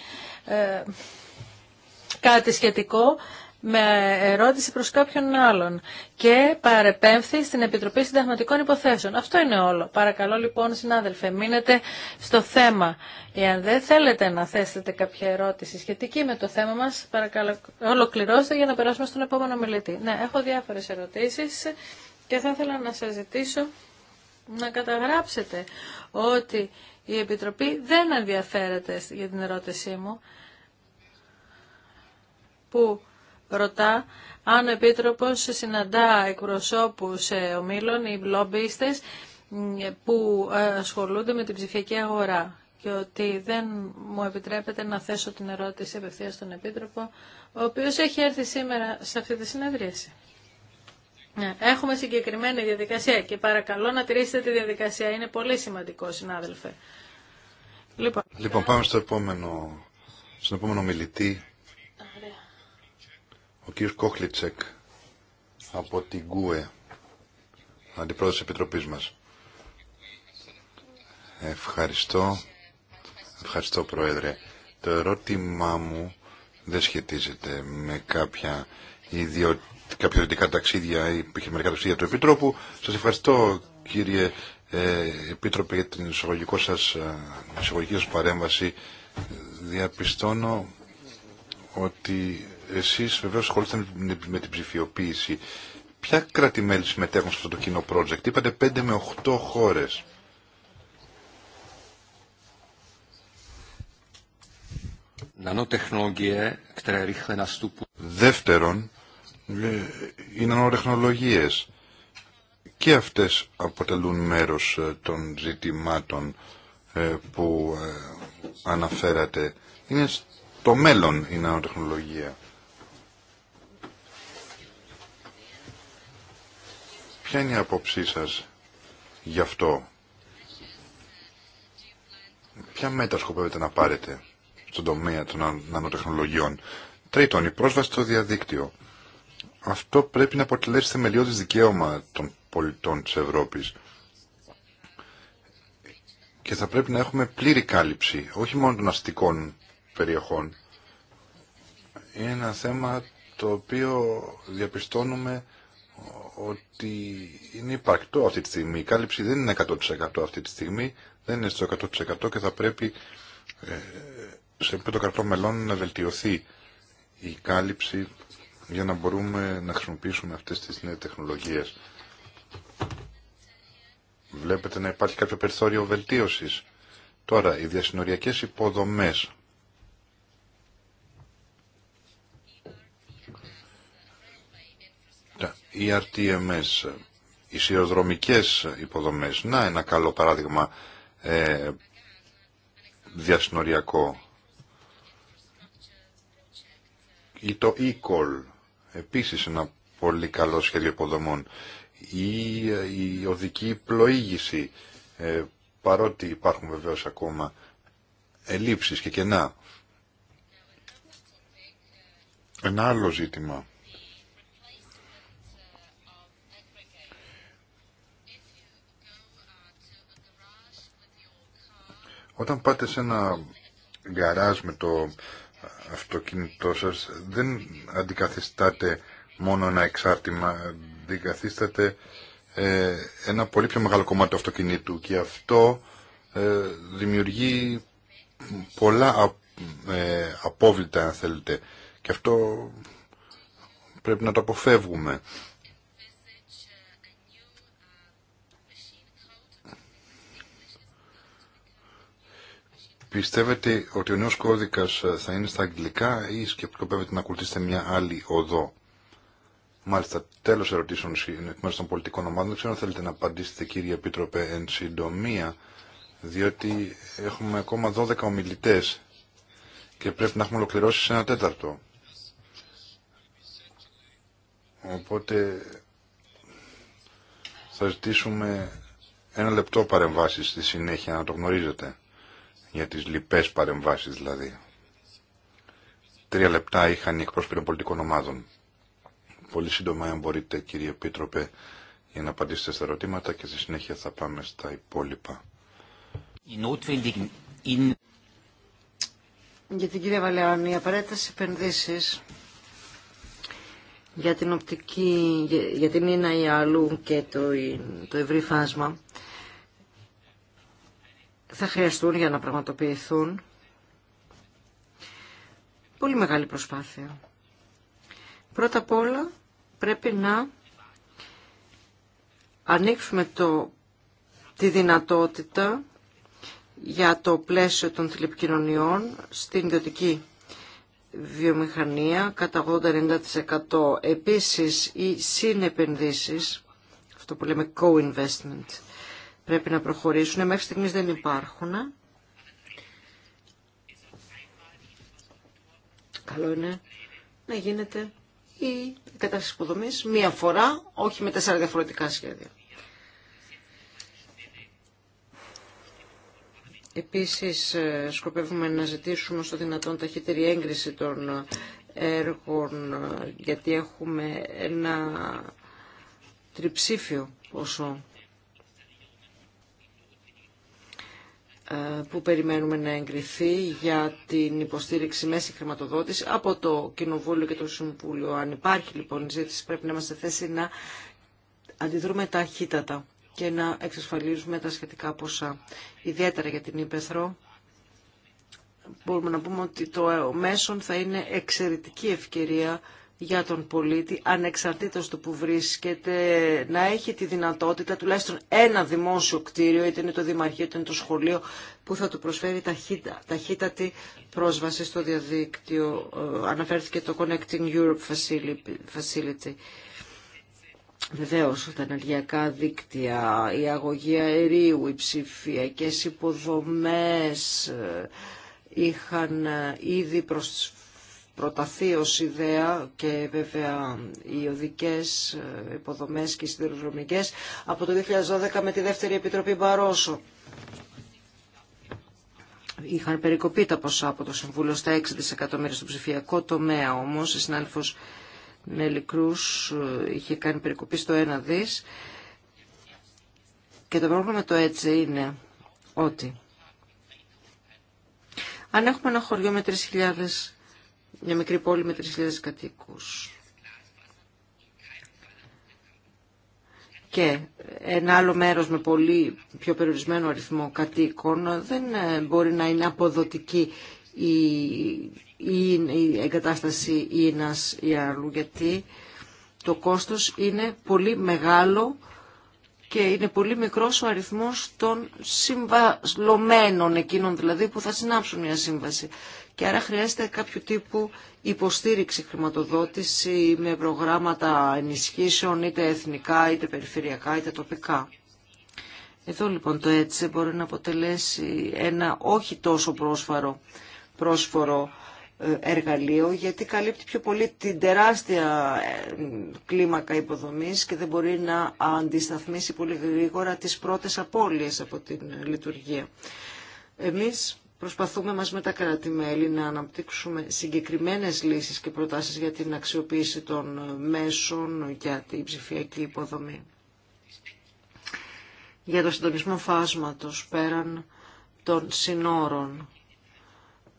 κάτι σχετικό με ερώτηση προς κάποιον άλλον και παρεπέμφθη στην Επιτροπή Συνταγματικών Υποθέσεων. Αυτό είναι όλο. Παρακαλώ λοιπόν συνάδελφε, μείνετε στο θέμα. Εάν δεν θέλετε να θέσετε κάποια ερώτηση σχετική με το θέμα μας, παρακαλώ ολοκληρώστε για να περάσουμε στον επόμενο μιλητή. Ναι, έχω διάφορες ερωτήσεις και θα ήθελα να σας ζητήσω να καταγράψετε ότι η Επιτροπή δεν ενδιαφέρεται για την ερώτησή μου που ρωτά αν ο Επίτροπος συναντά εκπροσώπους ε, ομίλων ή λομπίστες που ε, ασχολούνται με την ψηφιακή αγορά και ότι δεν μου επιτρέπεται να θέσω την ερώτηση απευθεία στον Επίτροπο, ο οποίος έχει έρθει σήμερα σε αυτή τη συνεδρίαση. Ναι, έχουμε συγκεκριμένη διαδικασία και παρακαλώ να τηρήσετε τη διαδικασία. Είναι πολύ σημαντικό, συνάδελφε. Λοιπόν,
λοιπόν πάμε στο στον επόμενο μιλητή ο κ. Κόχλιτσεκ από την ΚΟΕ, αντιπρόεδρος της Επιτροπής μας. Ευχαριστώ. Ευχαριστώ, Πρόεδρε. Το ερώτημά μου δεν σχετίζεται με κάποια ιδιο... κάποια ταξίδια ή επιχειρηματικά ταξίδια του Επιτρόπου. Σας ευχαριστώ, κύριε ε, Επίτροπε, για την ε, εισαγωγική σας, εισαγωγική παρέμβαση. Διαπιστώνω ότι εσείς βεβαίως ασχολείστε με την ψηφιοποίηση. Ποια κράτη-μέλη συμμετέχουν σε αυτό το κοινό project. Είπατε 5 με 8 χώρες. Δεύτερον, ε, οι νανοτεχνολογίε. και αυτέ αποτελούν μέρο ε, των ζητημάτων ε, που αναφέρατε. Είναι το μέλλον η νανοτεχνολογία. Ποια είναι η άποψή σας γι' αυτό. Ποια μέτρα σκοπεύετε να πάρετε στον τομέα των νανοτεχνολογιών. Τρίτον, η πρόσβαση στο διαδίκτυο. Αυτό πρέπει να αποτελέσει θεμελιώδης δικαίωμα των πολιτών της Ευρώπης. Και θα πρέπει να έχουμε πλήρη κάλυψη, όχι μόνο των αστικών περιοχών. Είναι ένα θέμα το οποίο διαπιστώνουμε ότι είναι υπαρκτό αυτή τη στιγμή. Η κάλυψη δεν είναι 100% αυτή τη στιγμή, δεν είναι στο 100% και θα πρέπει ε, σε επίπεδο κρατών μελών να βελτιωθεί η κάλυψη για να μπορούμε να χρησιμοποιήσουμε αυτές τις νέες τεχνολογίες. Βλέπετε να υπάρχει κάποιο περιθώριο βελτίωσης. Τώρα, οι διασυνοριακές υποδομές οι RTMS, οι σειροδρομικές υποδομές. Να ένα καλό παράδειγμα ε, διασυνοριακό. Ή το e-call, επίσης ένα πολύ καλό σχέδιο υποδομών. Ή ε, η οδική πλοήγηση, ε, παρότι υπάρχουν βεβαίως ακόμα ελλείψεις και κενά. Ένα άλλο ζήτημα Όταν πάτε σε ένα γκαράζ με το αυτοκίνητό σας, δεν αντικαθιστάτε μόνο ένα εξάρτημα, αντικαθίσταται ε, ένα πολύ πιο μεγάλο κομμάτι του αυτοκινήτου και αυτό ε, δημιουργεί πολλά ε, απόβλητα, αν θέλετε. Και αυτό πρέπει να το αποφεύγουμε. Πιστεύετε ότι ο νέος κώδικας ε, θα είναι στα αγγλικά ή σκεπτικοπεύετε να ακολουθήσετε μια άλλη οδό. Μάλιστα, τέλος ερωτήσεων εκ των πολιτικών ομάδων. Δεν ξέρω αν θέλετε να απαντήσετε κύριε Επίτροπε εν συντομία, διότι έχουμε ακόμα 12 ομιλητές και πρέπει να έχουμε ολοκληρώσει σε ένα τέταρτο. Οπότε θα ζητήσουμε ένα λεπτό παρεμβάσεις στη συνέχεια να το γνωρίζετε για τις λοιπές παρεμβάσεις δηλαδή. Τρία λεπτά είχαν οι εκπρόσωποι πολιτικών ομάδων. Πολύ σύντομα, αν μπορείτε, κύριε Επίτροπε, για να απαντήσετε στα ερωτήματα και στη συνέχεια θα πάμε στα υπόλοιπα.
Για την κυρία Βαλαιάνη, οι απαραίτητες επενδύσεις για την οπτική, για την ή αλλού και το, το ευρύ φάσμα θα χρειαστούν για να πραγματοποιηθούν πολύ μεγάλη προσπάθεια. Πρώτα απ' όλα πρέπει να ανοίξουμε το, τη δυνατότητα για το πλαίσιο των τηλεπικοινωνιών στην ιδιωτική βιομηχανία κατά 80-90%. Επίσης οι συνεπενδύσεις, αυτό που λέμε co-investment, πρέπει να προχωρήσουν. Μέχρι στιγμής δεν υπάρχουν. Καλό είναι να γίνεται η κατάσταση υποδομής μία φορά, όχι με τέσσερα διαφορετικά σχέδια. Επίσης, ε, σκοπεύουμε να ζητήσουμε στο δυνατόν ταχύτερη έγκριση των ε, έργων, ε, γιατί έχουμε ένα τριψήφιο ποσό Ε, που περιμένουμε να εγκριθεί για την υποστήριξη μέση χρηματοδότηση από το Κοινοβούλιο και το Συμβούλιο. Αν υπάρχει λοιπόν ζήτηση πρέπει να είμαστε θέση να αντιδρούμε ταχύτατα και να εξασφαλίζουμε τα σχετικά ποσά. Ιδιαίτερα για την Ήπεθρο μπορούμε να πούμε ότι το μέσον θα είναι εξαιρετική ευκαιρία για τον πολίτη, ανεξαρτήτως του που βρίσκεται, να έχει τη δυνατότητα τουλάχιστον ένα δημόσιο κτίριο, είτε είναι το Δημαρχείο, είτε είναι το σχολείο, που θα του προσφέρει ταχύτατη πρόσβαση στο διαδίκτυο. Ε, αναφέρθηκε το Connecting Europe Facility. Βεβαίως, τα ενεργειακά δίκτυα, η αγωγή αερίου, οι ψηφιακές υποδομές ε, είχαν ε, ήδη προσφέρει προταθεί ως ιδέα και βέβαια οι οδικές ε, υποδομές και οι σιδηροδρομικές από το 2012 με τη δεύτερη επιτροπή Μπαρόσο. Είχαν περικοπεί τα ποσά από το Συμβούλιο στα 6 δισεκατομμύρια στο ψηφιακό τομέα όμως. Η συνάδελφος Νέλη Κρούς ε, είχε κάνει περικοπή στο 1 δις. Και το πρόβλημα με το έτσι είναι ότι αν έχουμε ένα χωριό με 3.000 μια μικρή πόλη με 3.000 κατοίκους. και ένα άλλο μέρος με πολύ πιο περιορισμένο αριθμό κατοίκων δεν ε, μπορεί να είναι αποδοτική η, η, η εγκατάσταση ίνας ή άλλου γιατί το κόστος είναι πολύ μεγάλο και είναι πολύ μικρός ο αριθμός των συμβασλωμένων εκείνων δηλαδή που θα συνάψουν μια σύμβαση και άρα χρειάζεται κάποιο τύπου υποστήριξη χρηματοδότηση με προγράμματα ενισχύσεων είτε εθνικά, είτε περιφερειακά, είτε τοπικά. Εδώ λοιπόν το έτσι μπορεί να αποτελέσει ένα όχι τόσο πρόσφαρο, πρόσφορο ε, εργαλείο γιατί καλύπτει πιο πολύ την τεράστια ε, κλίμακα υποδομής και δεν μπορεί να αντισταθμίσει πολύ γρήγορα τις πρώτες απώλειες από την λειτουργία. Εμείς Προσπαθούμε μας με τα κράτη-μέλη να αναπτύξουμε συγκεκριμένες λύσεις και προτάσεις για την αξιοποίηση των μέσων για την ψηφιακή υποδομή. Για το συντονισμό φάσματος πέραν των συνόρων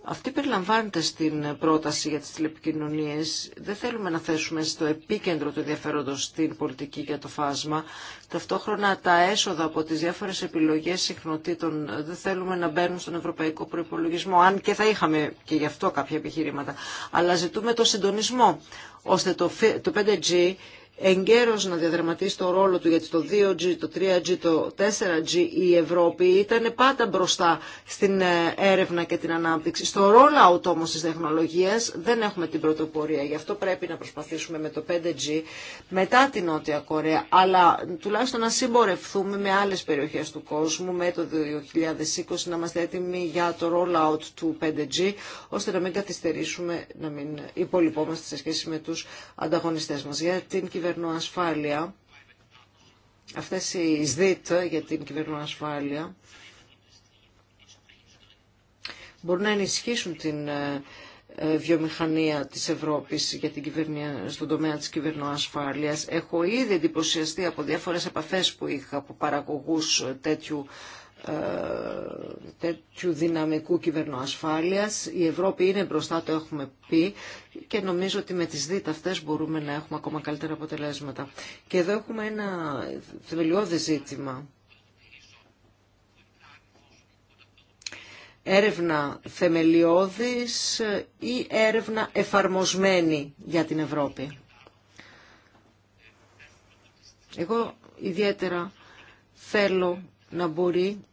αυτή περιλαμβάνεται στην πρόταση για τις τηλεπικοινωνίες. Δεν θέλουμε να θέσουμε στο επίκεντρο του ενδιαφέροντος την πολιτική για το φάσμα. Ταυτόχρονα τα έσοδα από τις διάφορες επιλογές συχνοτήτων δεν θέλουμε να μπαίνουν στον ευρωπαϊκό προϋπολογισμό, αν και θα είχαμε και γι' αυτό κάποια επιχειρήματα. Αλλά ζητούμε το συντονισμό, ώστε το 5G εγκαίρως να διαδραματίσει το ρόλο του γιατί το 2G, το 3G, το 4G η Ευρώπη ήταν πάντα μπροστά στην ε, έρευνα και την ανάπτυξη. Στο rollout όμως της τεχνολογίας δεν έχουμε την πρωτοπορία. Γι' αυτό πρέπει να προσπαθήσουμε με το 5G μετά την Νότια Κορέα αλλά τουλάχιστον να συμπορευθούμε με άλλες περιοχές του κόσμου με το 2020 να είμαστε έτοιμοι για το rollout του 5G ώστε να μην καθυστερήσουμε, να μην υπολοιπόμαστε σε σχέση με τους ανταγωνιστές μας. Για την κυβερνοασφάλεια, αυτές οι ΣΔΙΤ για την κυβερνοασφάλεια, μπορούν να ενισχύσουν την ε, ε, βιομηχανία της Ευρώπης για την κυβερνία, στον τομέα της κυβερνοασφάλειας. Έχω ήδη εντυπωσιαστεί από διάφορες επαφές που είχα από παραγωγούς τέτοιου ε, τέτοιου δυναμικού κυβερνοασφάλειας. Η Ευρώπη είναι μπροστά, το έχουμε πει και νομίζω ότι με τις δίτα αυτές μπορούμε να έχουμε ακόμα καλύτερα αποτελέσματα. Και εδώ έχουμε ένα θεμελιώδη ζήτημα. Έρευνα θεμελιώδης ή έρευνα εφαρμοσμένη για την Ευρώπη. Εγώ ιδιαίτερα θέλω να μπορεί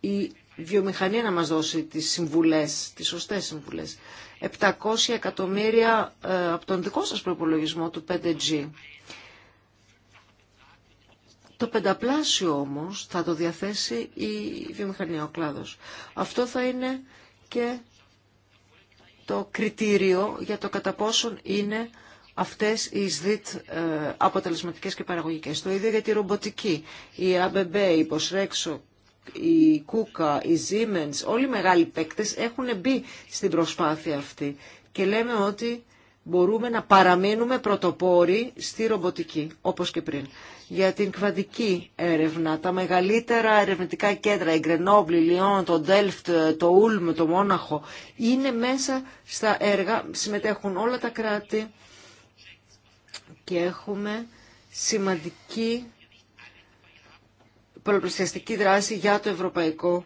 η βιομηχανία να μας δώσει τις συμβουλές, τις σωστές συμβουλές. 700 εκατομμύρια ε, από τον δικό σας προπολογισμό του 5G. Το πενταπλάσιο όμως θα το διαθέσει η βιομηχανία, ο κλάδος. Αυτό θα είναι και το κριτήριο για το κατά πόσον είναι αυτές οι ΣΔΙΤ ε, αποτελεσματικές και παραγωγικές. Το ίδιο για τη ρομποτική. Η ABB, η η Κούκα, η Siemens, όλοι οι μεγάλοι παίκτες έχουν μπει στην προσπάθεια αυτή και λέμε ότι μπορούμε να παραμείνουμε πρωτοπόροι στη ρομποτική, όπως και πριν. Για την κβαντική έρευνα, τα μεγαλύτερα ερευνητικά κέντρα, η Γκρενόμπλη, η Λιόν, το Δέλφτ, το Ούλμ, το Μόναχο, είναι μέσα στα έργα, συμμετέχουν όλα τα κράτη και έχουμε σημαντική πολλαπλασιαστική δράση για το ευρωπαϊκό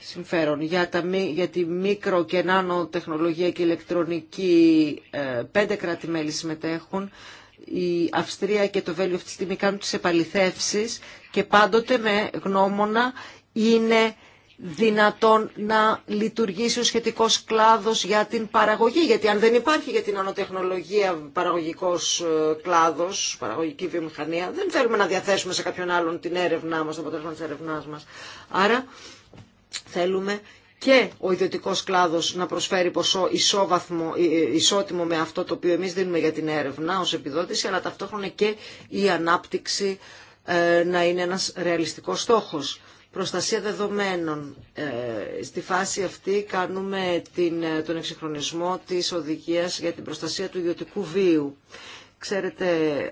συμφέρον, για, τα, για τη μικρο και νάνο τεχνολογία και ηλεκτρονική. Ε, πέντε κράτη-μέλη συμμετέχουν. Η Αυστρία και το Βέλιο αυτή τη στιγμή κάνουν τις επαληθεύσεις και πάντοτε με γνώμονα είναι δυνατόν να λειτουργήσει ο σχετικός κλάδος για την παραγωγή. Γιατί αν δεν υπάρχει για την ανοτεχνολογία παραγωγικός ε, κλάδος, παραγωγική βιομηχανία, δεν θέλουμε να διαθέσουμε σε κάποιον άλλον την έρευνά μας, το αποτέλεσμα της έρευνάς μας. Άρα θέλουμε και ο ιδιωτικός κλάδος να προσφέρει ποσό ισόβαθμο, ε, ε, ισότιμο με αυτό το οποίο εμείς δίνουμε για την έρευνα ως επιδότηση, αλλά ταυτόχρονα και η ανάπτυξη να είναι ένας ρεαλιστικός στόχος προστασία δεδομένων. Ε, στη φάση αυτή κάνουμε την, ε, τον εξυγχρονισμό της οδηγίας για την προστασία του ιδιωτικού βίου. Ξέρετε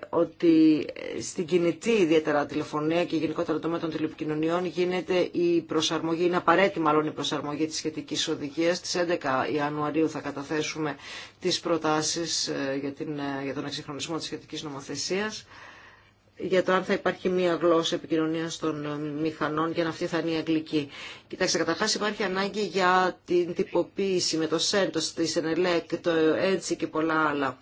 ότι ε, στην κινητή ιδιαίτερα τηλεφωνία και γενικότερα μέτρο των τηλεπικοινωνιών γίνεται η προσαρμογή, είναι απαραίτητη μάλλον η προσαρμογή της σχετικής οδηγίας. Στις 11 Ιανουαρίου θα καταθέσουμε τις προτάσεις για, την, για τον εξυγχρονισμό της σχετικής νομοθεσίας για το αν θα υπάρχει μία γλώσσα επικοινωνία των μηχανών για να αυτή θα είναι η αγγλική. Κοιτάξτε, καταρχά υπάρχει ανάγκη για την τυποποίηση με το Σέντο, τη ΣΕΝΕΛΕΚ, το ΕΝΤΣΙ και πολλά άλλα.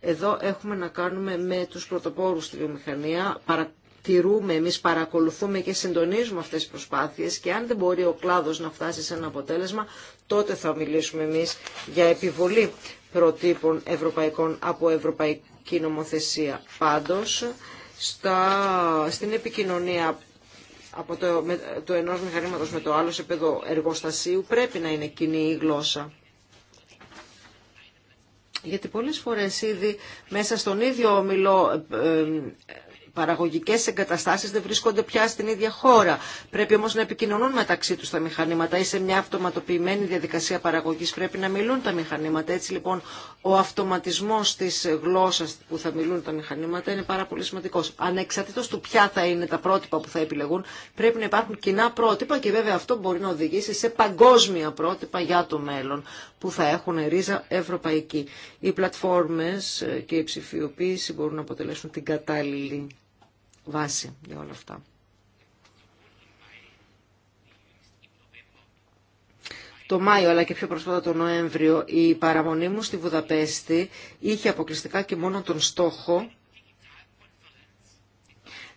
Εδώ έχουμε να κάνουμε με του πρωτοπόρου στη βιομηχανία, παρατηρούμε, εμεί, παρακολουθούμε και συντονίζουμε αυτέ τι προσπάθειε και αν δεν μπορεί ο κλάδο να φτάσει σε ένα αποτέλεσμα, τότε θα μιλήσουμε εμεί για επιβολή προτύπων ευρωπαϊκών από ευρωπαϊκή νομοθεσία. Πάντως, στα, στην επικοινωνία από το, με, το ενός μηχανήματος με το άλλο σε επίπεδο εργοστασίου πρέπει να είναι κοινή η γλώσσα. Γιατί πολλές φορές ήδη μέσα στον ίδιο όμιλο ε, ε, Παραγωγικέ εγκαταστάσει δεν βρίσκονται πια στην ίδια χώρα. Πρέπει όμω να επικοινωνούν μεταξύ του τα μηχανήματα ή σε μια αυτοματοποιημένη διαδικασία παραγωγή πρέπει να μιλούν τα μηχανήματα. Έτσι λοιπόν ο αυτοματισμός τη γλώσσα που θα μιλούν τα μηχανήματα είναι πάρα πολύ σημαντικό. Ανεξαρτήτω του ποια θα είναι τα πρότυπα που θα επιλεγούν πρέπει να υπάρχουν κοινά πρότυπα και βέβαια αυτό μπορεί να οδηγήσει σε παγκόσμια πρότυπα για το μέλλον που θα έχουν ρίζα ευρωπαϊκή. Οι πλατφόρμε και η ψηφιοποίηση μπορούν να αποτελέσουν την κατάλληλη βάση για όλα αυτά. το Μάιο αλλά και πιο πρόσφατα το Νοέμβριο η παραμονή μου στη Βουδαπέστη είχε αποκλειστικά και μόνο τον στόχο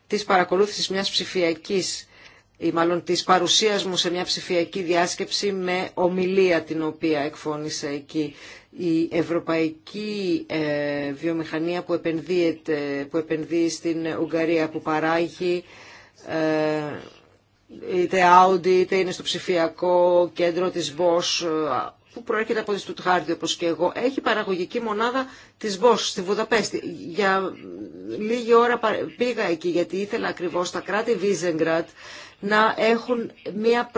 της παρακολούθησης μιας ψηφιακής ή μάλλον της παρουσίας μου σε μια ψηφιακή διάσκεψη με ομιλία την οποία εκφώνησε εκεί η ευρωπαϊκή ε, βιομηχανία που, που επενδύει στην Ουγγαρία, που παράγει ε, είτε Audi είτε είναι στο ψηφιακό κέντρο της Bosch ε, που προέρχεται από τη Στουτχάρτη όπως και εγώ, έχει παραγωγική μονάδα της Bosch στη Βουδαπέστη. Για λίγη ώρα πήγα εκεί γιατί ήθελα ακριβώς τα κράτη Βίζεγκρατ να, έχουν μια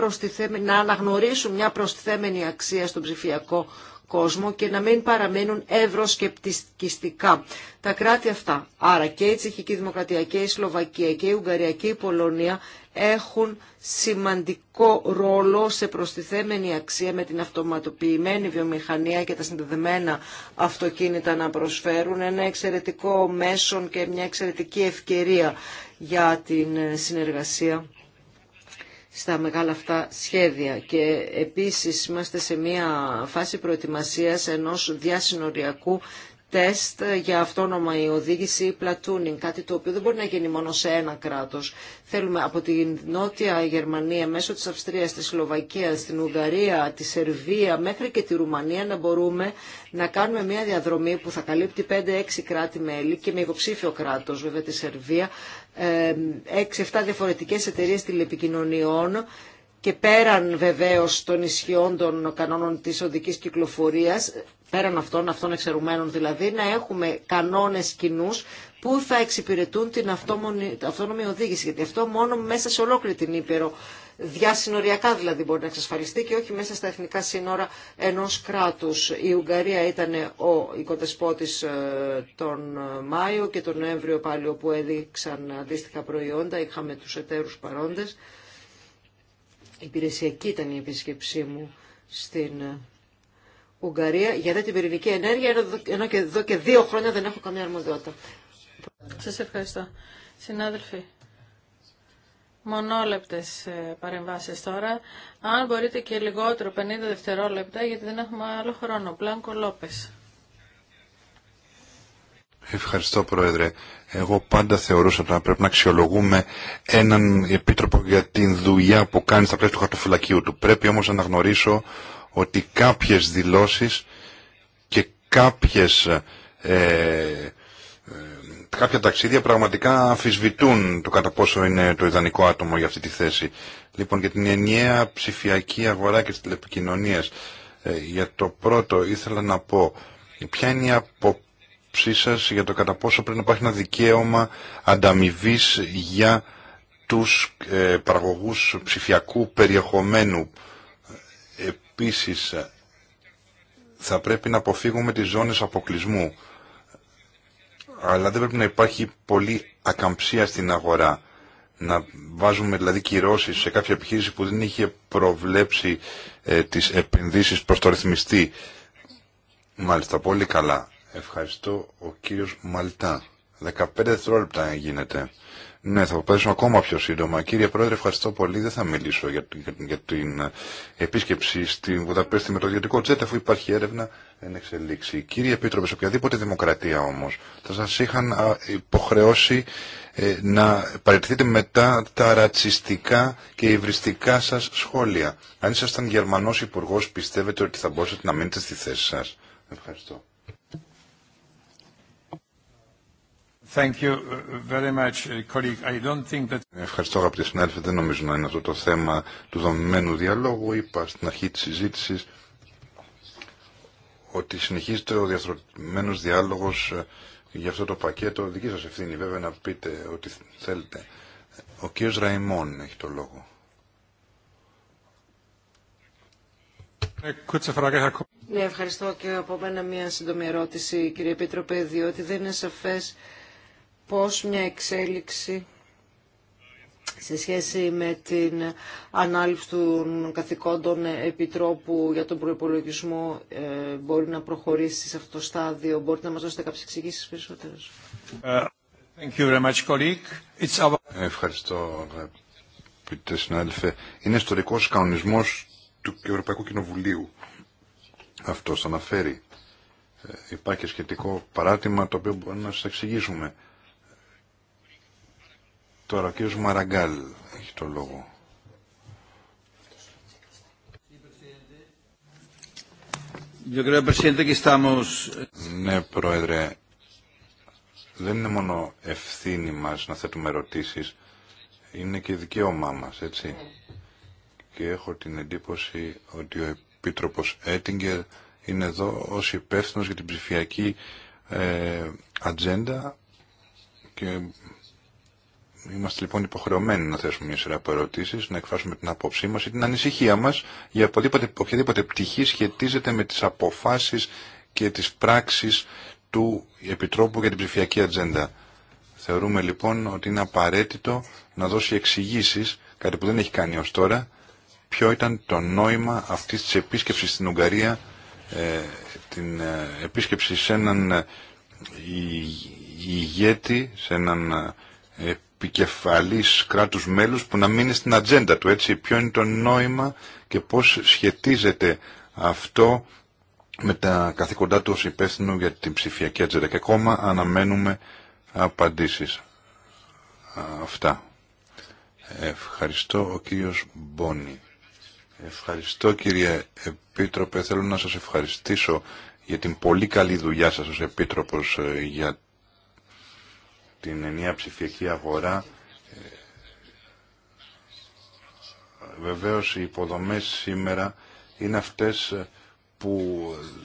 να αναγνωρίσουν μια προστιθέμενη αξία στον ψηφιακό κόσμο και να μην παραμένουν ευρωσκεπτικιστικά. Τα κράτη αυτά, άρα και η Τσεχική Δημοκρατία και η Σλοβακία και η Ουγγαρία και η Πολωνία έχουν σημαντικό ρόλο σε προστιθέμενη αξία με την αυτοματοποιημένη βιομηχανία και τα συνδεδεμένα αυτοκίνητα να προσφέρουν ένα εξαιρετικό μέσον και μια εξαιρετική ευκαιρία για την συνεργασία στα μεγάλα αυτά σχέδια και επίσης είμαστε σε μια φάση προετοιμασίας ενός διασυνοριακού τεστ για αυτόνομα η οδήγηση ή κάτι το οποίο δεν μπορεί να γίνει μόνο σε ένα κράτος. Θέλουμε από τη Νότια Γερμανία, μέσω της Αυστρίας, της Σλοβακίας, την Ουγγαρία, τη Σερβία, μέχρι και τη Ρουμανία να μπορούμε να κάνουμε μια διαδρομή που θα καλύπτει 5-6 κράτη-μέλη και με υποψήφιο κράτος βέβαια τη Σερβία, 6-7 διαφορετικές εταιρείες τηλεπικοινωνιών και πέραν βεβαίως των ισχυών των κανόνων της οδικής κυκλοφορίας, πέραν αυτών, αυτών εξαιρουμένων δηλαδή, να έχουμε κανόνες κοινού που θα εξυπηρετούν την αυτόνομη οδήγηση. Γιατί αυτό μόνο μέσα σε ολόκληρη την Ήπειρο διασυνοριακά δηλαδή μπορεί να εξασφαλιστεί και όχι μέσα στα εθνικά σύνορα ενός κράτους. Η Ουγγαρία ήταν ο οικοδεσπότης ε, τον Μάιο και τον Νοέμβριο πάλι όπου έδειξαν αντίστοιχα προϊόντα, είχαμε τους εταίρους παρόντες. Υπηρεσιακή ήταν η επίσκεψή μου στην ε, Ουγγαρία για την πυρηνική ενέργεια, ενώ και εδώ και δύο χρόνια δεν έχω καμία αρμοδιότητα. Σας ευχαριστώ. Συνάδελφοι,
μονόλεπτες ε, παρεμβάσεις τώρα. Αν μπορείτε και λιγότερο, 50 δευτερόλεπτα, γιατί δεν έχουμε άλλο χρόνο. Πλάνκο Λόπες.
Ευχαριστώ Πρόεδρε. Εγώ πάντα θεωρούσα ότι πρέπει να αξιολογούμε έναν επίτροπο για την δουλειά που κάνει στα πλαίσια του χαρτοφυλακίου του. Πρέπει όμως να αναγνωρίσω ότι κάποιες δηλώσεις και κάποιες ε, κάποια ταξίδια πραγματικά αμφισβητούν το κατά πόσο είναι το ιδανικό άτομο για αυτή τη θέση. Λοιπόν, για την ενιαία ψηφιακή αγορά και τις τηλεπικοινωνίες, ε, για το πρώτο ήθελα να πω, ποια είναι η απόψή σα για το κατά πόσο πρέπει να υπάρχει ένα δικαίωμα ανταμοιβή για τους ε, παραγωγούς ψηφιακού περιεχομένου. Επίσης, θα πρέπει να αποφύγουμε τις ζώνες αποκλεισμού αλλά δεν πρέπει να υπάρχει πολύ ακαμψία στην αγορά. Να βάζουμε δηλαδή κυρώσει σε κάποια επιχείρηση που δεν είχε προβλέψει ε, τις επενδύσεις προς το ρυθμιστή. Μάλιστα, πολύ καλά. Ευχαριστώ ο κύριος Μαλτά. 15 δευτερόλεπτα γίνεται. Ναι, θα προσπαθήσουμε ακόμα πιο σύντομα. Κύριε Πρόεδρε, ευχαριστώ πολύ. Δεν θα μιλήσω για, την επίσκεψη στην Βουδαπέστη με το ιδιωτικό τσέτα αφού υπάρχει έρευνα εν εξελίξη. Κύριε Επίτροπε, σε οποιαδήποτε δημοκρατία όμω, θα σα είχαν υποχρεώσει ε, να παραιτηθείτε μετά τα ρατσιστικά και υβριστικά σα σχόλια. Αν ήσασταν Γερμανό υπουργό, πιστεύετε ότι θα μπορούσατε να μείνετε στη θέση σα. Ευχαριστώ. Ευχαριστώ αγαπητοί συνάδελφοι. Δεν νομίζω να είναι αυτό το θέμα του δομημένου διαλόγου. Είπα στην αρχή τη συζήτηση. ότι συνεχίζεται ο διαστροτημένος διάλογος ε, για αυτό το πακέτο. Δική σας ευθύνη βέβαια να πείτε ό,τι θέλετε. Ο κ. Ραϊμόν έχει το λόγο. Ε, ναι,
ευχαριστώ και από μένα μια σύντομη ερώτηση, κύριε Επίτροπε, διότι δεν είναι σαφέ πως μια εξέλιξη σε σχέση με την ανάληψη των καθηκόντων επιτρόπου για τον προϋπολογισμό ε, μπορεί να προχωρήσει σε αυτό το στάδιο. Μπορείτε να μας δώσετε κάποιες εξηγήσεις περισσότερες.
Ευχαριστώ, αγαπητέ συνάδελφε. Είναι ιστορικός κανονισμός του Ευρωπαϊκού Κοινοβουλίου. Αυτό αναφέρει. Ε, υπάρχει σχετικό παράτημα το οποίο μπορούμε να σας εξηγήσουμε. Τώρα ο κύριος Μαραγκάλ έχει το λόγο. Ναι, Πρόεδρε, δεν είναι μόνο ευθύνη μας να θέτουμε ερωτήσεις, είναι και δικαίωμά μας, έτσι. Και έχω την εντύπωση ότι ο Επίτροπος Έτιγκερ είναι εδώ ως υπεύθυνος για την ψηφιακή ε, ατζέντα και Είμαστε λοιπόν υποχρεωμένοι να θέσουμε μια σειρά από ερωτήσει, να εκφράσουμε την άποψή μα ή την ανησυχία μα για οποιαδήποτε, οποιαδήποτε πτυχή σχετίζεται με τι αποφάσει και τι πράξει του Επιτρόπου για την ψηφιακή ατζέντα. Θεωρούμε λοιπόν ότι είναι απαραίτητο να δώσει εξηγήσει, κάτι που δεν έχει κάνει ω τώρα, ποιο ήταν το νόημα αυτή τη επίσκεψη στην Ουγγαρία, ε, την ε, επίσκεψη σε έναν ε, ηγέτη, σε έναν ε, επικεφαλής κράτους μέλους που να μείνει στην ατζέντα του, έτσι. Ποιο είναι το νόημα και πώς σχετίζεται αυτό με τα καθήκοντά του ως υπεύθυνο για την ψηφιακή ατζέντα. Και ακόμα αναμένουμε απαντήσεις. Αυτά. Ευχαριστώ ο κύριος Μπόνι. Ευχαριστώ κύριε Επίτροπε. Θέλω να σας ευχαριστήσω για την πολύ καλή δουλειά σας ως Επίτροπος ε, για την ενιαία ψηφιακή αγορά. Ε, βεβαίως οι υποδομές σήμερα είναι αυτές ε, που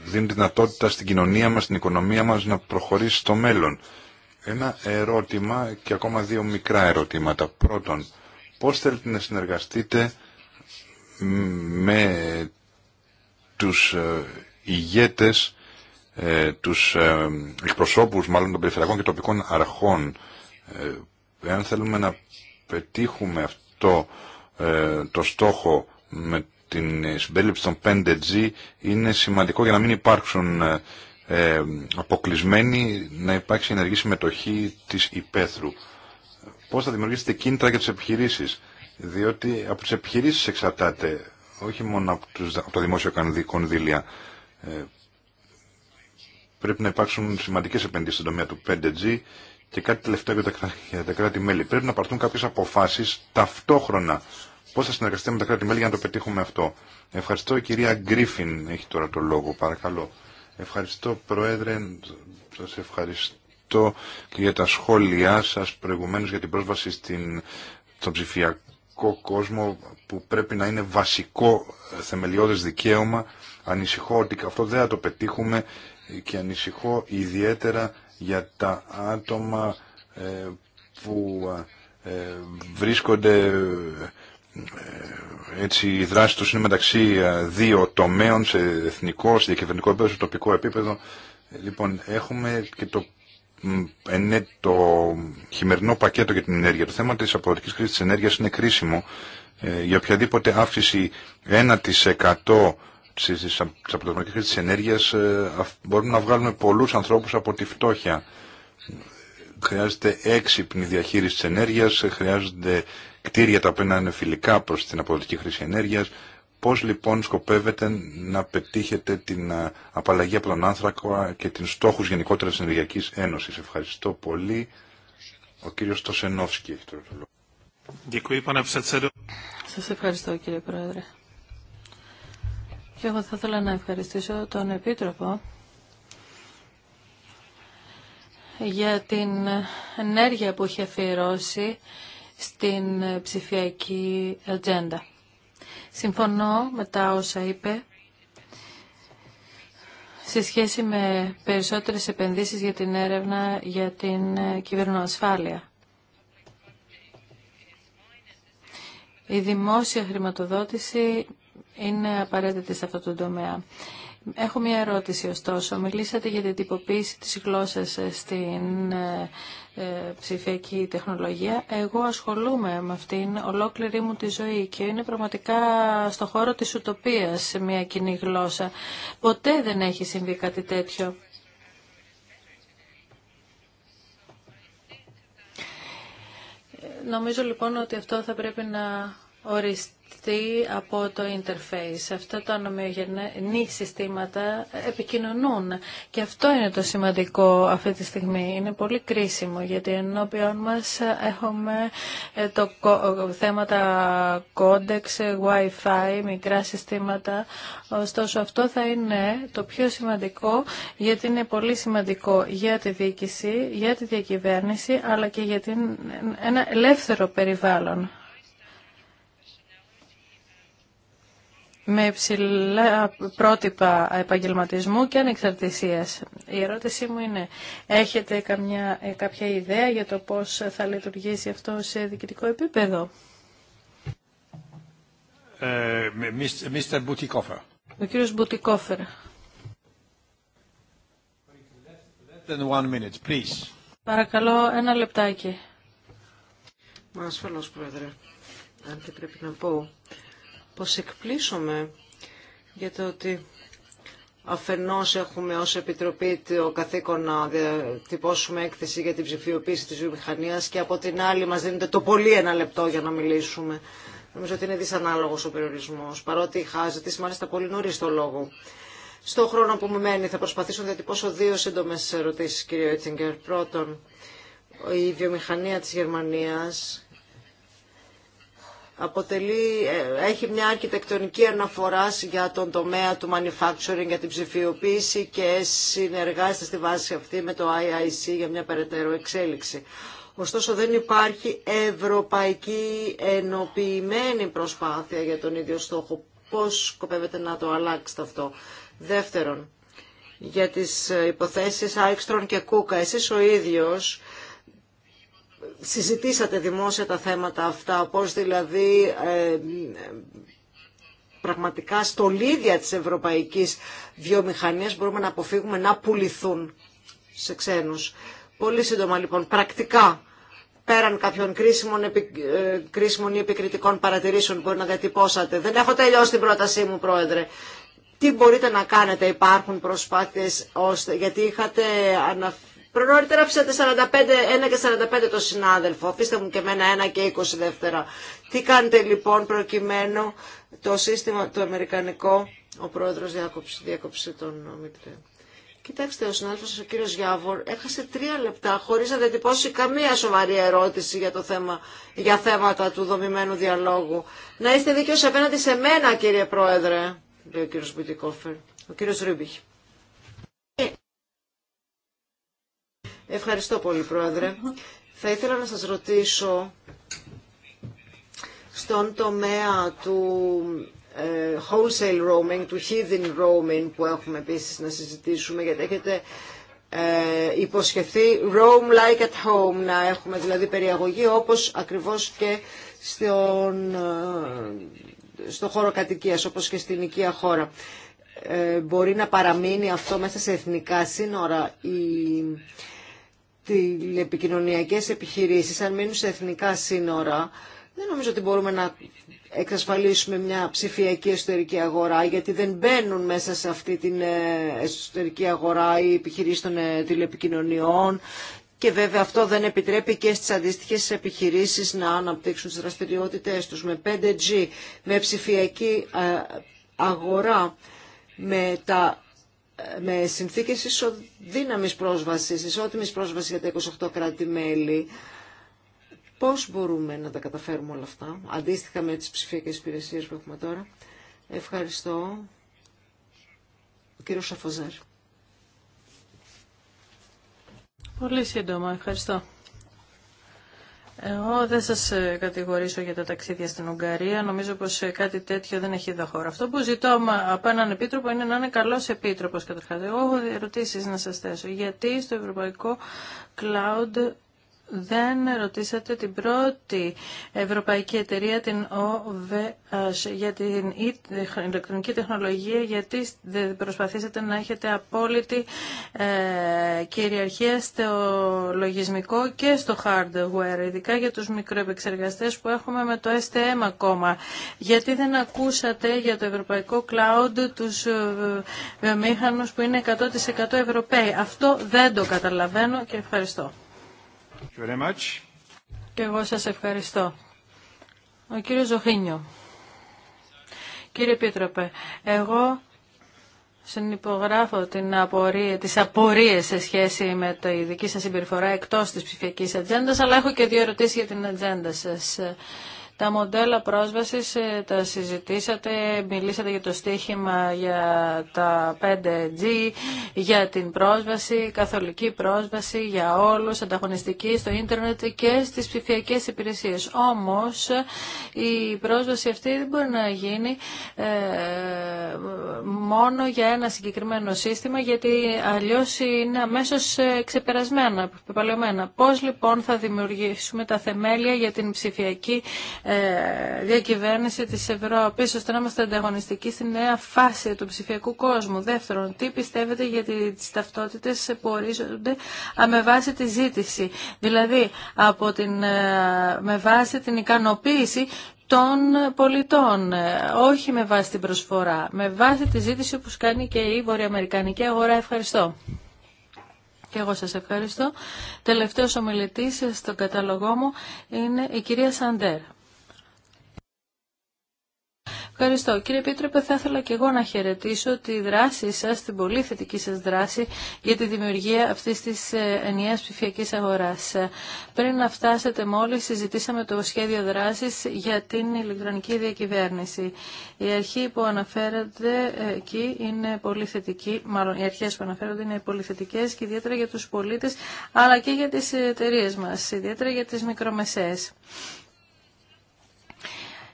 δίνουν δυνατότητα στην κοινωνία μας, στην οικονομία μας να προχωρήσει στο μέλλον. Ένα ερώτημα και ακόμα δύο μικρά ερωτήματα. Πρώτον, πώς θέλετε να συνεργαστείτε με τους ε, ηγέτες ε, τους ε, εκπροσώπους μάλλον των περιφερειακών και τοπικών αρχών. Ε, εάν θέλουμε να πετύχουμε αυτό το στόχο με την συμπέριληψη των 5G είναι σημαντικό για να μην υπάρξουν αποκλεισμένοι να υπάρξει ενεργή συμμετοχή της υπαίθρου. Πώς θα δημιουργήσετε κίνητρα για τις επιχειρήσεις, διότι από τις επιχειρήσεις εξαρτάται, όχι μόνο από, τους, από τα κονδύλια. Πρέπει να υπάρξουν σημαντικέ επενδύσει στον τομέα του 5G και κάτι τελευταίο για τα, κράτη-μέλη. Πρέπει να πάρθουν κάποιε αποφάσει ταυτόχρονα. Πώ θα συνεργαστείτε με τα κράτη-μέλη για να το πετύχουμε αυτό. Ευχαριστώ. Η κυρία Γκρίφιν έχει τώρα το λόγο, παρακαλώ. Ευχαριστώ, Πρόεδρε. Σα ευχαριστώ και για τα σχόλιά σα προηγουμένω για την πρόσβαση στην, στον ψηφιακό κόσμο που πρέπει να είναι βασικό ε, θεμελιώδε δικαίωμα. Ανησυχώ ότι αυτό δεν θα το πετύχουμε και ανησυχώ ιδιαίτερα για τα άτομα ε, που ε, βρίσκονται ε, έτσι οι δράση τους είναι μεταξύ δύο τομέων σε εθνικό, σε διακυβερνικό επίπεδο, σε τοπικό επίπεδο. Λοιπόν, έχουμε και το, το χειμερινό πακέτο για την ενέργεια. Το θέμα της αποδοτικής κρίσης της ενέργειας είναι κρίσιμο. για οποιαδήποτε αύξηση 1% στις τη της ενέργειας ε, μπορούμε να βγάλουμε πολλού ανθρώπου από τη φτώχεια. Χρειάζεται έξυπνη διαχείριση τη ενέργεια, χρειάζονται κτίρια τα οποία να είναι φιλικά προ την αποδοτική χρήση ενέργεια. Πώ λοιπόν σκοπεύετε να πετύχετε την ε, απαλλαγή από τον άνθρακο και την στόχου γενικότερα τη Ενεργειακή Ένωση. Ευχαριστώ πολύ. Ο κύριο Τοσενόφσκι έχει το λόγο.
Σα ευχαριστώ κύριε Πρόεδρε. Και εγώ θα ήθελα να ευχαριστήσω τον Επίτροπο για την ενέργεια που έχει αφιερώσει στην ψηφιακή ατζέντα. Συμφωνώ με τα όσα είπε σε σχέση με περισσότερες επενδύσεις για την έρευνα για την κυβερνοασφάλεια. Η δημόσια χρηματοδότηση είναι απαραίτητη σε αυτό το τομέα. Έχω μια ερώτηση ωστόσο. Μιλήσατε για την τυποποίηση της γλώσσας ε, στην ε, ε, ψηφιακή τεχνολογία. Εγώ ασχολούμαι με αυτήν ολόκληρη μου τη ζωή και είναι πραγματικά στο χώρο της ουτοπίας μια κοινή γλώσσα. Ποτέ δεν έχει συμβεί κάτι τέτοιο. Ε, νομίζω λοιπόν ότι αυτό θα πρέπει να οριστεί από το interface. Αυτά τα ανομοιογενή συστήματα επικοινωνούν και αυτό είναι το σημαντικό αυτή τη στιγμή. Είναι πολύ κρίσιμο γιατί ενώπιον μας έχουμε ε, το θέματα wifi, μικρά συστήματα. Ωστόσο αυτό θα είναι το πιο σημαντικό γιατί είναι πολύ σημαντικό για τη διοίκηση, για τη διακυβέρνηση αλλά και για την, ένα ελεύθερο περιβάλλον. με υψηλά πρότυπα επαγγελματισμού και ανεξαρτησίας. Η ερώτησή μου είναι, έχετε καμιά, ε, κάποια ιδέα για το πώς θα λειτουργήσει αυτό σε διοικητικό επίπεδο. Ε, Ο κύριος Μπουτικόφερ. Παρακαλώ ένα
λεπτάκι. Μα ασφαλώς, Πρόεδρε. Αν και πρέπει να πω πως εκπλήσωμε για το ότι αφενός έχουμε ως Επιτροπή το καθήκον να τυπώσουμε έκθεση για την ψηφιοποίηση της βιομηχανίας και από την άλλη μας δίνεται το πολύ ένα λεπτό για να μιλήσουμε. Νομίζω ότι είναι δυσανάλογος ο περιορισμός, παρότι είχα ζητήσει μάλιστα πολύ νωρί το λόγο. Στο χρόνο που μου μένει θα προσπαθήσω να διατυπώσω δύο σύντομε ερωτήσεις, κύριε Έτσιγκερ. Πρώτον, η βιομηχανία της Γερμανίας αποτελεί, ε, έχει μια αρχιτεκτονική αναφορά για τον τομέα του manufacturing, για την ψηφιοποίηση και συνεργάζεται στη βάση αυτή με το IIC για μια περαιτέρω εξέλιξη. Ωστόσο δεν υπάρχει ευρωπαϊκή ενοποιημένη προσπάθεια για τον ίδιο στόχο. Πώς σκοπεύετε να το αλλάξετε αυτό. Δεύτερον, για τις ε, υποθέσεις Άικστρον και Κούκα, εσείς ο ίδιος συζητήσατε δημόσια τα θέματα αυτά, πώς δηλαδή ε, πραγματικά στολίδια της ευρωπαϊκής βιομηχανίας μπορούμε να αποφύγουμε να πουληθούν σε ξένους. Πολύ σύντομα λοιπόν, πρακτικά, πέραν κάποιων ε, κρίσιμων, ή επικριτικών παρατηρήσεων που μπορεί να διατυπώσατε. Δεν έχω τελειώσει την πρότασή μου, Πρόεδρε. Τι μπορείτε να κάνετε, υπάρχουν προσπάθειες, ώστε, γιατί είχατε αναφέρει Προνόητερα αφήσατε 1 και 45 το συνάδελφο. Αφήστε μου και εμένα 1 και 20 δεύτερα. Τι κάνετε λοιπόν προκειμένου το σύστημα το αμερικανικό, ο πρόεδρος διάκοψε, διάκοψε τον Μητρέ. Κοιτάξτε, ο συνάδελφος ο κύριος Γιάβορ έχασε τρία λεπτά χωρίς να διατυπώσει καμία σοβαρή ερώτηση για, το θέμα, για θέματα του δομημένου διαλόγου. Να είστε δίκαιος απέναντι σε μένα κύριε πρόεδρε, λέει ο κύριος Μπιτικόφερ ο κύριος Ρούμπιχ. Ευχαριστώ πολύ, Πρόεδρε. Θα ήθελα να σας ρωτήσω στον τομέα του ε, wholesale roaming, του hidden roaming που έχουμε επίσης να συζητήσουμε γιατί έχετε ε, υποσχεθεί roam like at home να έχουμε δηλαδή περιαγωγή όπως ακριβώς και στον, ε, στο χώρο κατοικίας όπως και στην οικία χώρα. Ε, μπορεί να παραμείνει αυτό μέσα σε εθνικά σύνορα η τηλεπικοινωνιακές επιχειρήσεις, αν μείνουν σε εθνικά σύνορα, δεν νομίζω ότι μπορούμε να εξασφαλίσουμε μια ψηφιακή εσωτερική αγορά, γιατί δεν μπαίνουν μέσα σε αυτή την ε, εσωτερική αγορά οι επιχειρήσεις των ε, τηλεπικοινωνιών και βέβαια αυτό δεν επιτρέπει και στις αντίστοιχες επιχειρήσεις να αναπτύξουν τις δραστηριότητες τους. Με 5G, με ψηφιακή ε, αγορά, με τα με συνθήκες ισοδύναμης πρόσβασης, ισότιμης πρόσβασης για τα 28 κράτη-μέλη. Πώς μπορούμε να τα καταφέρουμε όλα αυτά, αντίστοιχα με τις ψηφιακές υπηρεσίε που έχουμε τώρα. Ευχαριστώ. Ο κύριος Σαφοζέρ.
Πολύ σύντομα, ευχαριστώ. Εγώ δεν σα ε, κατηγορήσω για τα ταξίδια στην Ουγγαρία. Νομίζω πω ε, κάτι τέτοιο δεν έχει εδώ χώρα. Αυτό που ζητώ από έναν επίτροπο είναι να είναι καλό επίτροπο καταρχά. Εγώ έχω ερωτήσει να σα θέσω. Γιατί στο ευρωπαϊκό cloud δεν ρωτήσατε την πρώτη ευρωπαϊκή εταιρεία, την OVH, για την ηλεκτρονική τεχνολογία, γιατί δεν προσπαθήσατε να έχετε απόλυτη ε, κυριαρχία στο λογισμικό και στο hardware, ειδικά για τους μικροεπεξεργαστές που έχουμε με το STM ακόμα. Γιατί δεν ακούσατε για το ευρωπαϊκό cloud τους ε, βιομήχανους που είναι 100% Ευρωπαίοι. Αυτό δεν το καταλαβαίνω και ευχαριστώ. Και εγώ σας ευχαριστώ. Ο κύριος Ζοχίνιο. Κύριε Επίτροπε, εγώ Συνυπογράφω την απορία, τις απορίες σε σχέση με το ειδική δική σας συμπεριφορά εκτός της ψηφιακής ατζέντα, αλλά έχω και δύο ερωτήσεις για την ατζέντα σας. Τα μοντέλα πρόσβασης ε, τα συζητήσατε, μιλήσατε για το στίχημα για τα 5G, για την πρόσβαση, καθολική πρόσβαση για όλους, ανταγωνιστική στο ίντερνετ και στις ψηφιακές υπηρεσίες. Όμως η πρόσβαση αυτή δεν μπορεί να γίνει ε, μόνο για ένα συγκεκριμένο σύστημα γιατί αλλιώς είναι αμέσω ε, ξεπερασμένα, πεπαλαιωμένα. Πώς λοιπόν θα δημιουργήσουμε τα θεμέλια για την ψηφιακή ε, διακυβέρνηση της Ευρώπης ώστε να είμαστε ανταγωνιστικοί στη νέα φάση του ψηφιακού κόσμου. Δεύτερον, τι πιστεύετε για τις ταυτότητες που ορίζονται με βάση τη ζήτηση, δηλαδή από την, ε, με βάση την ικανοποίηση των πολιτών, ε, όχι με βάση την προσφορά, με βάση τη ζήτηση που κάνει και η βορειοαμερικανική αγορά. Ευχαριστώ. Και εγώ σας ευχαριστώ. Τελευταίος ομιλητής στον καταλογό μου είναι η κυρία Σαντέρ. Ευχαριστώ. Κύριε Επίτροπε, θα ήθελα και εγώ να χαιρετήσω τη δράση σας, την πολύ θετική σας δράση για τη δημιουργία αυτή της ε, ενιαίας ψηφιακής αγοράς. Πριν να φτάσετε μόλις, συζητήσαμε το σχέδιο δράσης για την ηλεκτρονική διακυβέρνηση. Η αρχή που αναφέρεται ε, εκεί είναι πολύ θετική, μάλλον οι αρχές που αναφέρονται είναι πολύ θετικές και ιδιαίτερα για τους πολίτες, αλλά και για τις εταιρείε μας, ιδιαίτερα για τις μικρομεσαίες.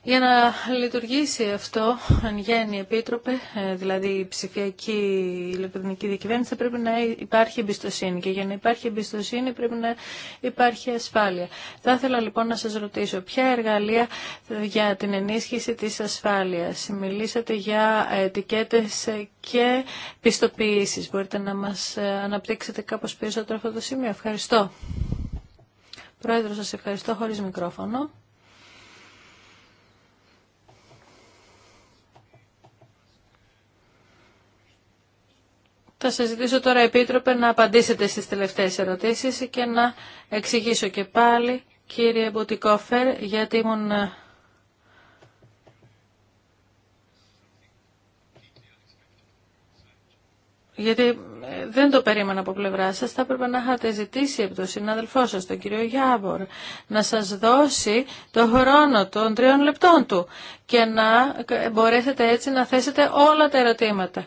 Για να λειτουργήσει αυτό, αν γέννη επίτροπε, ε, δηλαδή η ψηφιακή ηλεκτρονική διακυβέρνηση, θα πρέπει να υπάρχει εμπιστοσύνη. Και για να υπάρχει εμπιστοσύνη πρέπει να υπάρχει ασφάλεια. Θα ήθελα λοιπόν να σας ρωτήσω, ποια εργαλεία ε, για την ενίσχυση της ασφάλειας. Μιλήσατε για ετικέτες και πιστοποιήσεις. Μπορείτε να μας ε, αναπτύξετε κάπως περισσότερο αυτό το σημείο. Ευχαριστώ. Πρόεδρο, σας ευχαριστώ χωρίς μικρόφωνο. Θα σας ζητήσω τώρα, Επίτροπε, να απαντήσετε στις τελευταίες ερωτήσεις και να εξηγήσω και πάλι, κύριε Μπουτικόφερ, γιατί ήμουν... Ε, γιατί ε, δεν το περίμενα από πλευρά σα. Θα έπρεπε να είχατε ζητήσει από τον συνάδελφό σα, τον κύριο Γιάβορ, να σα δώσει το χρόνο των τριών λεπτών του και να ε, μπορέσετε έτσι να θέσετε όλα τα ερωτήματα.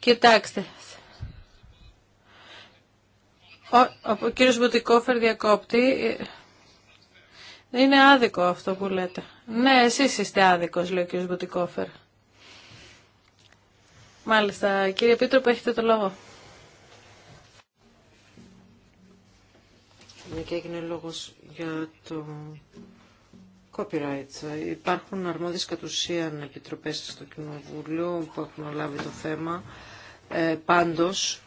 Κοιτάξτε. Ο, ο κύριος Μπουτικόφερ διακόπτη. Είναι άδικο αυτό που λέτε. Ναι, εσείς είστε άδικος, λέει ο κύριος Μπουτικόφερ. Μάλιστα. Κύριε Πίτροπο, έχετε το λόγο.
Ναι, και έγινε λόγος για το copyright. Υπάρχουν αρμόδιες κατ' ουσίαν επιτροπές στο Κοινοβούλιο που έχουν λάβει το θέμα. Ε, πάντως,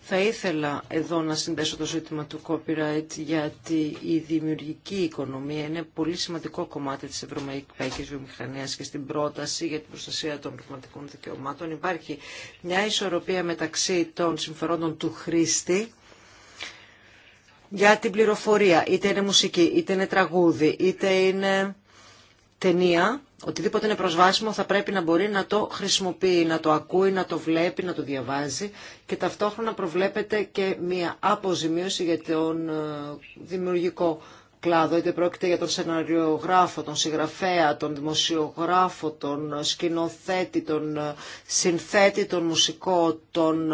θα ήθελα εδώ να συνδέσω το ζήτημα του copyright γιατί η δημιουργική οικονομία είναι πολύ σημαντικό κομμάτι της ευρωπαϊκής βιομηχανίας και στην πρόταση για την προστασία των πνευματικών δικαιωμάτων υπάρχει μια ισορροπία μεταξύ των συμφερόντων του χρήστη για την πληροφορία, είτε είναι μουσική, είτε είναι τραγούδι, είτε είναι ταινία οτιδήποτε είναι προσβάσιμο θα πρέπει να μπορεί να το χρησιμοποιεί, να το ακούει, να το βλέπει, να το διαβάζει και ταυτόχρονα προβλέπεται και μια αποζημίωση για τον ε, δημιουργικό κλάδο, είτε πρόκειται για τον σεναριογράφο, τον συγγραφέα, τον δημοσιογράφο, τον σκηνοθέτη, τον ε, συνθέτη, τον μουσικό, τον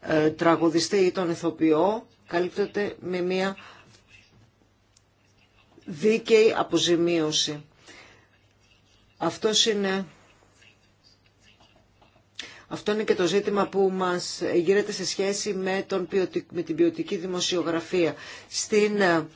ε, τραγουδιστή ή τον ηθοποιό, καλύπτεται με μια δίκαιη αποζημίωση. Αυτός είναι... Αυτό είναι και το ζήτημα που μας γίνεται σε σχέση με, τον με την ποιοτική δημοσιογραφία. Στην ε,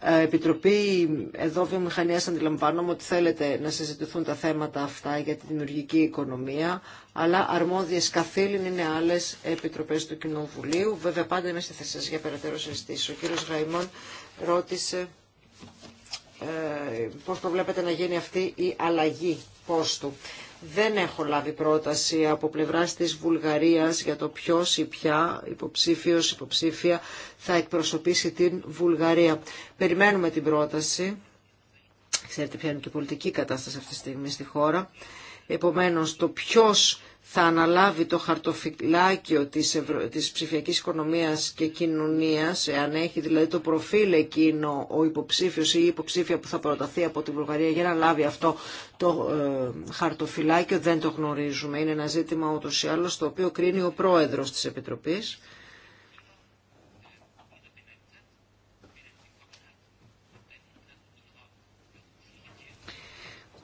ε, Επιτροπή εδώ βιομηχανίας αντιλαμβάνομαι ότι θέλετε να συζητηθούν τα θέματα αυτά για τη δημιουργική οικονομία, αλλά αρμόδιες καθήλυν είναι άλλες επιτροπές του Κοινοβουλίου. Βέβαια πάντα είμαι στη θέση για περαιτέρω συζητήσεις. Ο κύριος Γαϊμόν ρώτησε ε, πώς προβλέπετε να γίνει αυτή η αλλαγή πόστου. Δεν έχω λάβει πρόταση από πλευράς της Βουλγαρίας για το ποιος ή ποια υποψήφιος υποψήφια θα εκπροσωπήσει την Βουλγαρία. Περιμένουμε την πρόταση. Ξέρετε ποια είναι και η πολιτική κατάσταση αυτή τη στιγμή στη χώρα. Επομένως, το ποιος θα αναλάβει το χαρτοφυλάκιο της, ευρω... της ψηφιακής οικονομίας και κοινωνίας, εάν έχει δηλαδή το προφίλ εκείνο ο υποψήφιος ή η υποψήφια που θα προταθεί από την Βουλγαρία για να λάβει αυτό το ε, χαρτοφυλάκιο, δεν το γνωρίζουμε. Είναι ένα ζήτημα ούτως ή άλλως το οποίο κρίνει ο πρόεδρος της Επιτροπής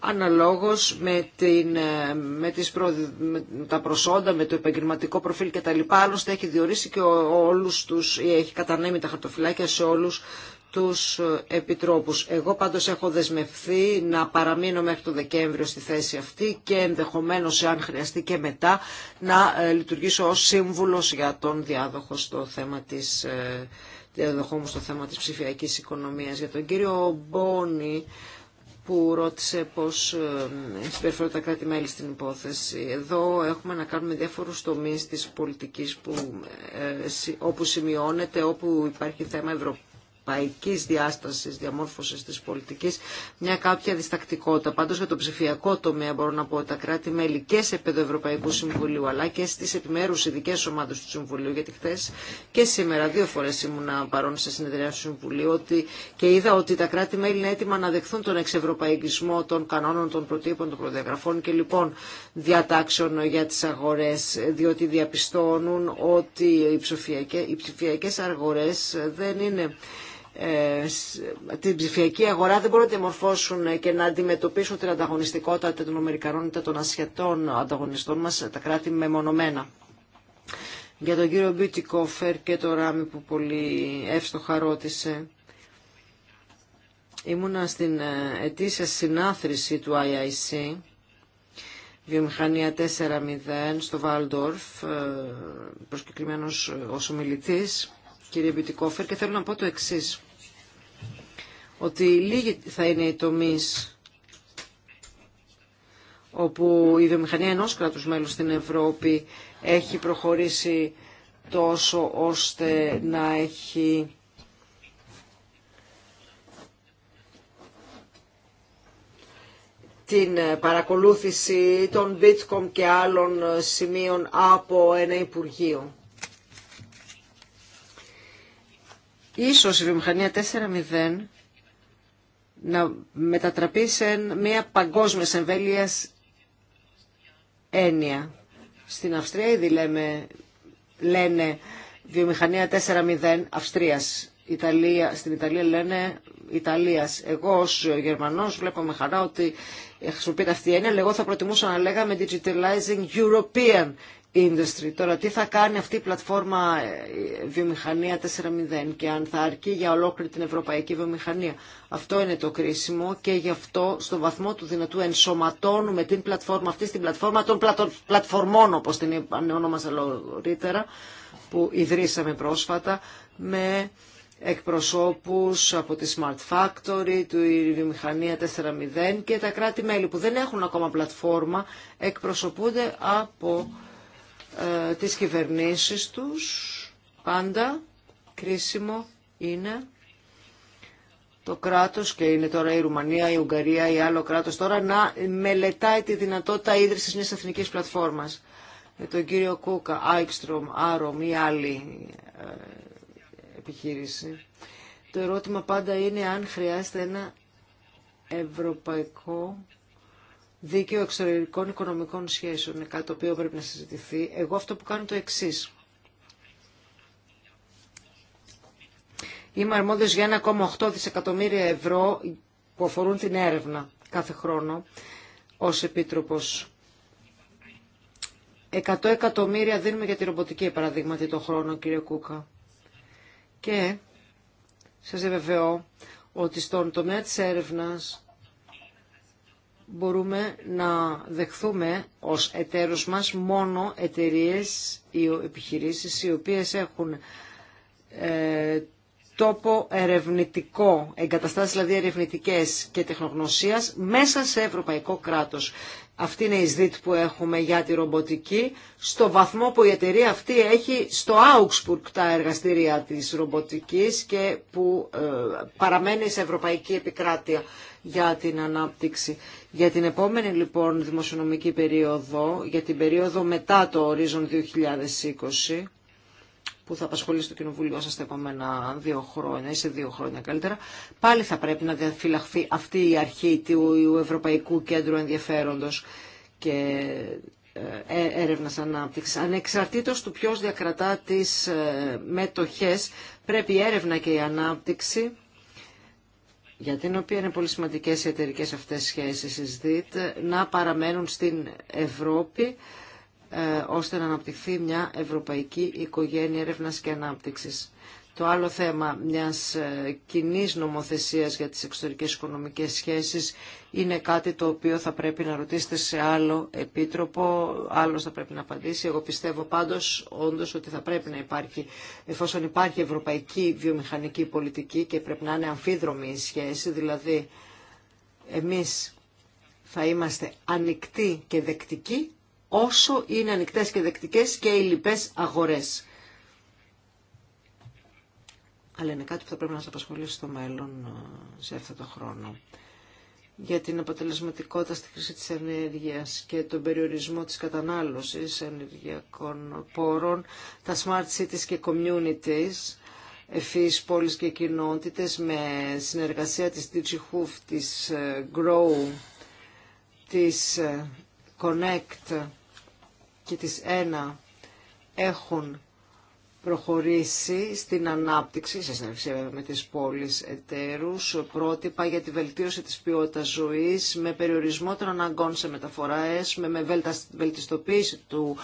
αναλόγως με, την, ε, με, τις τα προσόντα, με το επαγγελματικό προφίλ κτλ. Άλλωστε έχει διορίσει και όλους τους, έχει κατανέμει τα χαρτοφυλάκια σε όλους τους ε, επιτρόπους. Εγώ πάντως έχω δεσμευθεί να παραμείνω μέχρι το Δεκέμβριο στη θέση αυτή και ενδεχομένως, αν χρειαστεί και μετά, να ε, λειτουργήσω ως σύμβουλος για τον διάδοχο στο θέμα της στο θέμα της ψηφιακής οικονομίας. Για τον κύριο Μπόνι, που ρώτησε πώς ε, συμπεριφέρονται τα κράτη-μέλη στην υπόθεση. Εδώ έχουμε να κάνουμε διάφορους τομείς της πολιτικής που, ε, όπου σημειώνεται, όπου υπάρχει θέμα Ευρωπαϊκή ευρωπαϊκή διάσταση διαμόρφωση τη πολιτική, μια κάποια διστακτικότητα. Πάντω για το ψηφιακό τομέα μπορώ να πω ότι τα κράτη-μέλη και σε επίπεδο Ευρωπαϊκού Συμβουλίου αλλά και στι επιμέρου ειδικέ ομάδε του Συμβουλίου γιατί χθε και σήμερα δύο φορέ ήμουν παρόν σε συνεδριά του Συμβουλίου ότι και είδα ότι τα κράτη-μέλη είναι έτοιμα να δεχθούν τον εξευρωπαϊκισμό των κανόνων, των προτύπων, των προδιαγραφών και λοιπόν διατάξεων για τι αγορέ, διότι διαπιστώνουν ότι οι ψηφιακέ αγορέ δεν είναι ε, την ψηφιακή αγορά δεν μπορούν να διαμορφώσουν και να αντιμετωπίσουν την ανταγωνιστικότητα των Αμερικανών ή των Ασιατών ανταγωνιστών μας, τα κράτη μεμονωμένα. Για τον κύριο Μπιουτικόφερ και το Ράμι που πολύ εύστοχα ρώτησε. Ήμουνα στην ε, ετήσια συνάθρηση του IIC, βιομηχανία 4.0, στο Βάλντορφ, ε, προσκεκλημένος ως ομιλητής, κύριε Μπιτικόφερ, και θέλω να πω το εξής ότι λίγοι θα είναι οι τομεί όπου η βιομηχανία ενός κράτους μέλους στην Ευρώπη έχει προχωρήσει τόσο ώστε να έχει την παρακολούθηση των Bitcom και άλλων σημείων από ένα Υπουργείο. Ίσως η βιομηχανία 4.0 να μετατραπεί σε μια παγκόσμια εμβέλεια έννοια. Στην Αυστρία ήδη λέμε, λένε βιομηχανία 4.0 Αυστρίας. Ιταλία, στην Ιταλία λένε Ιταλίας. Εγώ ως Γερμανός βλέπω με χαρά ότι χρησιμοποιείται αυτή η έννοια, αλλά εγώ θα προτιμούσα να λέγαμε Digitalizing European Industry. Τώρα τι θα κάνει αυτή η πλατφόρμα ε, βιομηχανία 4.0 και αν θα αρκεί για ολόκληρη την ευρωπαϊκή βιομηχανία. Αυτό είναι το κρίσιμο και γι' αυτό στο βαθμό του δυνατού ενσωματώνουμε την πλατφόρμα αυτή στην πλατφόρμα των πλατφορμών όπως την ονόμασα νωρίτερα που ιδρύσαμε πρόσφατα με εκπροσώπους από τη Smart Factory, του Βιομηχανία 4.0 και τα κράτη-μέλη που δεν έχουν ακόμα πλατφόρμα εκπροσωπούνται από ε, τις κυβερνήσεις τους. Πάντα κρίσιμο είναι το κράτος και είναι τώρα η Ρουμανία, η Ουγγαρία ή άλλο κράτος τώρα να μελετάει τη δυνατότητα ίδρυσης μιας εθνικής πλατφόρμας. Με τον κύριο Κούκα, Άικστρομ, Άρομ ή άλλη ε, επιχείρηση. Το ερώτημα πάντα είναι αν χρειάζεται ένα ευρωπαϊκό δίκαιο εξωτερικών οικονομικών σχέσεων. Είναι κάτι το οποίο πρέπει να συζητηθεί. Εγώ αυτό που κάνω το εξή. Είμαι αρμόδιος για 1,8 δισεκατομμύρια ευρώ που αφορούν την έρευνα κάθε χρόνο ως Επίτροπος. 100 εκατομμύρια δίνουμε για τη ρομποτική παραδείγματι το χρόνο κύριε Κούκα. Και σας βεβαιώ ότι στον τομέα της έρευνας μπορούμε να δεχθούμε ως εταίρους μας μόνο εταιρείες ή επιχειρήσεις οι οποίες έχουν ε, τόπο ερευνητικό, εγκαταστάσεις δηλαδή ερευνητικές και τεχνογνωσίας μέσα σε ευρωπαϊκό κράτος. Αυτή είναι η ΣΔΙΤ που έχουμε για τη ρομποτική, στο βαθμό που η εταιρεία αυτή έχει στο Augsburg τα εργαστήρια της ρομποτικής και που ε, παραμένει σε ευρωπαϊκή επικράτεια για την ανάπτυξη. Για την επόμενη λοιπόν δημοσιονομική περίοδο, για την περίοδο μετά το ορίζον 2020, που θα απασχολήσει το Κοινοβούλιο σας τα επόμενα δύο χρόνια ή σε δύο χρόνια καλύτερα, πάλι θα πρέπει να διαφυλαχθεί αυτή η αρχή του Ευρωπαϊκού Κέντρου Ενδιαφέροντος και ε, ε, έρευνα ανάπτυξη. Ανεξαρτήτως του ποιος διακρατά τις ε, μετοχές, πρέπει η έρευνα και η ανάπτυξη για την οποία είναι πολύ σημαντικές οι εταιρικέ αυτές σχέσεις εις ΔΙΤ, να παραμένουν στην Ευρώπη ε, ώστε να αναπτυχθεί μια ευρωπαϊκή οικογένεια έρευνας και ανάπτυξης. Το άλλο θέμα μιας ε, κοινή νομοθεσίας για τις εξωτερικές οικονομικές σχέσεις είναι κάτι το οποίο θα πρέπει να ρωτήσετε σε άλλο επίτροπο, άλλος θα πρέπει να απαντήσει. Εγώ πιστεύω πάντως όντως ότι θα πρέπει να υπάρχει, εφόσον υπάρχει ευρωπαϊκή βιομηχανική πολιτική και πρέπει να είναι αμφίδρομη η σχέση, δηλαδή εμείς θα είμαστε ανοιχτοί και δεκτικοί όσο είναι ανοιχτέ και δεκτικές και οι λοιπές αγορές αλλά είναι κάτι που θα πρέπει να σας απασχολήσει στο μέλλον ε, σε αυτό το χρόνο. Για την αποτελεσματικότητα στη χρήση της ενέργειας και τον περιορισμό της κατανάλωσης ενεργειακών πόρων, τα smart cities και communities, ευφύς πόλεις και κοινότητες με συνεργασία της DigiHoof, της ε, Grow, της ε, Connect και της ENA έχουν προχωρήσει στην ανάπτυξη, σε συνεργασία με τις πόλεις εταίρους, πρότυπα για τη βελτίωση της ποιότητας ζωής, με περιορισμό των αναγκών σε μεταφορά με, με βελτιστοποίηση του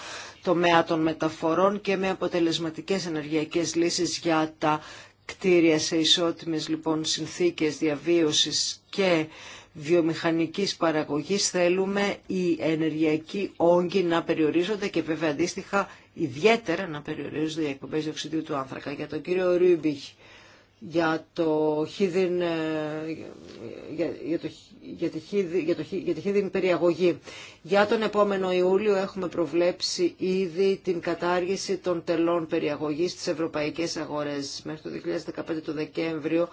τομέα των μεταφορών και με αποτελεσματικές ενεργειακές λύσεις για τα κτίρια σε ισότιμες λοιπόν συνθήκες διαβίωσης και βιομηχανικής παραγωγής θέλουμε οι ενεργειακοί όγκοι να περιορίζονται και βέβαια αντίστοιχα ιδιαίτερα να περιορίζονται οι εκπομπέ διοξιδίου του άνθρακα. Για τον κύριο Ρούμπιχ, για το χίδιν, ε, για, το, για, τη χίδιν, για, το, για περιαγωγή. Για τον επόμενο Ιούλιο έχουμε προβλέψει ήδη την κατάργηση των τελών περιαγωγής στις ευρωπαϊκές αγορές. Μέχρι το 2015 το Δεκέμβριο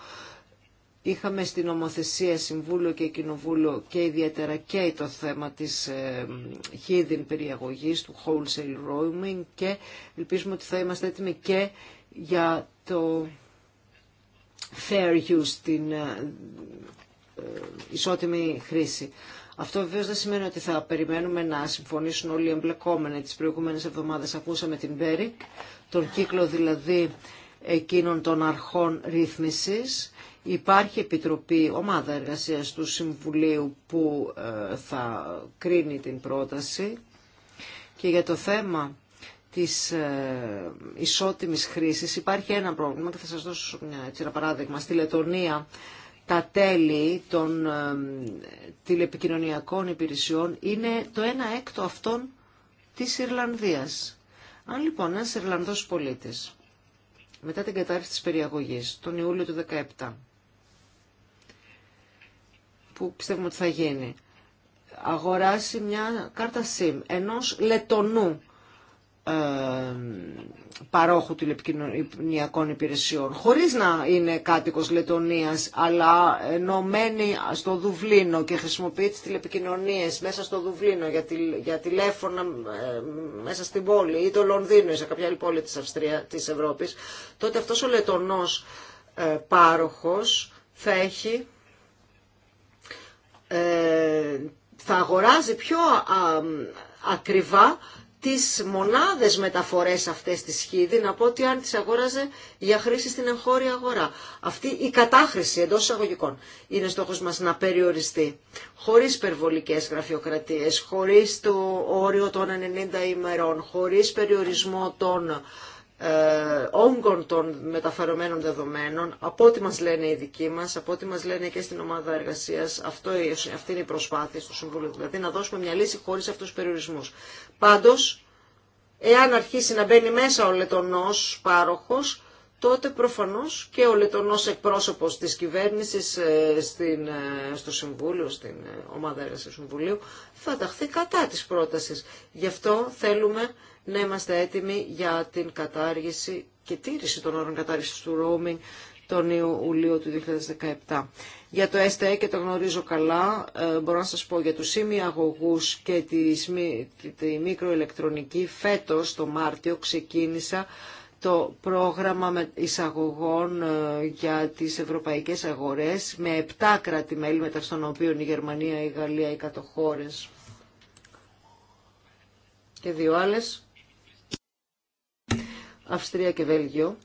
Είχαμε στην νομοθεσία Συμβούλιο και Κοινοβούλιο και ιδιαίτερα και το θέμα της ε, χίδιν περιαγωγής, του wholesale roaming και ελπίζουμε ότι θα είμαστε έτοιμοι και για το fair use, την ε, ε, ισότιμη χρήση. Αυτό βεβαίω δεν σημαίνει ότι θα περιμένουμε να συμφωνήσουν όλοι οι εμπλεκόμενοι. Τις προηγούμενες εβδομάδες ακούσαμε την Πέρι, τον κύκλο δηλαδή εκείνων των αρχών ρύθμισης. Υπάρχει επιτροπή, ομάδα εργασίας του Συμβουλίου που ε, θα κρίνει την πρόταση και για το θέμα της ε, ισότιμης χρήσης υπάρχει ένα πρόβλημα και θα σας δώσω ένα παράδειγμα. Στη Λετωνία τα τέλη των ε, τηλεπικοινωνιακών υπηρεσιών είναι το ένα έκτο αυτών της Ιρλανδίας. Αν λοιπόν ένας Ιρλανδός πολίτης μετά την κατάρρευση της περιαγωγής, τον Ιούλιο του 2017, που πιστεύουμε ότι θα γίνει, αγοράσει μια κάρτα SIM ενός λετονού ε, παρόχου τηλεπικοινωνιακών υπηρεσιών χωρίς να είναι κάτοικος Λετωνίας αλλά ενωμένοι στο Δουβλίνο και χρησιμοποιεί τις τηλεπικοινωνίες μέσα στο Δουβλίνο για, τη, για τηλέφωνα ε, μέσα στην πόλη ή το Λονδίνο ή σε κάποια άλλη πόλη της, Αυστρία, της Ευρώπης τότε αυτός ο Λετωνός ε, πάροχος θα έχει ε, θα αγοράζει πιο ακριβά τις μονάδες μεταφορές αυτές της χίδη να πω ότι αν τις αγόραζε για χρήση στην εγχώρια αγορά. Αυτή η κατάχρηση εντός εισαγωγικών είναι στόχος μας να περιοριστεί χωρίς περιβολικές γραφειοκρατίες, χωρίς το όριο των 90 ημερών, χωρίς περιορισμό των ε, όγκων των μεταφερομένων δεδομένων, από ό,τι μας λένε οι δικοί μας, από ό,τι μας λένε και στην ομάδα εργασίας, αυτό, αυτή είναι η προσπάθεια στο Συμβούλιο, δηλαδή να δώσουμε μια λύση χωρίς αυτούς τους περιορισμούς. Πάντως, εάν αρχίσει να μπαίνει μέσα ο λετωνός πάροχος, τότε προφανώς και ο λετωνός εκπρόσωπος της κυβέρνησης ε, στην, ε, στο Συμβούλιο, στην ομάδα εργασίας του Συμβουλίου, θα ταχθεί κατά της πρότασης. Γι' αυτό θέλουμε να είμαστε έτοιμοι για την κατάργηση και τήρηση των όρων κατάργησης του roaming τον Ιουλίο του 2017. Για το STE και το γνωρίζω καλά, ε, μπορώ να σας πω για τους ημιαγωγούς και τη, τη μικροηλεκτρονική, φέτος το Μάρτιο ξεκίνησα το πρόγραμμα εισαγωγών ε, για τις ευρωπαϊκές αγορές με 7 κράτη-μέλη μεταξύ των οποίων η Γερμανία, η Γαλλία, οι κατοχώρες και δύο άλλες Αυστρία και Βέλγιο.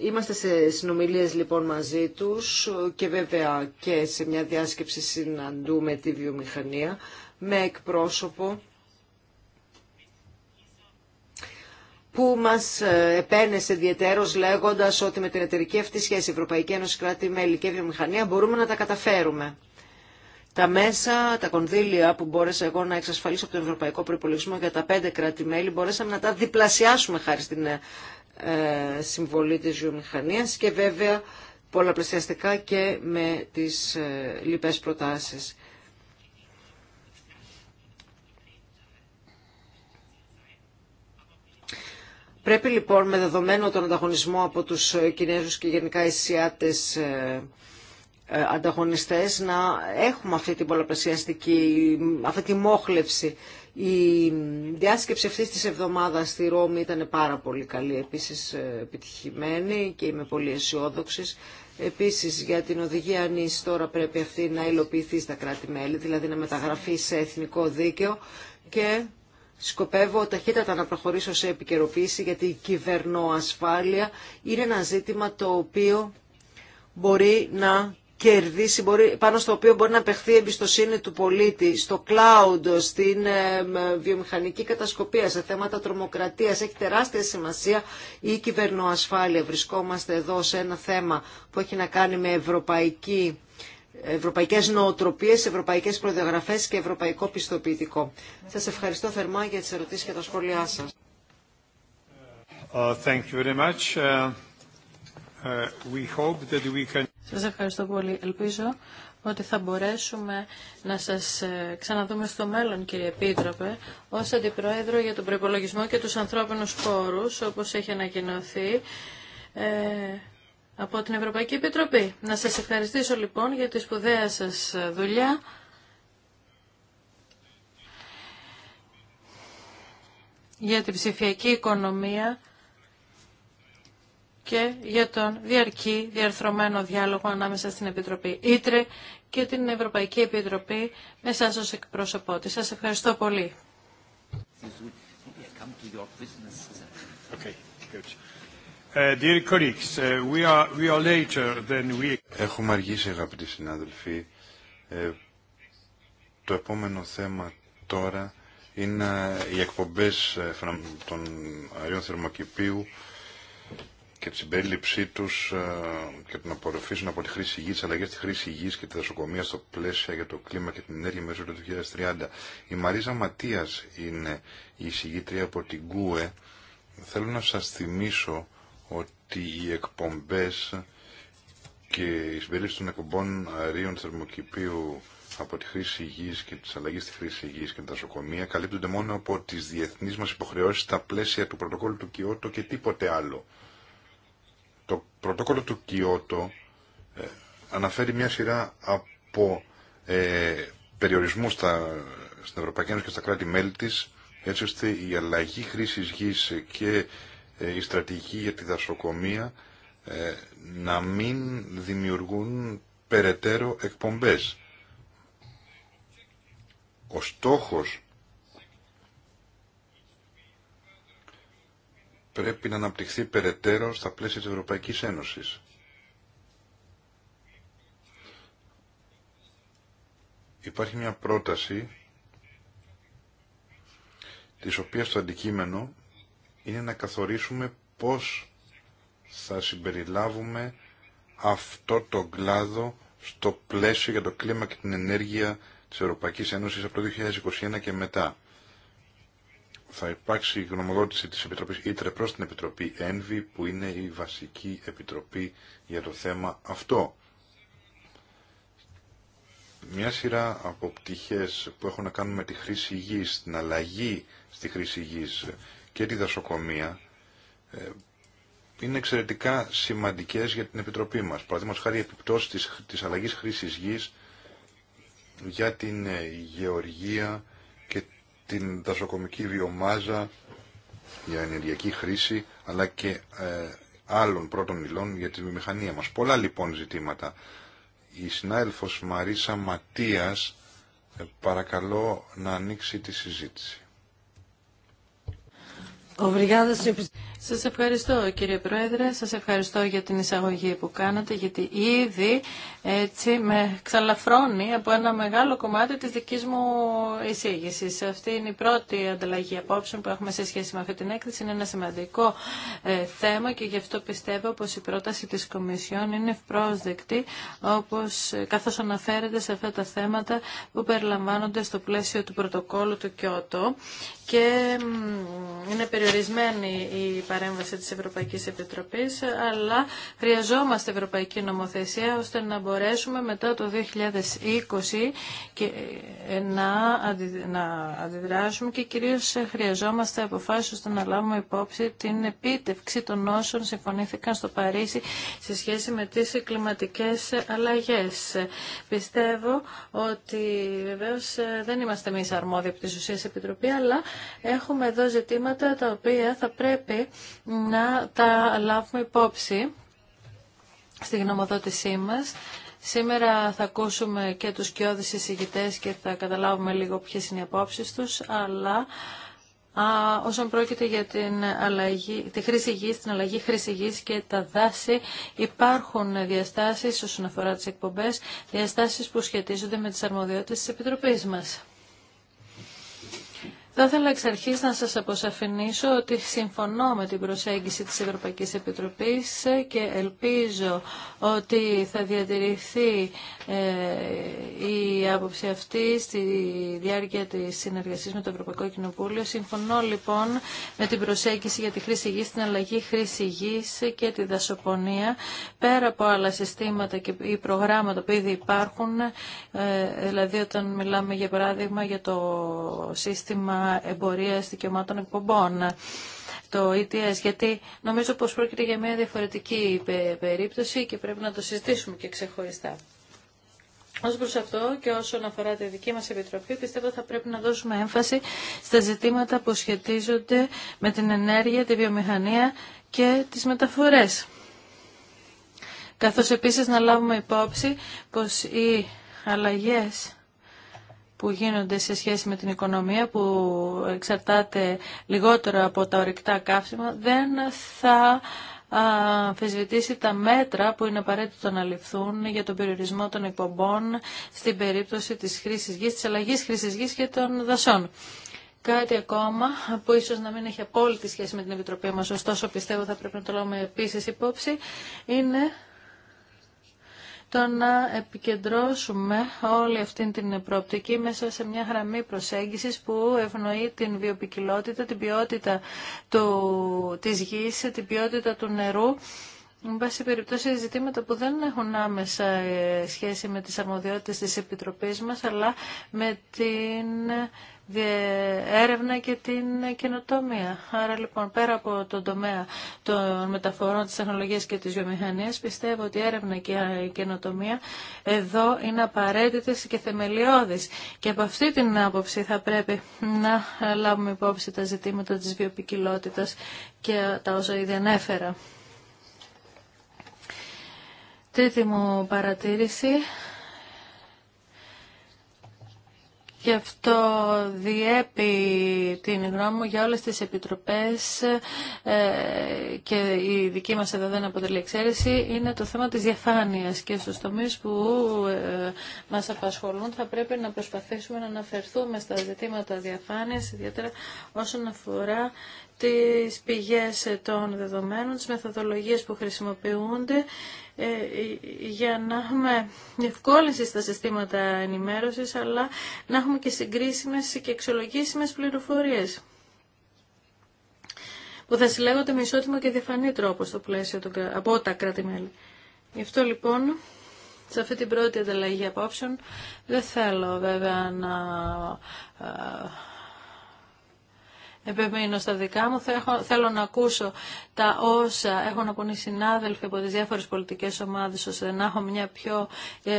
είμαστε σε συνομιλίες λοιπόν μαζί τους και βέβαια και σε μια διάσκεψη συναντούμε τη βιομηχανία με εκπρόσωπο που μας ε, επένεσε διαιτέρως λέγοντας ότι με την εταιρική αυτή σχέση Ευρωπαϊκή Ένωση, κράτη, μέλη και βιομηχανία μπορούμε να τα καταφέρουμε τα μέσα, τα κονδύλια που μπόρεσα εγώ να εξασφαλίσω από τον Ευρωπαϊκό Προπολογισμό για τα πέντε κράτη-μέλη, μπορέσαμε να τα διπλασιάσουμε χάρη στην ε, συμβολή της βιομηχανίας και βέβαια πολλαπλασιαστικά και με τις ε, λοιπές προτάσεις. Πρέπει λοιπόν με δεδομένο τον ανταγωνισμό από τους Κινέζους και γενικά οι ε, ανταγωνιστές να έχουμε αυτή την πολλαπλασιαστική, αυτή τη μόχλευση. Η διάσκεψη αυτή της εβδομάδας στη Ρώμη ήταν πάρα πολύ καλή, επίσης ε, επιτυχημένη και είμαι πολύ αισιόδοξη. Επίσης για την οδηγία ανής τώρα πρέπει αυτή να υλοποιηθεί στα κράτη-μέλη, δηλαδή να μεταγραφεί σε εθνικό δίκαιο και σκοπεύω ταχύτατα να προχωρήσω σε επικαιροποίηση γιατί η κυβερνοασφάλεια είναι ένα ζήτημα το οποίο μπορεί να κερδίσει, μπορεί, πάνω στο οποίο μπορεί να παιχθεί η εμπιστοσύνη του πολίτη, στο cloud, στην ε, ε, βιομηχανική κατασκοπία, σε θέματα τρομοκρατίας. Έχει τεράστια σημασία η κυβερνοασφάλεια. Βρισκόμαστε εδώ σε ένα θέμα που έχει να κάνει με ευρωπαϊκή ευρωπαϊκές νοοτροπίες, ευρωπαϊκές προδιαγραφές και ευρωπαϊκό πιστοποιητικό. Σας ευχαριστώ θερμά για τις ερωτήσεις και τα σχόλιά σας.
Uh, thank uh, ε, we Σας
ευχαριστώ πολύ. Ελπίζω ότι
θα μπορέσουμε να σας ε, ξαναδούμε στο μέλλον, κύριε Επίτροπε, ως Αντιπρόεδρο για τον προπολογισμό και τους ανθρώπινους πόρους, όπως έχει ανακοινωθεί ε, από την Ευρωπαϊκή Επιτροπή. Να σας ευχαριστήσω λοιπόν για τη σπουδαία σας δουλειά. για την ψηφιακή οικονομία και για τον διαρκή διαρθρωμένο διάλογο ανάμεσα στην Επιτροπή Ήτρε και την Ευρωπαϊκή Επιτροπή με εσάς ως εκπρόσωπό της. Σας ευχαριστώ πολύ.
Uh, uh, Έχουμε αργήσει αγαπητοί συνάδελφοι. Ε, το επόμενο θέμα τώρα είναι οι εκπομπές ε, των αριών θερμοκηπίου και την συμπέριληψή του ε, και την απορροφή από τη χρήση γη, τι αλλαγέ στη χρήση γη και τη δασοκομεία στο πλαίσιο για το κλίμα και την ενέργεια μέσω του 2030. Η Μαρίζα Ματία είναι η εισηγήτρια από την ΚΟΕ. Θέλω να σα θυμίσω ότι οι εκπομπέ και η συμπερίληψη των εκπομπών αερίων θερμοκηπίου από τη χρήση γη και τι αλλαγέ στη χρήση γη και τα νοσοκομεία καλύπτονται μόνο από τι διεθνεί μα υποχρεώσει στα πλαίσια του πρωτοκόλλου του Κιώτο και τίποτε άλλο. Το πρωτόκολλο του Κιώτο ε, αναφέρει μια σειρά από ε, περιορισμούς στα, στην Ευρωπαϊκή Ένωση και στα κράτη-μέλη της, έτσι ώστε η αλλαγή χρήσης γης και ε, η στρατηγική για τη δασοκομεία ε, να μην δημιουργούν περαιτέρω εκπομπές. Ο στόχος πρέπει να αναπτυχθεί περαιτέρω στα πλαίσια της Ευρωπαϊκής Ένωσης. Υπάρχει μια πρόταση της οποίας το αντικείμενο είναι να καθορίσουμε πώς θα συμπεριλάβουμε αυτό το κλάδο στο πλαίσιο για το κλίμα και την ενέργεια της Ευρωπαϊκής Ένωσης από το 2021 και μετά θα υπάρξει γνωμοδότηση της Επιτροπής Ήτρε προς την Επιτροπή Ένβη που είναι η βασική επιτροπή για το θέμα αυτό. Μια σειρά από πτυχές που έχουν να κάνουν με τη χρήση γης, την αλλαγή στη χρήση γης και τη δασοκομεία ε, είναι εξαιρετικά σημαντικές για την Επιτροπή μας. Παραδείγματος χάρη επιπτώσεις της, της αλλαγής χρήσης γης για την ε, γεωργία, την δασοκομική βιομάζα για ενεργειακή χρήση, αλλά και ε, άλλων πρώτων υλών για τη βιομηχανία μας. Πολλά λοιπόν ζητήματα. Η συνάδελφος Μαρίσα Ματίας ε, παρακαλώ να ανοίξει τη συζήτηση.
Σας ευχαριστώ κύριε Πρόεδρε, σας ευχαριστώ για την εισαγωγή που κάνατε, γιατί ήδη έτσι με ξαλαφρώνει από ένα μεγάλο κομμάτι της δικής μου εισήγησης. Αυτή είναι η πρώτη ανταλλαγή απόψεων που έχουμε σε σχέση με αυτή την έκθεση. Είναι ένα σημαντικό ε, θέμα και γι' αυτό πιστεύω πως η πρόταση της Κομισιόν είναι ευπρόσδεκτη, όπως, ε, καθώς αναφέρεται σε αυτά τα θέματα που περιλαμβάνονται στο πλαίσιο του πρωτοκόλου του Κιώτο και είναι περιορισμένη η παρέμβαση της Ευρωπαϊκής Επιτροπής, αλλά χρειαζόμαστε ευρωπαϊκή νομοθεσία ώστε να μπορέσουμε μετά το 2020 και ε, να, αντιδράσουμε και κυρίως χρειαζόμαστε αποφάσεις ώστε να λάβουμε υπόψη την επίτευξη των όσων συμφωνήθηκαν στο Παρίσι σε σχέση με τις κλιματικές αλλαγές. Πιστεύω ότι βεβαίως ε, δεν είμαστε εμεί αρμόδιοι από τη Επιτροπή, αλλά έχουμε εδώ ζητήματα τα οποία θα πρέπει να τα λάβουμε υπόψη στη γνωμοδότησή μας. Σήμερα θα ακούσουμε και τους κοιόδης εισηγητές και θα καταλάβουμε λίγο ποιες είναι οι απόψεις τους, αλλά Α, όσον πρόκειται για την αλλαγή, τη χρήση γης, την αλλαγή χρήση γης και τα δάση, υπάρχουν διαστάσεις όσον αφορά τις εκπομπές, διαστάσεις που σχετίζονται με τις αρμοδιότητες της Επιτροπής μας. Θα ήθελα εξ αρχή να σας αποσαφηνίσω ότι συμφωνώ με την προσέγγιση της Ευρωπαϊκής Επιτροπής ε, και ελπίζω ότι θα διατηρηθεί ε, η άποψη αυτή στη διάρκεια τη συνεργασία με το Ευρωπαϊκό Κοινοβούλιο. Συμφωνώ λοιπόν με την προσέγγιση για τη χρήση γη την αλλαγή χρήση γης και τη δασοπονία πέρα από άλλα συστήματα και προγράμματα που ήδη υπάρχουν, ε, δηλαδή όταν μιλάμε για παράδειγμα για το σύστημα Εμπορία εμπορίας δικαιωμάτων εκπομπών το ETS, γιατί νομίζω πως πρόκειται για μια διαφορετική περίπτωση και πρέπει να το συζητήσουμε και ξεχωριστά. Ω προ αυτό και όσον αφορά τη δική μας Επιτροπή, πιστεύω θα πρέπει να δώσουμε έμφαση στα ζητήματα που σχετίζονται με την ενέργεια, τη βιομηχανία και τι μεταφορέ. Καθώς επίσης να λάβουμε υπόψη πω οι αλλαγέ που γίνονται σε σχέση με την οικονομία που εξαρτάται λιγότερο από τα ορυκτά καύσιμα δεν θα αμφισβητήσει τα μέτρα που είναι απαραίτητο να ληφθούν για τον περιορισμό των εκπομπών στην περίπτωση της χρήσης γης, της αλλαγής χρήσης γης και των δασών. Κάτι ακόμα που ίσως να μην έχει απόλυτη σχέση με την Επιτροπή μα, ωστόσο πιστεύω θα πρέπει να το λάβουμε επίση υπόψη, είναι το να επικεντρώσουμε όλη αυτή την προοπτική μέσα σε μια γραμμή προσέγγισης που ευνοεί την βιοπικιλότητα, την ποιότητα του, της γης, την ποιότητα του νερού Εν πάση περιπτώσει, ζητήματα που δεν έχουν άμεσα ε, σχέση με τις αρμοδιότητες της Επιτροπής μας, αλλά με την ε, έρευνα και την καινοτομία. Άρα λοιπόν πέρα από τον τομέα των μεταφορών της τεχνολογίας και της βιομηχανίας πιστεύω ότι η έρευνα και η καινοτομία εδώ είναι απαραίτητες και θεμελιώδεις και από αυτή την άποψη θα πρέπει να λάβουμε υπόψη τα ζητήματα της βιοπικιλότητας και τα όσα ήδη ανέφερα. Τρίτη μου παρατήρηση. και αυτό διέπει την γνώμη μου για όλες τις επιτροπές ε, και η δική μας εδώ δεν αποτελεί εξαίρεση, είναι το θέμα της διαφάνειας και στους τομείς που ε, μας απασχολούν θα πρέπει να προσπαθήσουμε να αναφερθούμε στα ζητήματα διαφάνειας, ιδιαίτερα όσον αφορά τις πηγές των δεδομένων, τις μεθοδολογίες που χρησιμοποιούνται ε, για να έχουμε ευκόλυνση στα συστήματα ενημέρωσης, αλλά να έχουμε και συγκρίσιμες και εξολογήσιμες πληροφορίες που θα συλλέγονται με ισότιμο και διαφανή τρόπο στο πλαίσιο των, από τα κράτη-μέλη. Γι' αυτό λοιπόν, σε αυτή την πρώτη ανταλλαγή απόψεων, δεν θέλω βέβαια να επεμείνω στα δικά μου. Θέλω να ακούσω τα όσα έχουν να οι συνάδελφοι από τις διάφορες πολιτικές ομάδες, ώστε να έχω μια πιο ε,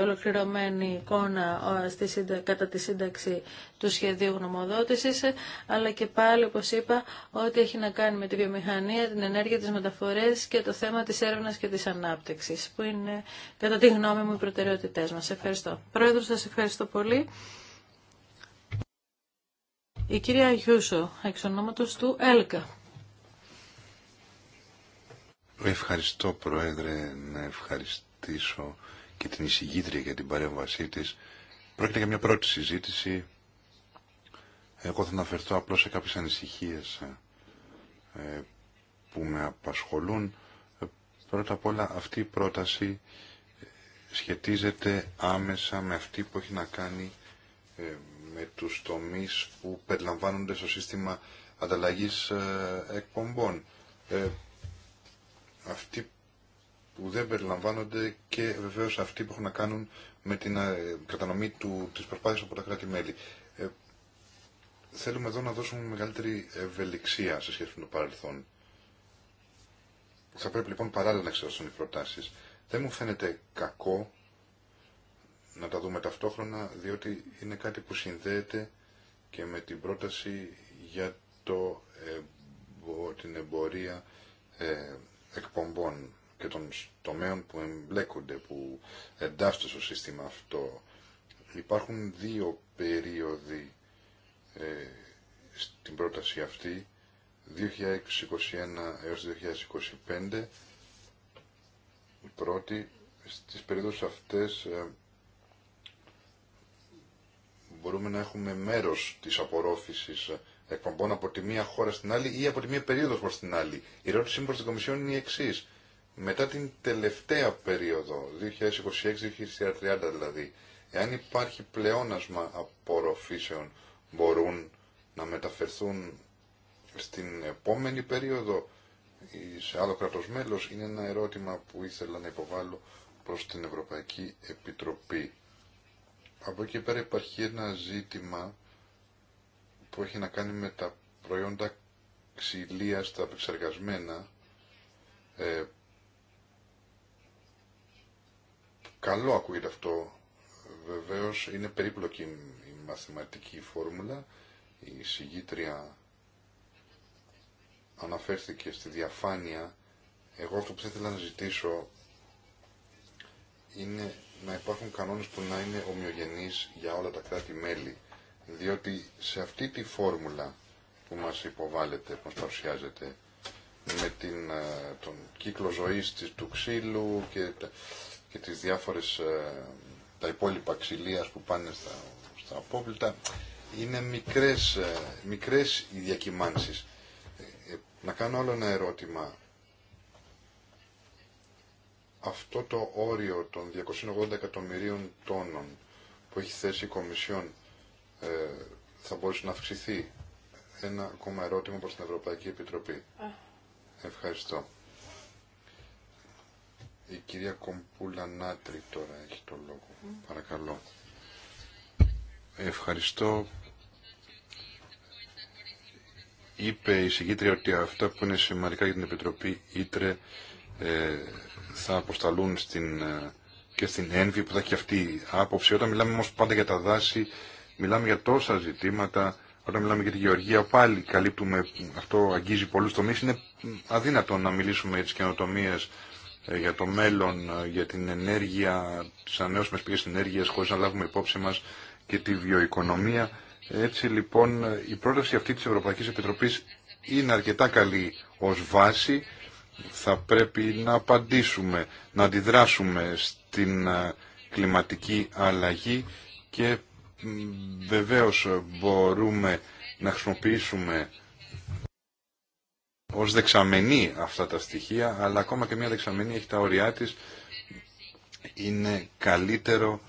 ολοκληρωμένη εικόνα στη, κατά τη σύνταξη του σχεδίου γνωμοδότησης, αλλά και πάλι, όπως είπα, ό,τι έχει να κάνει με τη βιομηχανία, την ενέργεια, τις μεταφορές και το θέμα της έρευνας και της ανάπτυξης, που είναι, κατά τη γνώμη μου, οι προτεραιότητές μας. Ευχαριστώ. Πρόεδρο, σας ευχαριστώ πολύ. Η κυρία Γιούσο, εξ ονόματος του ΕΛΚΑ.
Ευχαριστώ Πρόεδρε, να ευχαριστήσω και την εισηγήτρια για την παρέμβασή της. Πρόκειται για μια πρώτη συζήτηση. Εγώ θα αναφερθώ απλώς σε κάποιες ανησυχίες ε, που με απασχολούν. Πρώτα απ' όλα αυτή η πρόταση ε, σχετίζεται άμεσα με αυτή που έχει να κάνει ε, με τους τομείς που περιλαμβάνονται στο σύστημα ανταλλαγής ε, εκπομπών. Ε, αυτοί που δεν περιλαμβάνονται και βεβαίως αυτοί που έχουν να κάνουν με την ε, κατανομή του, της προσπάθειας από τα κράτη-μέλη. Ε, θέλουμε εδώ να δώσουμε μεγαλύτερη ευελιξία σε σχέση με το παρελθόν. Θα πρέπει λοιπόν παράλληλα να εξετάσουν οι προτάσεις. Δεν μου φαίνεται κακό να τα δούμε ταυτόχρονα, διότι είναι κάτι που συνδέεται και με την πρόταση για το, την εμπορία ε, εκπομπών και των τομέων που εμπλέκονται, που εντάσσονται στο σύστημα αυτό. Υπάρχουν δύο περίοδοι ε, στην πρόταση αυτή, 2021 έως 2025, η πρώτη. Στις περίοδους αυτές ε, μπορούμε να έχουμε μέρος της απορρόφησης εκπομπών από τη μία χώρα στην άλλη ή από τη μία περίοδο προς την άλλη. Η ερώτησή μου προς την Κομισιόν είναι η εξή. Μετά την τελευταία περίοδο, 2026-2030 δηλαδή, εάν υπάρχει πλεόνασμα απορροφήσεων, μπορούν να μεταφερθούν στην επόμενη περίοδο ή σε άλλο κράτος μέλος, είναι ένα ερώτημα που ήθελα να υποβάλω προς την Ευρωπαϊκή Επιτροπή. Από εκεί πέρα υπάρχει ένα ζήτημα που έχει να κάνει με τα προϊόντα ξυλίας, τα επεξεργασμένα. Ε, καλό ακούγεται αυτό. Βεβαίως είναι περίπλοκη η μαθηματική φόρμουλα. Η συγγήτρια αναφέρθηκε στη διαφάνεια. Εγώ αυτό που θα ήθελα να ζητήσω είναι να υπάρχουν κανόνες που να είναι ομοιογενείς για όλα τα κράτη-μέλη. Διότι σε αυτή τη φόρμουλα που μας υποβάλλεται, που μας παρουσιάζεται, με την, ε, τον κύκλο ζωής του ξύλου και, και τις διάφορες, ε, τα υπόλοιπα ξυλίας που πάνε στα, στα απόβλητα, είναι μικρές, ε, μικρές οι διακυμάνσεις. Να κάνω άλλο ένα ερώτημα αυτό το όριο των 280 εκατομμυρίων τόνων που έχει θέσει η Κομισιόν ε, θα μπορούσε να αυξηθεί. Ένα ακόμα ερώτημα προς την Ευρωπαϊκή Επιτροπή. Ευχαριστώ. Η κυρία Κομπούλα Νάτρη τώρα έχει το λόγο. Παρακαλώ. Ευχαριστώ. Είπε η συγκήτρια ότι αυτά που είναι σημαντικά για την Επιτροπή Ήτρε ε, θα αποσταλούν στην, ε, και στην ένβη που θα έχει αυτή η άποψη. Όταν μιλάμε όμως πάντα για τα δάση, μιλάμε για τόσα ζητήματα, όταν μιλάμε για τη γεωργία πάλι καλύπτουμε, αυτό αγγίζει πολλούς τομείς, είναι αδύνατο να μιλήσουμε για τις καινοτομίες ε, για το μέλλον, για την ενέργεια, τις ανανεώσιμες πηγές ενέργειας χωρίς να λάβουμε υπόψη μας και τη βιοοικονομία. Έτσι λοιπόν η πρόταση αυτή της Ευρωπαϊκής Επιτροπής είναι αρκετά καλή ως βάση θα πρέπει να απαντήσουμε, να αντιδράσουμε στην ε, κλιματική αλλαγή και βεβαίως μπορούμε να χρησιμοποιήσουμε ως δεξαμενή αυτά τα στοιχεία, αλλά ακόμα και μια δεξαμενή έχει τα όριά της, είναι καλύτερο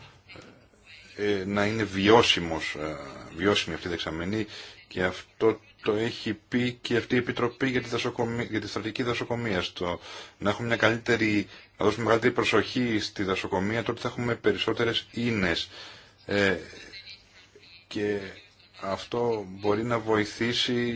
ε, να είναι βιώσιμος, ε, βιώσιμη αυτή η δεξαμενή και αυτό το έχει πει και αυτή η Επιτροπή για τη, δασοκομία, για τη στρατική δασοκομεία. στο να έχουμε μια καλύτερη, να δώσουμε μεγαλύτερη προσοχή στη δασοκομεία, τότε θα έχουμε περισσότερες ίνες. Ε, και αυτό μπορεί να βοηθήσει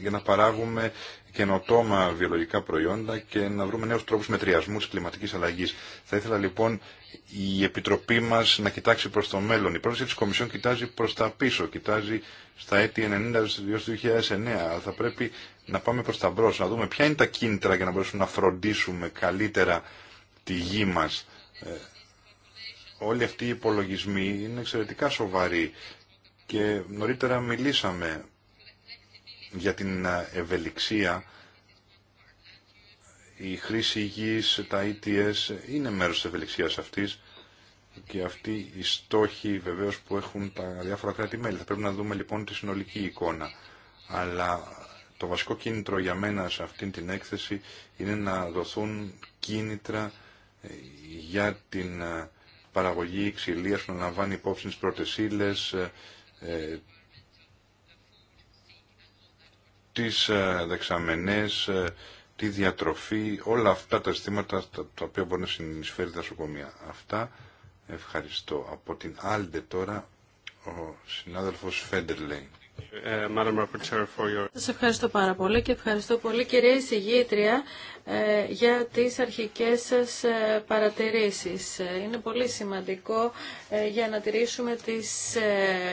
για να παράγουμε καινοτόμα βιολογικά προϊόντα και να βρούμε νέους τρόπους μετριασμού της κλιματικής αλλαγής. Θα ήθελα λοιπόν η Επιτροπή μας να κοιτάξει προς το μέλλον. Η πρόταση της Κομισιόν κοιτάζει προς τα πίσω, κοιτάζει στα έτη 90-2009. αλλά Θα πρέπει να πάμε προς τα μπρος, να δούμε ποια είναι τα κίνητρα για να μπορέσουμε να φροντίσουμε καλύτερα τη γη μας. Ε, όλοι αυτοί οι υπολογισμοί είναι εξαιρετικά σοβαροί και νωρίτερα μιλήσαμε για την ευελιξία η χρήση υγιής, τα ETS είναι μέρος της ευελιξίας αυτής και αυτοί οι στόχοι βεβαίως που έχουν τα διάφορα κράτη-μέλη. Θα πρέπει να δούμε λοιπόν τη συνολική εικόνα. Αλλά το βασικό κίνητρο για μένα σε αυτήν την έκθεση είναι να δοθούν κίνητρα ε, για την ε, παραγωγή ξυλίας που να λαμβάνει υπόψη τις πρώτες ύλες, ε, τις δεξαμενές, τη διατροφή, όλα αυτά τα αισθήματα τα, τα οποία μπορεί να συνεισφέρει τα νοσοκομεία. Αυτά ευχαριστώ. Από την Άλντε τώρα ο συνάδελφος Φέντερλεϊ.
Σας ευχαριστώ πάρα πολύ και ευχαριστώ πολύ κυρία εισηγήτρια ε, για τις αρχικές σας ε, παρατηρήσεις. Είναι πολύ σημαντικό ε, για να τηρήσουμε τις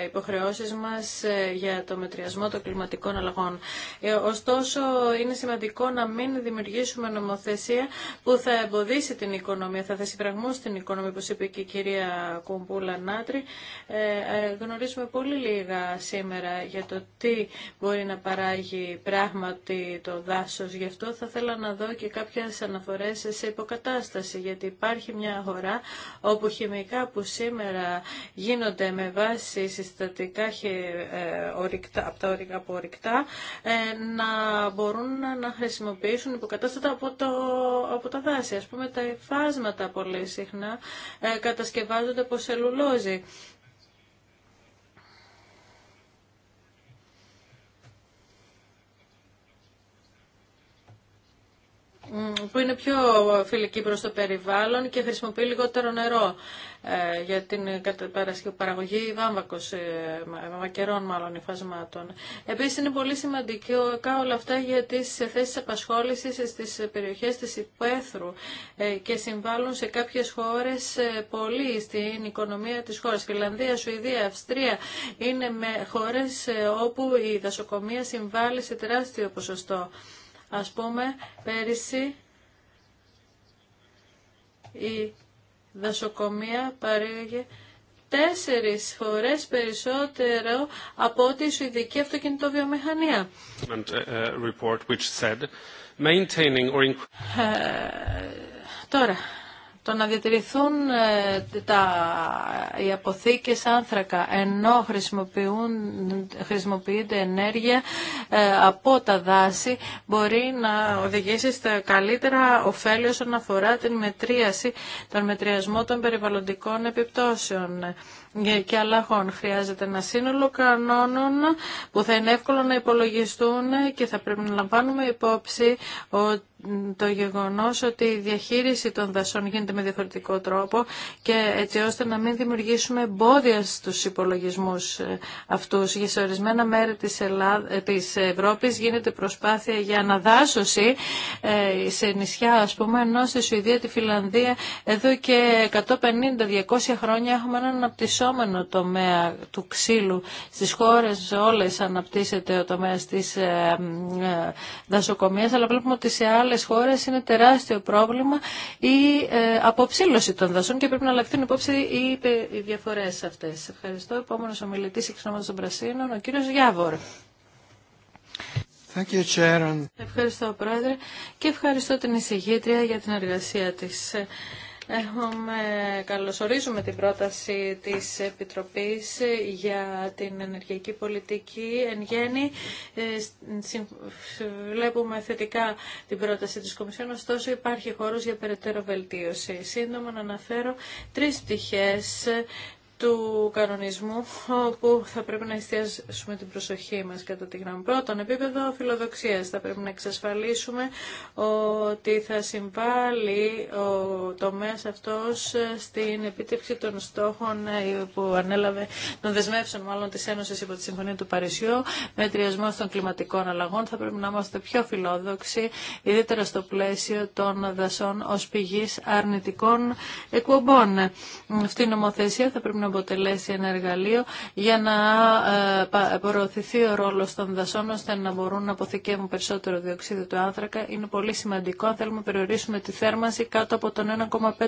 υποχρεώσεις μας για το μετριασμό των κλιματικών αλλαγών. Ωστόσο, είναι σημαντικό να μην δημιουργήσουμε νομοθεσία που θα εμποδίσει την οικονομία, θα θέσει πραγμού στην οικονομία, όπως είπε και η κυρία Κουμπούλα Νάτρη. Γνωρίζουμε πολύ λίγα σήμερα για το τι μπορεί να παράγει πράγματι το δάσος. Γι' αυτό θα ήθελα να δω και και κάποιες αναφορές σε υποκατάσταση, γιατί υπάρχει μια αγορά όπου χημικά που σήμερα γίνονται με βάση συστατικά ε, ορυκτά, από, τα, από ορυκτά, ε, να μπορούν να χρησιμοποιήσουν υποκατάστατα από, από τα δάση. Ας πούμε τα υφάσματα πολύ συχνά ε, κατασκευάζονται από σελουλόζη. που είναι πιο φιλική προς το περιβάλλον και χρησιμοποιεί λιγότερο νερό ε, για την παραγωγή βάμβακος, ε, μακερών μάλλον υφασμάτων. Επίσης είναι πολύ σημαντικά όλα αυτά για τις θέσεις απασχόλησης στις περιοχές της υπαίθρου ε, και συμβάλλουν σε κάποιες χώρες πολύ στην οικονομία της χώρας. Φιλανδία, Σουηδία, Αυστρία είναι με χώρες όπου η δασοκομεία συμβάλλει σε τεράστιο ποσοστό. Ας πούμε, πέρυσι η δασοκομεία παρέγει τέσσερις φορές περισσότερο από ό,τι η Σουηδική αυτοκινητοβιομηχανία.
Uh,
uh, το να διατηρηθούν ε, τα, οι αποθήκες άνθρακα ενώ χρησιμοποιούν, χρησιμοποιείται ενέργεια ε, από τα δάση μπορεί να οδηγήσει στα καλύτερα ωφέλη όσον αφορά την μετρίαση, τον μετριασμό των περιβαλλοντικών επιπτώσεων και αλλαγών. Χρειάζεται ένα σύνολο κανόνων που θα είναι εύκολο να υπολογιστούν και θα πρέπει να λαμβάνουμε υπόψη ότι το γεγονός ότι η διαχείριση των δασών γίνεται με διαφορετικό τρόπο και έτσι ώστε να μην δημιουργήσουμε εμπόδια στους υπολογισμούς ε, αυτούς. Για σε ορισμένα μέρη της, Ελλάδα, ε, της Ευρώπης γίνεται προσπάθεια για αναδάσωση ε, σε νησιά, ας πούμε, ενώ στη Σουηδία, τη Φιλανδία, εδώ και 150-200 χρόνια έχουμε έναν αναπτυσσόμενο τομέα του ξύλου. Στις χώρες όλες αναπτύσσεται ο τομέας της δασοκομείας, αλλά βλέπουμε ότι σε άλλες Χώρε χώρες είναι τεράστιο πρόβλημα η ε, αποψήλωση των δασών και πρέπει να αλλάχθούν υπόψη οι διαφορές αυτές. Ευχαριστώ. Επόμενος ομιλητής εξ των Πρασίνων, ο κύριος Γιάβορ.
Thank you,
Ευχαριστώ, Πρόεδρε, και ευχαριστώ την εισηγήτρια για την εργασία της. Έχουμε, καλωσορίζουμε την πρόταση της Επιτροπής για την ενεργειακή πολιτική. Εν γέννη, ε, βλέπουμε θετικά την πρόταση της Κομισιόν, ωστόσο υπάρχει χώρος για περαιτέρω βελτίωση. Σύντομα να αναφέρω τρεις πτυχές του κανονισμού όπου θα πρέπει να εστιάσουμε την προσοχή μας κατά τη γραμμή. Πρώτον, επίπεδο φιλοδοξίας. Θα πρέπει να εξασφαλίσουμε ότι θα συμβάλλει ο τομέας αυτός στην επίτευξη των στόχων ε, που ανέλαβε, των δεσμεύσεων μάλλον της Ένωσης υπό τη Συμφωνία του Παρισιού, τριασμό των κλιματικών αλλαγών. Θα πρέπει να είμαστε πιο φιλόδοξοι, ιδιαίτερα στο πλαίσιο των δασών ως πηγής αρνητικών εκπομπών. Αυτή η νομοθεσία θα πρέπει να αποτελέσει ένα εργαλείο για να ε, προωθηθεί ο ρόλο των δασών ώστε να μπορούν να αποθηκεύουν περισσότερο διοξείδιο του άνθρακα. Είναι πολύ σημαντικό αν θέλουμε να περιορίσουμε τη θέρμανση κάτω από τον 1,5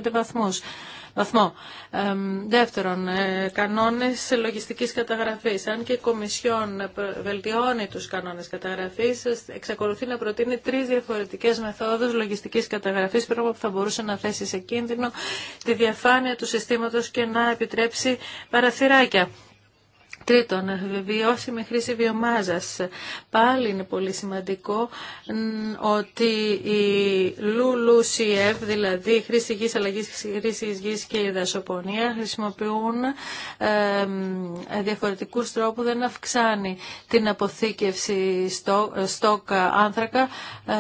Βαθμό. Ε, δεύτερον, ε, κανόνες λογιστικής καταγραφής. Αν και η Κομισιόν ε, βελτιώνει του κανόνε καταγραφή, ε, εξακολουθεί να προτείνει τρει διαφορετικέ μεθόδου λογιστική καταγραφή, πράγμα που θα μπορούσε να θέσει σε κίνδυνο τη διαφάνεια του συστήματο και να επιτρέψει παραθυράκια. Τρίτον, βιώσιμη χρήση βιομάζας. Πάλι είναι πολύ σημαντικό ότι η LULUCF, δηλαδή η χρήση γης, αλλαγής χρήση γης και η δασοπονία, χρησιμοποιούν ε, διαφορετικούς τρόπους, δεν αυξάνει την αποθήκευση στο, στόκα άνθρακα, ε,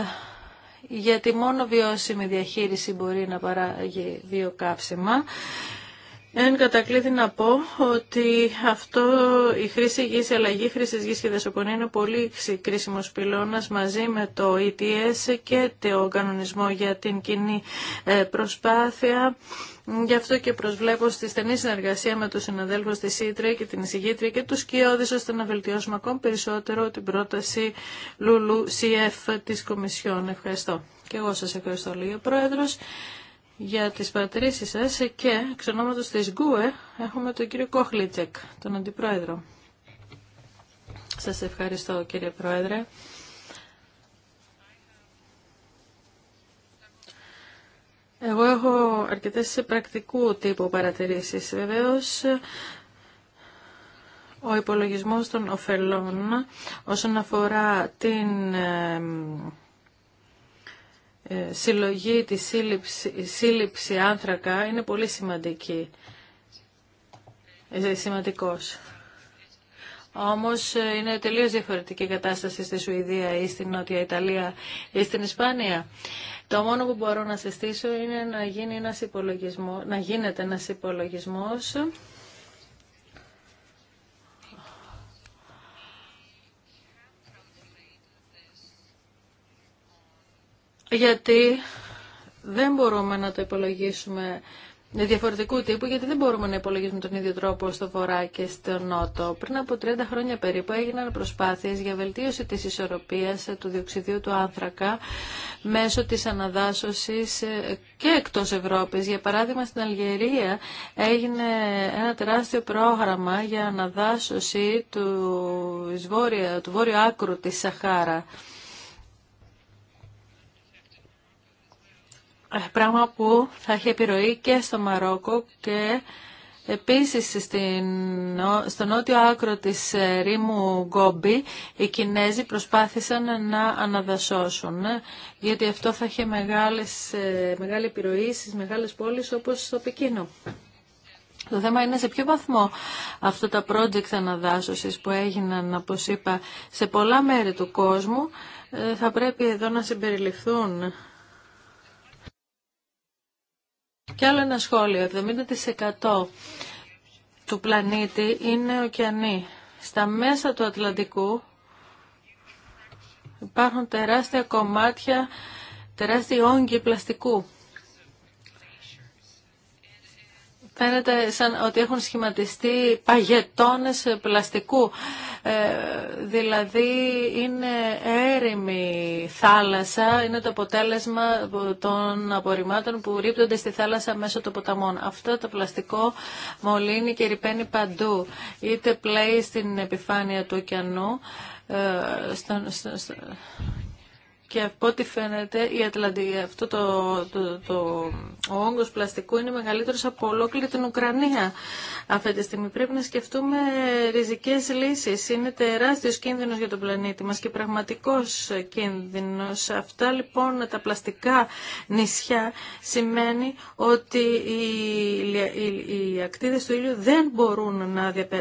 γιατί μόνο βιώσιμη διαχείριση μπορεί να παράγει βιοκαύσιμα. Εν κατακλείδη να πω ότι αυτό, η χρήση γης, η αλλαγή χρήση γη και δεσοπονία είναι πολύ κρίσιμο πυλώνας μαζί με το ETS και το κανονισμό για την κοινή ε, προσπάθεια. Γι' αυτό και προσβλέπω στη στενή συνεργασία με τους συναδέλφους της ΣΥΤΡΕ και την εισηγήτρια και τους κοιόδης ώστε να βελτιώσουμε ακόμη περισσότερο την πρόταση Λουλού CF της Κομισιόν. Ευχαριστώ. Και εγώ σα ευχαριστώ, λέει ο Πρόεδρος για τις παρατηρήσεις σας και εξ ονόματος της ΓΚΟΕ έχουμε τον κύριο Κόχλιτσεκ, τον Αντιπρόεδρο. Σας ευχαριστώ κύριε Πρόεδρε. Εγώ έχω αρκετές πρακτικού τύπου παρατηρήσεις. Βεβαίως, ο υπολογισμός των ωφελών όσον αφορά την ε, συλλογή τη σύλληψη, άνθρακα είναι πολύ σημαντική, ε, σημαντικός. Όμως ε, είναι τελείως διαφορετική η κατάσταση στη Σουηδία ή στην Νότια Ιταλία ή στην Ισπανία. Το μόνο που μπορώ να συστήσω είναι να, γίνει ένας υπολογισμός, να γίνεται ένας υπολογισμός γιατί δεν μπορούμε να το υπολογίσουμε διαφορετικού τύπου, γιατί δεν μπορούμε να υπολογίσουμε τον ίδιο τρόπο στο βορρά και στο νότο. Πριν από 30 χρόνια περίπου έγιναν προσπάθειες για βελτίωση της ισορροπίας του διοξιδίου του άνθρακα μέσω της αναδάσωσης ε, και εκτός Ευρώπης. Για παράδειγμα, στην Αλγερία έγινε ένα τεράστιο πρόγραμμα για αναδάσωση του, του βόρειου άκρου της Σαχάρα. πράγμα που θα έχει επιρροή και στο Μαρόκο και Επίσης στην, στο νότιο άκρο της ε, ρήμου Γκόμπι οι Κινέζοι προσπάθησαν να αναδασώσουν ε, γιατί αυτό θα έχει μεγάλες, ε, μεγάλη επιρροή στις μεγάλες πόλεις όπως στο Πεκίνο. Το θέμα είναι σε ποιο βαθμό αυτά τα project αναδάσωσης που έγιναν, όπως είπα, σε πολλά μέρη του κόσμου θα πρέπει εδώ να συμπεριληφθούν Και άλλο ένα σχόλιο, 70% του πλανήτη είναι ωκεανοί. Στα μέσα του Ατλαντικού υπάρχουν τεράστια κομμάτια, τεράστια όγκοι πλαστικού. φαίνεται σαν ότι έχουν σχηματιστεί παγετώνες πλαστικού. Ε, δηλαδή είναι έρημη θάλασσα, είναι το αποτέλεσμα των απορριμμάτων που ρίπτονται στη θάλασσα μέσω των ποταμών. Αυτό το πλαστικό μολύνει και ρηπαίνει παντού, είτε πλέει στην επιφάνεια του ωκεανού, ε, και από ό,τι φαίνεται η αυτό το, το, ο όγκο πλαστικού είναι μεγαλύτερο από ολόκληρη την Ουκρανία αυτή τη στιγμή. Πρέπει να σκεφτούμε ριζικέ λύσει. Είναι τεράστιο κίνδυνο για τον πλανήτη μα και πραγματικό κίνδυνο. Αυτά λοιπόν τα πλαστικά νησιά σημαίνει ότι οι, οι, ακτίδες του ήλιου δεν μπορούν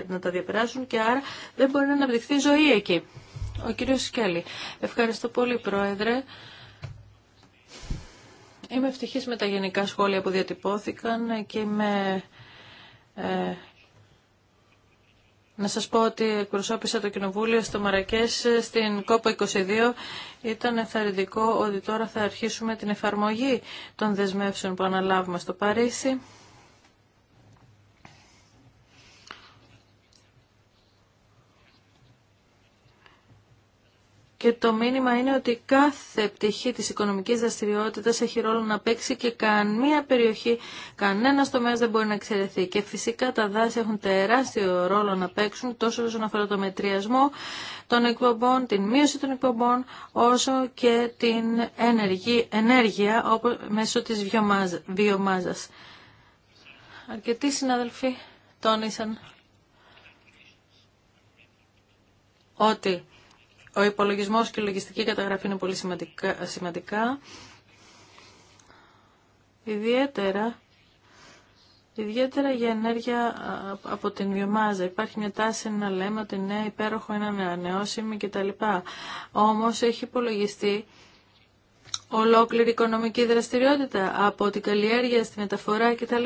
να τα διαπεράσουν και άρα δεν μπορεί να αναπτυχθεί ζωή εκεί. Ο κύριος Σκέλη. Ευχαριστώ πολύ, Πρόεδρε. Είμαι ευτυχής με τα γενικά σχόλια που διατυπώθηκαν και με... Ε, να σας πω ότι εκπροσώπησα το Κοινοβούλιο στο Μαρακές στην κοπα 22. Ήταν εθαρρυντικό ότι τώρα θα αρχίσουμε την εφαρμογή των δεσμεύσεων που αναλάβουμε στο Παρίσι. Και το μήνυμα είναι ότι κάθε πτυχή της οικονομικής δραστηριότητα έχει ρόλο να παίξει και καμία περιοχή, κανένα τομέα δεν μπορεί να εξαιρεθεί. Και φυσικά τα δάση έχουν τεράστιο ρόλο να παίξουν τόσο όσον αφορά το μετριασμό των εκπομπών, την μείωση των εκπομπών, όσο και την ενεργή, ενέργεια μέσω της βιομάζα, βιομάζας. Αρκετοί συναδελφοί τόνισαν ότι ο υπολογισμό και η λογιστική καταγραφή είναι πολύ σημαντικά, Ιδιαίτερα, ιδιαίτερα για ενέργεια από την βιομάζα. Υπάρχει μια τάση να λέμε ότι ναι, υπέροχο είναι ανανεώσιμη κτλ. Όμως έχει υπολογιστεί ολόκληρη οικονομική δραστηριότητα από την καλλιέργεια στη μεταφορά κτλ.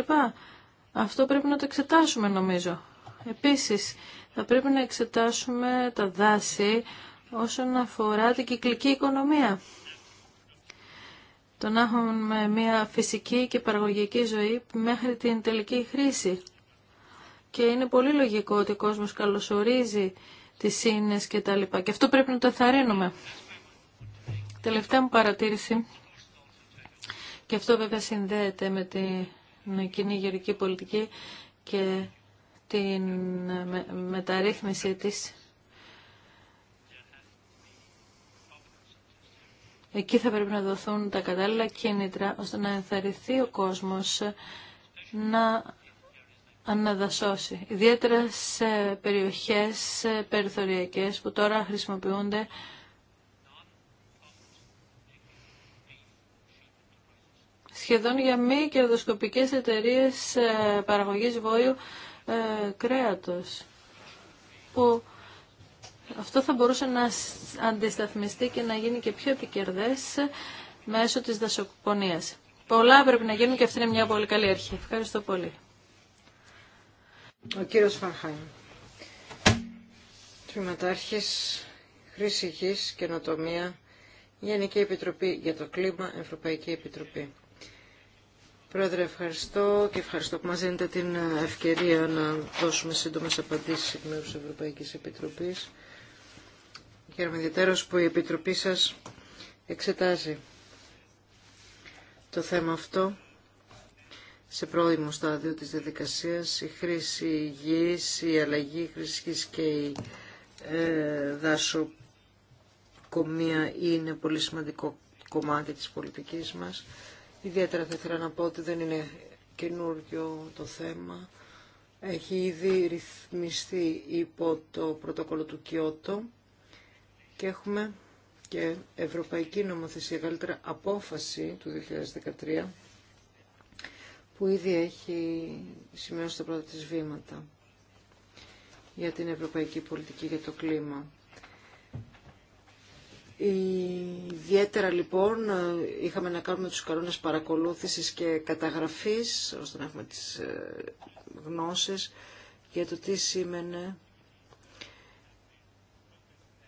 Αυτό πρέπει να το εξετάσουμε νομίζω. Επίσης, θα πρέπει να εξετάσουμε τα δάση όσον αφορά την κυκλική οικονομία. Το να έχουμε μια φυσική και παραγωγική ζωή μέχρι την τελική χρήση. Και είναι πολύ λογικό ότι ο κόσμος καλωσορίζει τις σύνες και τα λοιπά. Και αυτό πρέπει να το εθαρρύνουμε. Τελευταία μου παρατήρηση, και αυτό βέβαια συνδέεται με την κοινή γεωρική πολιτική και την μεταρρύθμιση της Εκεί θα πρέπει να δοθούν τα κατάλληλα κίνητρα ώστε να ενθαρρυνθεί ο κόσμος να αναδασώσει. Ιδιαίτερα σε περιοχές περιθωριακές που τώρα χρησιμοποιούνται σχεδόν για μη κερδοσκοπικές εταιρείες ε, παραγωγής βόλου ε, κρέατος που αυτό θα μπορούσε να αντισταθμιστεί και να γίνει και πιο επικερδές μέσω της δασοκοπονίας. Πολλά πρέπει να γίνουν και αυτή είναι μια πολύ καλή αρχή. Ευχαριστώ πολύ.
Ο κύριος Φανχάιν, Τριματάρχης, Χρήση Γης, Καινοτομία, Γενική Επιτροπή για το Κλίμα, Ευρωπαϊκή Επιτροπή. Πρόεδρε, ευχαριστώ και ευχαριστώ που μας δίνετε την ευκαιρία να δώσουμε σύντομες απαντήσεις εκ μέρους Ευρωπαϊκής Χαίρομαι ιδιαίτερως που η Επιτροπή σας εξετάζει το θέμα αυτό σε πρώιμο στάδιο της διαδικασίας. Η χρήση γης, η αλλαγή χρήσης και η ε, δασοκομεία είναι πολύ σημαντικό κομμάτι της πολιτικής μας. Ιδιαίτερα θα ήθελα να πω ότι δεν είναι καινούργιο το θέμα. Έχει ήδη ρυθμιστεί υπό το πρωτόκολλο του Κιώτο και έχουμε και Ευρωπαϊκή Νομοθεσία, καλύτερα απόφαση του 2013, που ήδη έχει σημειώσει τα πρώτα της βήματα για την Ευρωπαϊκή Πολιτική για το Κλίμα. Ιδιαίτερα λοιπόν είχαμε να κάνουμε τους κανόνες παρακολούθησης και καταγραφής, ώστε να έχουμε τις ε, γνώσεις για το τι σήμαινε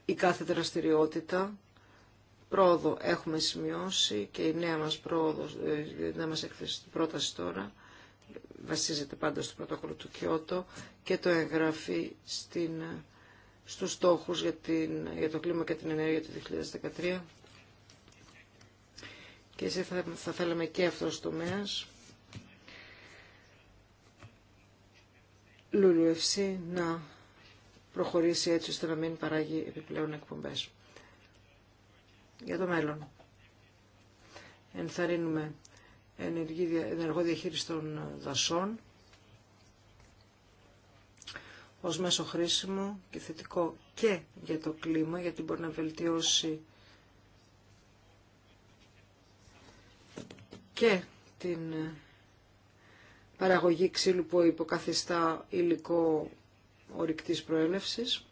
η κάθε δραστηριότητα. Πρόοδο έχουμε σημειώσει και η νέα μας, πρόοδος, ε, η μας έκθεση, πρόταση τώρα βασίζεται πάντα στο πρωτόκολλο του Κιώτο και το εγγράφει στην, ε, στους στόχους για, την, για το κλίμα και την ενέργεια του 2013. Και εσύ θα, θέλαμε και αυτός το τομέας. Λουλουευσή να προχωρήσει έτσι ώστε να μην παράγει επιπλέον εκπομπές. Για το μέλλον. Ενθαρρύνουμε ενεργό διαχείριση των δασών ως μέσο χρήσιμο και θετικό και για το κλίμα, γιατί μπορεί να βελτιώσει και την παραγωγή ξύλου που υποκαθιστά υλικό ορυκτής προέλευσης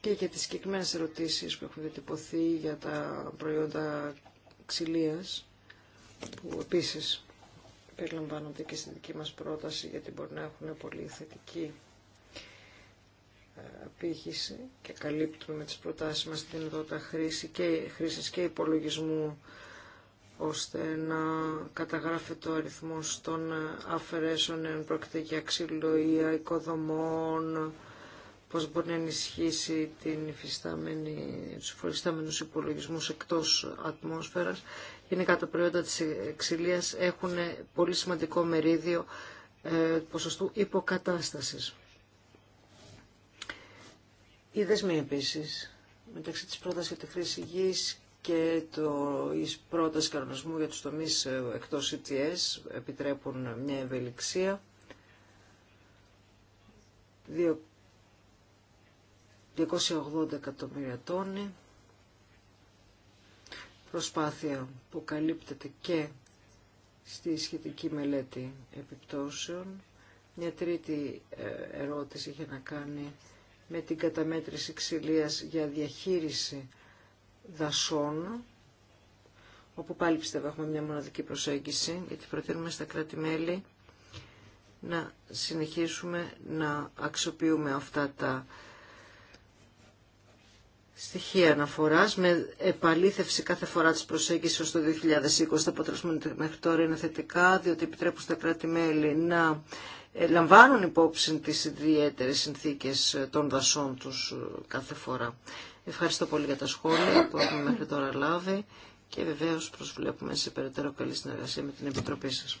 και για τις συγκεκριμένες ερωτήσεις που έχουν διατυπωθεί για τα προϊόντα ξυλίας που επίσης περιλαμβάνονται και στην δική μας πρόταση γιατί μπορεί να έχουν πολύ θετική ε, απήχηση και καλύπτουμε με τις προτάσεις μας την δότα χρήση και, χρήσης και υπολογισμού ώστε να καταγράφεται ο αριθμός των ε, αφαιρέσεων εν πρόκειται για ξυλοεία, οικοδομών, πώς μπορεί να ενισχύσει την υφιστάμενη, τους εκτό υπολογισμούς εκτός ατμόσφαιρας. Γενικά τα προϊόντα της ξυλίας έχουν πολύ σημαντικό μερίδιο ε, ποσοστού υποκατάστασης. Οι δεσμοί επίσης μεταξύ της πρόταση για τη χρήση γης και το εις πρόταση κανονισμού για τους τομείς ε, εκτός ETS επιτρέπουν μια ευελιξία. 280 εκατομμύρια τόνοι. Προσπάθεια που καλύπτεται και στη σχετική μελέτη επιπτώσεων. Μια τρίτη ε, ερώτηση είχε να κάνει με την καταμέτρηση ξυλίας για διαχείριση δασών, όπου πάλι πιστεύω έχουμε μια μοναδική προσέγγιση, γιατί προτείνουμε στα κράτη-μέλη να συνεχίσουμε να αξιοποιούμε αυτά τα στοιχεία αναφορά. με επαλήθευση κάθε φορά της προσέγγισης ως το 2020. Τα αποτελέσματα μέχρι τώρα είναι θετικά, διότι επιτρέπουν στα κράτη-μέλη να ε, λαμβάνουν υπόψη τις ιδιαίτερες συνθήκες ε, των δασών τους ε, κάθε φορά. Ευχαριστώ πολύ για τα σχόλια που έχουμε μέχρι τώρα λάβει και βεβαίως προσβλέπουμε σε περαιτέρω καλή συνεργασία με την Επιτροπή σας.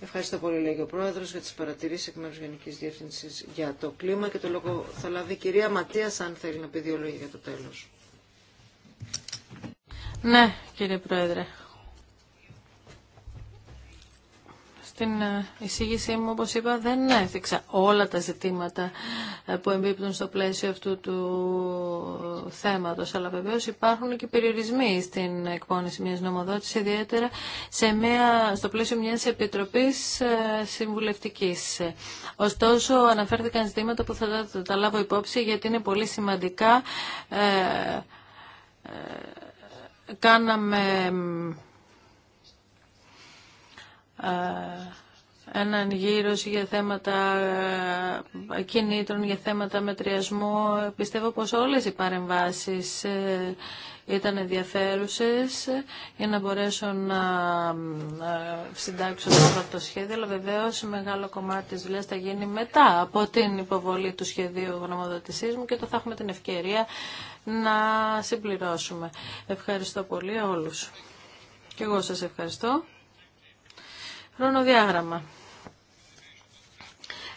Ευχαριστώ πολύ, λέγει ο Πρόεδρος, για τις παρατηρήσεις εκ μέρους Γενικής Διεύθυνση για το κλίμα και το λόγο θα λάβει η κυρία Ματίας, αν θέλει να πει δύο λόγια για το τέλος.
Ναι, κύριε Πρόεδρε, στην ε, εισήγησή μου, όπως είπα, δεν έφυξα όλα τα ζητήματα ε, που εμπίπτουν στο πλαίσιο αυτού του θέματος, αλλά βεβαίως υπάρχουν και περιορισμοί στην εκπόνηση μιας νομοδότησης, ιδιαίτερα σε μια, στο πλαίσιο μιας επιτροπής ε, συμβουλευτικής. Ωστόσο, αναφέρθηκαν ζητήματα που θα τα, λάβω υπόψη, γιατί είναι πολύ σημαντικά. κάναμε ε, έναν γύρο για θέματα ε, κινήτρων, για θέματα μετριασμού. Πιστεύω πως όλες οι παρεμβάσεις ε, ήταν ενδιαφέρουσες για να μπορέσω να συντάξω αυτό το σχέδιο, αλλά βεβαίως μεγάλο κομμάτι της δουλειάς θα γίνει μετά από την υποβολή του σχεδίου γνωμοδοτησής μου και το θα έχουμε την ευκαιρία να συμπληρώσουμε. Ευχαριστώ πολύ όλους. Και εγώ σας ευχαριστώ. Χρονοδιάγραμμα.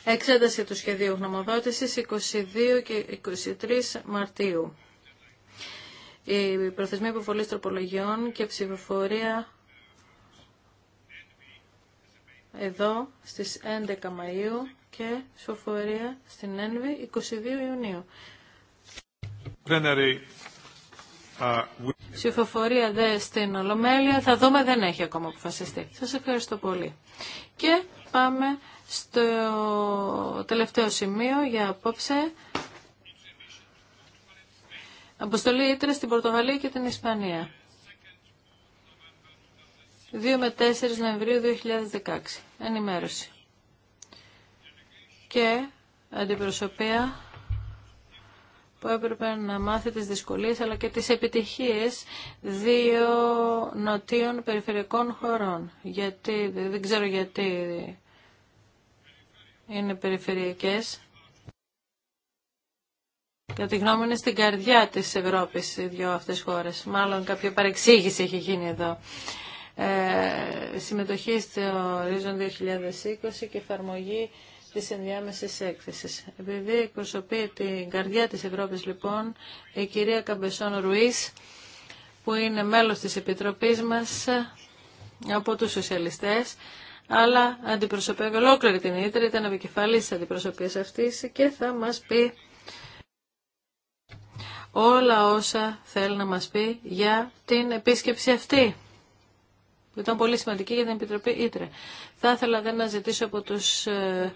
Εξέταση του σχεδίου γνωμοδότησης 22 και 23 Μαρτίου. Η προθεσμία υποβολή τροπολογιών και ψηφοφορία εδώ στις 11 Μαΐου και ψηφοφορία στην ΕΝΒΗ 22 Ιουνίου. Ψηφοφορία δε στην Ολομέλεια. Θα δούμε, δεν έχει ακόμα αποφασιστεί. Σας ευχαριστώ πολύ. Και πάμε στο τελευταίο σημείο για απόψε. Αποστολή Ήτρε στην Πορτογαλία και την Ισπανία. 2 με 4 Νοεμβρίου 2016. Ενημέρωση. Και αντιπροσωπεία που έπρεπε να μάθει τις δυσκολίες αλλά και τις επιτυχίες δύο νοτίων περιφερειακών χωρών. Γιατί, δεν ξέρω γιατί είναι περιφερειακές. τη γνώμη είναι στην καρδιά της Ευρώπης οι δυο αυτές χώρες. Μάλλον κάποια παρεξήγηση έχει γίνει εδώ. Ε, συμμετοχή στο Horizon 2020 και εφαρμογή της ενδιάμεσης έκθεσης. Επειδή εκπροσωπεί την καρδιά της Ευρώπης λοιπόν η κυρία Καμπεσόν Ρουΐς που είναι μέλος της Επιτροπής μας από τους σοσιαλιστές αλλά αντιπροσωπεύει ολόκληρη την ίδρυ, ήταν επικεφαλής της αντιπροσωπής αυτής και θα μας πει όλα όσα θέλει να μας πει για την επίσκεψη αυτή που ήταν πολύ σημαντική για την Επιτροπή Ήτρε. Θα ήθελα να ζητήσω από τους ε,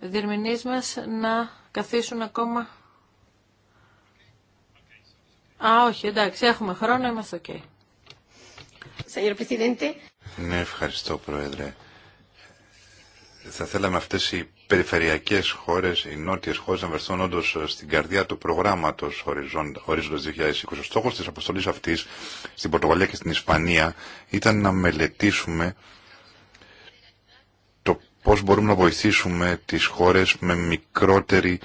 διερμηνείς μας να καθίσουν ακόμα. Α, όχι, εντάξει, έχουμε χρόνο, είμαστε ok.
Ναι, ευχαριστώ, Πρόεδρε. Θα θέλαμε αυτές οι περιφερειακές χώρες, οι νότιες χώρες να βρεθούν όντω στην καρδιά του προγράμματος Ορίζοντας 2020. Ο στόχος της αποστολής αυτής στην Πορτογαλία και στην Ισπανία ήταν να μελετήσουμε πώς μπορούμε να βοηθήσουμε τις χώρες με μικρότερη,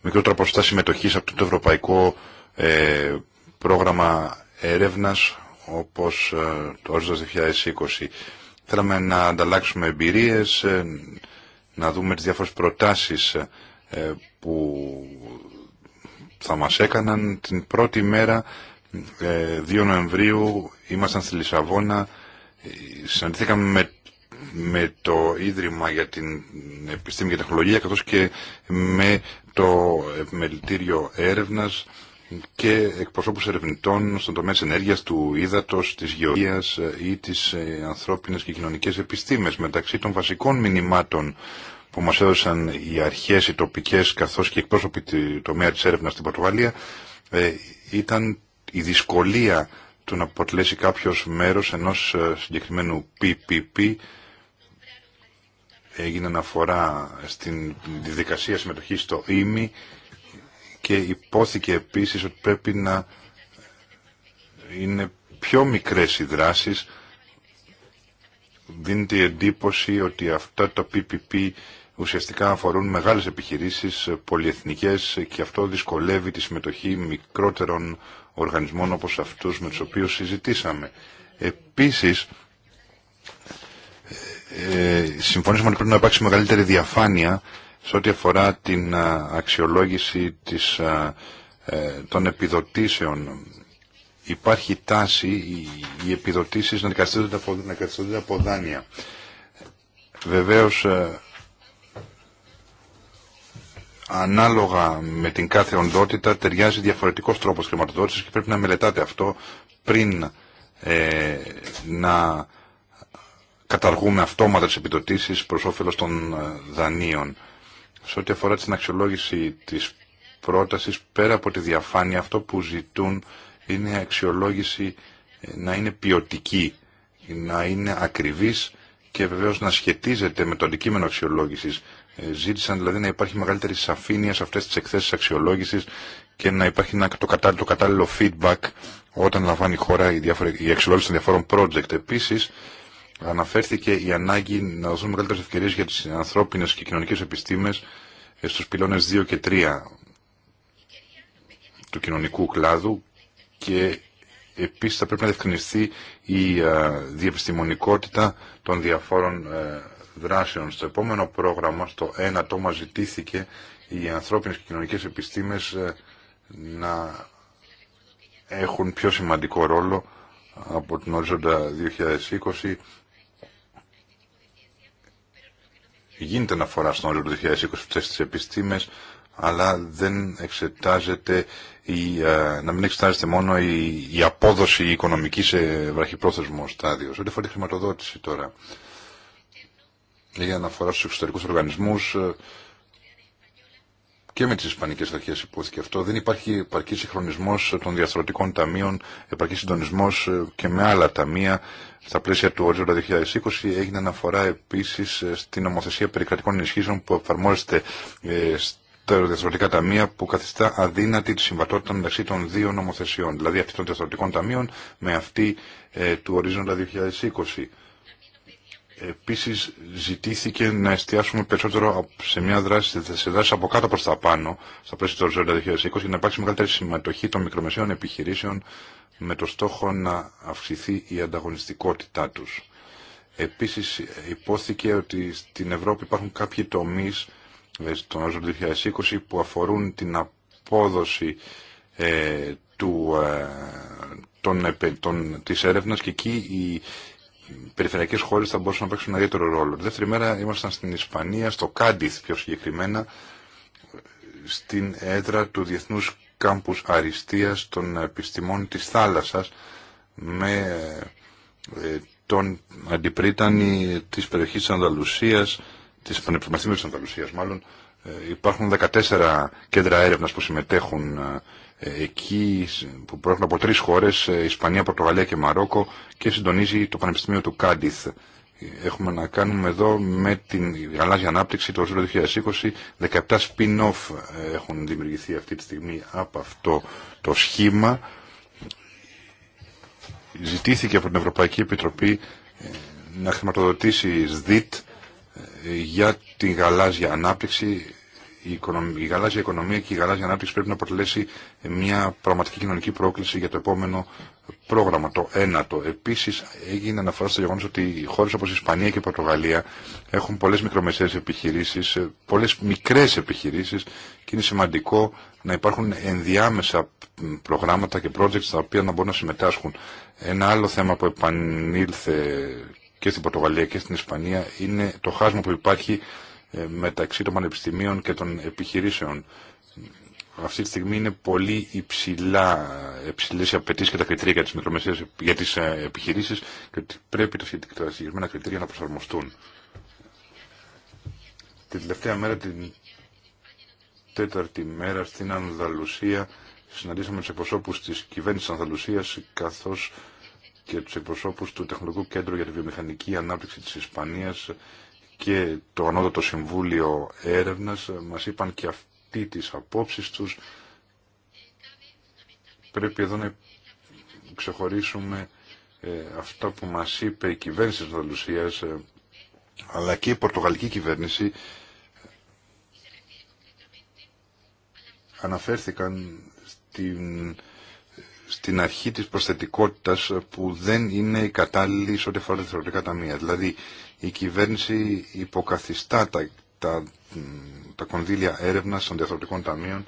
μικρότερα ποσοστά συμμετοχή από το ευρωπαϊκό ε, πρόγραμμα έρευνας όπως ε, το Όριζας 2020. Θέλαμε να ανταλλάξουμε εμπειρίες, ε, να δούμε τις διάφορες προτάσεις ε, που θα μας έκαναν την πρώτη μέρα 2 Νοεμβρίου ήμασταν στη Λισαβόνα συναντηθήκαμε με με το Ίδρυμα για την Επιστήμη και Τεχνολογία καθώς και με το Επιμελητήριο Έρευνας και εκπροσώπους ερευνητών στον τομέα της ενέργειας, του ύδατος, της γεωργίας ε, ή της ε, ανθρώπινες και κοινωνικές επιστήμες. Μεταξύ των βασικών μηνυμάτων που μας έδωσαν οι αρχές, οι τοπικές καθώς και εκπρόσωποι του τομέα της έρευνας στην Πορτογαλία ε, ήταν η δυσκολία του να αποτελέσει κάποιος μέρος ενός συγκεκριμένου PPP έγινε αναφορά στην δικασία συμμετοχή στο Ίμι και υπόθηκε επίσης ότι πρέπει να είναι πιο μικρές οι δράσεις. Δίνεται η εντύπωση ότι αυτά τα PPP ουσιαστικά αφορούν μεγάλες επιχειρήσεις πολυεθνικές και αυτό δυσκολεύει τη συμμετοχή μικρότερων οργανισμών όπως αυτούς με τους οποίους συζητήσαμε. Επίσης, ε, ότι πρέπει να υπάρξει μεγαλύτερη διαφάνεια σε ό,τι αφορά την αξιολόγηση της, ε, των επιδοτήσεων. Υπάρχει τάση οι, οι επιδοτήσεις να καθιστούνται από, από δάνεια. Βεβαίως, ε, ανάλογα με την κάθε οντότητα ταιριάζει διαφορετικός τρόπος χρηματοδότησης και πρέπει να μελετάτε αυτό πριν ε, να καταργούμε αυτόματα τις επιδοτήσεις προς όφελος των ε, δανείων. Σε ό,τι αφορά την αξιολόγηση της πρότασης, πέρα από τη διαφάνεια, αυτό που ζητούν είναι η αξιολόγηση ε, να είναι ποιοτική, να είναι ακριβής και βεβαίως να σχετίζεται με το αντικείμενο αξιολόγησης. Ε, ζήτησαν δηλαδή να υπάρχει μεγαλύτερη σαφήνεια σε αυτές τις εκθέσεις αξιολόγησης και να υπάρχει το κατάλληλο, το κατάλληλο feedback όταν λαμβάνει η χώρα η, αξιολόγηση των διαφόρων project. Επίσης, αναφέρθηκε η ανάγκη να δοθούν μεγαλύτερε ευκαιρίε για τι ανθρώπινε και κοινωνικέ επιστήμε ε, στου πυλώνε 2 και 3 του κοινωνικού κλάδου και επίση θα πρέπει να διευκρινιστεί η ε, διεπιστημονικότητα των διαφόρων ε, δράσεων. Στο επόμενο πρόγραμμα, στο 1 τόμα, ζητήθηκε οι ανθρώπινε και κοινωνικέ επιστήμε να έχουν πιο σημαντικό ρόλο από την οριζόντα 2020 γίνεται αναφορά στον όριο του 2020 στις επιστήμες, αλλά δεν εξετάζεται η, ε, να μην εξετάζεται μόνο η, η απόδοση οικονομική σε βραχυπρόθεσμο στάδιο. Σε ό,τι αφορά τη χρηματοδότηση τώρα, για αναφορά στους εξωτερικούς οργανισμούς, ε, και με τι Ισπανικέ Αρχέ υπόθηκε αυτό. Δεν υπάρχει επαρκή συγχρονισμό των διαστροτικών ταμείων, επαρκή συντονισμό ε, και με άλλα ταμεία. Στα πλαίσια του Οριζόντα 2020 έγινε αναφορά επίση ε, στην νομοθεσία περικρατικών ενισχύσεων που εφαρμόζεται ε, στα διαστροτικά ταμεία που καθιστά αδύνατη τη συμβατότητα μεταξύ των δύο νομοθεσιών, δηλαδή αυτή των διαστροτικών ταμείων με αυτή του Οριζόντα 2020. Επίσης ζητήθηκε να εστιάσουμε περισσότερο σε μια δράση, σε δράση από κάτω προς τα πάνω, στα πλαίσια του 2020, για να υπάρξει μεγαλύτερη συμμετοχή των μικρομεσαίων επιχειρήσεων με το στόχο να αυξηθεί η ανταγωνιστικότητά τους. Επίσης υπόθηκε ότι στην Ευρώπη υπάρχουν κάποιοι τομείς στον 2020 που αφορούν την απόδοση ε, του, ε, της έρευνας και εκεί η περιφερειακέ χώρε θα μπορούσαν να παίξουν ένα ιδιαίτερο ρόλο. Τη δεύτερη μέρα ήμασταν στην Ισπανία, στο Κάντιθ πιο συγκεκριμένα, στην έδρα του Διεθνού Κάμπου Αριστεία των Επιστημών τη Θάλασσα, με ε, τον αντιπρίτανη τη περιοχή τη Ανταλουσία, της Πανεπιστημίου της Ανταλουσία μάλλον, ε, υπάρχουν 14 κέντρα έρευνα που συμμετέχουν ε, εκεί που προέρχονται από τρεις χώρες, ε, Ισπανία, Πορτογαλία και Μαρόκο και συντονίζει το Πανεπιστημίο του Κάντιθ. Έχουμε να κάνουμε εδώ με την γαλάζια ανάπτυξη το 2020. 17 spin-off ε, έχουν δημιουργηθεί αυτή τη στιγμή από αυτό το σχήμα. Ζητήθηκε από την Ευρωπαϊκή Επιτροπή ε, να χρηματοδοτήσει ΣΔΙΤ για την γαλάζια ανάπτυξη η, η γαλάζια οικονομία και η γαλάζια ανάπτυξη πρέπει να αποτελέσει μια πραγματική κοινωνική πρόκληση για το επόμενο πρόγραμμα, το ένατο. Επίση, έγινε αναφορά στο γεγονό ότι οι χώρες όπως η Ισπανία και η Πορτογαλία έχουν πολλέ μικρομεσαίες επιχειρήσει, ε, πολλέ μικρέ επιχειρήσει και είναι σημαντικό να υπάρχουν ενδιάμεσα προγράμματα και projects τα οποία να μπορούν να συμμετάσχουν. Ένα άλλο θέμα που επανήλθε και στην Πορτογαλία και στην Ισπανία είναι το χάσμα που υπάρχει ε, μεταξύ των πανεπιστημίων και των επιχειρήσεων. Αυτή τη στιγμή είναι πολύ υψηλά, υψηλές οι απαιτήσει και τα κριτήρια για τις, μικρομεσαίες, για τις ε, επιχειρήσεις και ότι πρέπει τα συγκεκριμένα κριτήρια να προσαρμοστούν. Την τελευταία μέρα, την τέταρτη μέρα στην Ανδαλουσία, συναντήσαμε του εκπροσώπου τη κυβέρνηση τη Ανδαλουσία καθώ και του εκπροσώπου του Τεχνολογικού Κέντρου για τη Βιομηχανική Ανάπτυξη τη Ισπανία και το Ανώτατο Συμβούλιο Έρευνας μας είπαν και αυτοί τις απόψεις τους. Πρέπει εδώ να ξεχωρίσουμε ε, αυτά που μας είπε η κυβέρνηση της Ανταλουσίας ε, αλλά και η πορτογαλική κυβέρνηση αναφέρθηκαν στην στην αρχή της προσθετικότητας που δεν είναι η κατάλληλη σε ό,τι αφορά τα θεωρητικά ταμεία. Δηλαδή η κυβέρνηση υποκαθιστά τα, τα, τα κονδύλια έρευνα των διαφορετικών ταμείων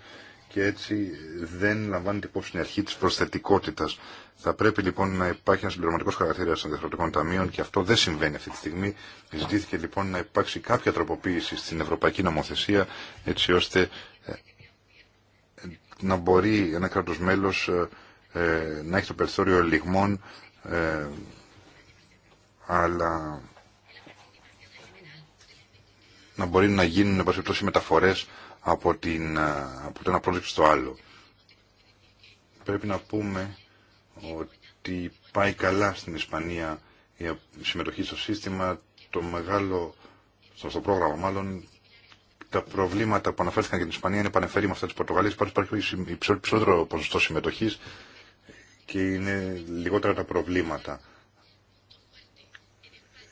και έτσι δεν λαμβάνεται υπόψη την αρχή της προσθετικότητας. Θα πρέπει λοιπόν να υπάρχει ένα συμπληρωματικό χαρακτήρα των διαφορετικών ταμείων και αυτό δεν συμβαίνει αυτή τη στιγμή. Ζητήθηκε λοιπόν να υπάρξει κάποια τροποποίηση στην ευρωπαϊκή νομοθεσία έτσι ώστε ε, να μπορεί ένα κράτος μέλος ε, να έχει το περιθώριο λιγμών αλλά να μπορεί να γίνουν εν μεταφορές από, την, από το ένα project στο άλλο. Πρέπει να πούμε ότι πάει καλά στην Ισπανία η συμμετοχή στο σύστημα, το μεγάλο, στο, πρόγραμμα μάλλον, τα προβλήματα που αναφέρθηκαν για την Ισπανία είναι πανεφέρει με αυτά της Πορτογαλίας, υπάρχει, υπάρχει υψηλότερο ποσοστό συμμετοχής και είναι λιγότερα τα προβλήματα.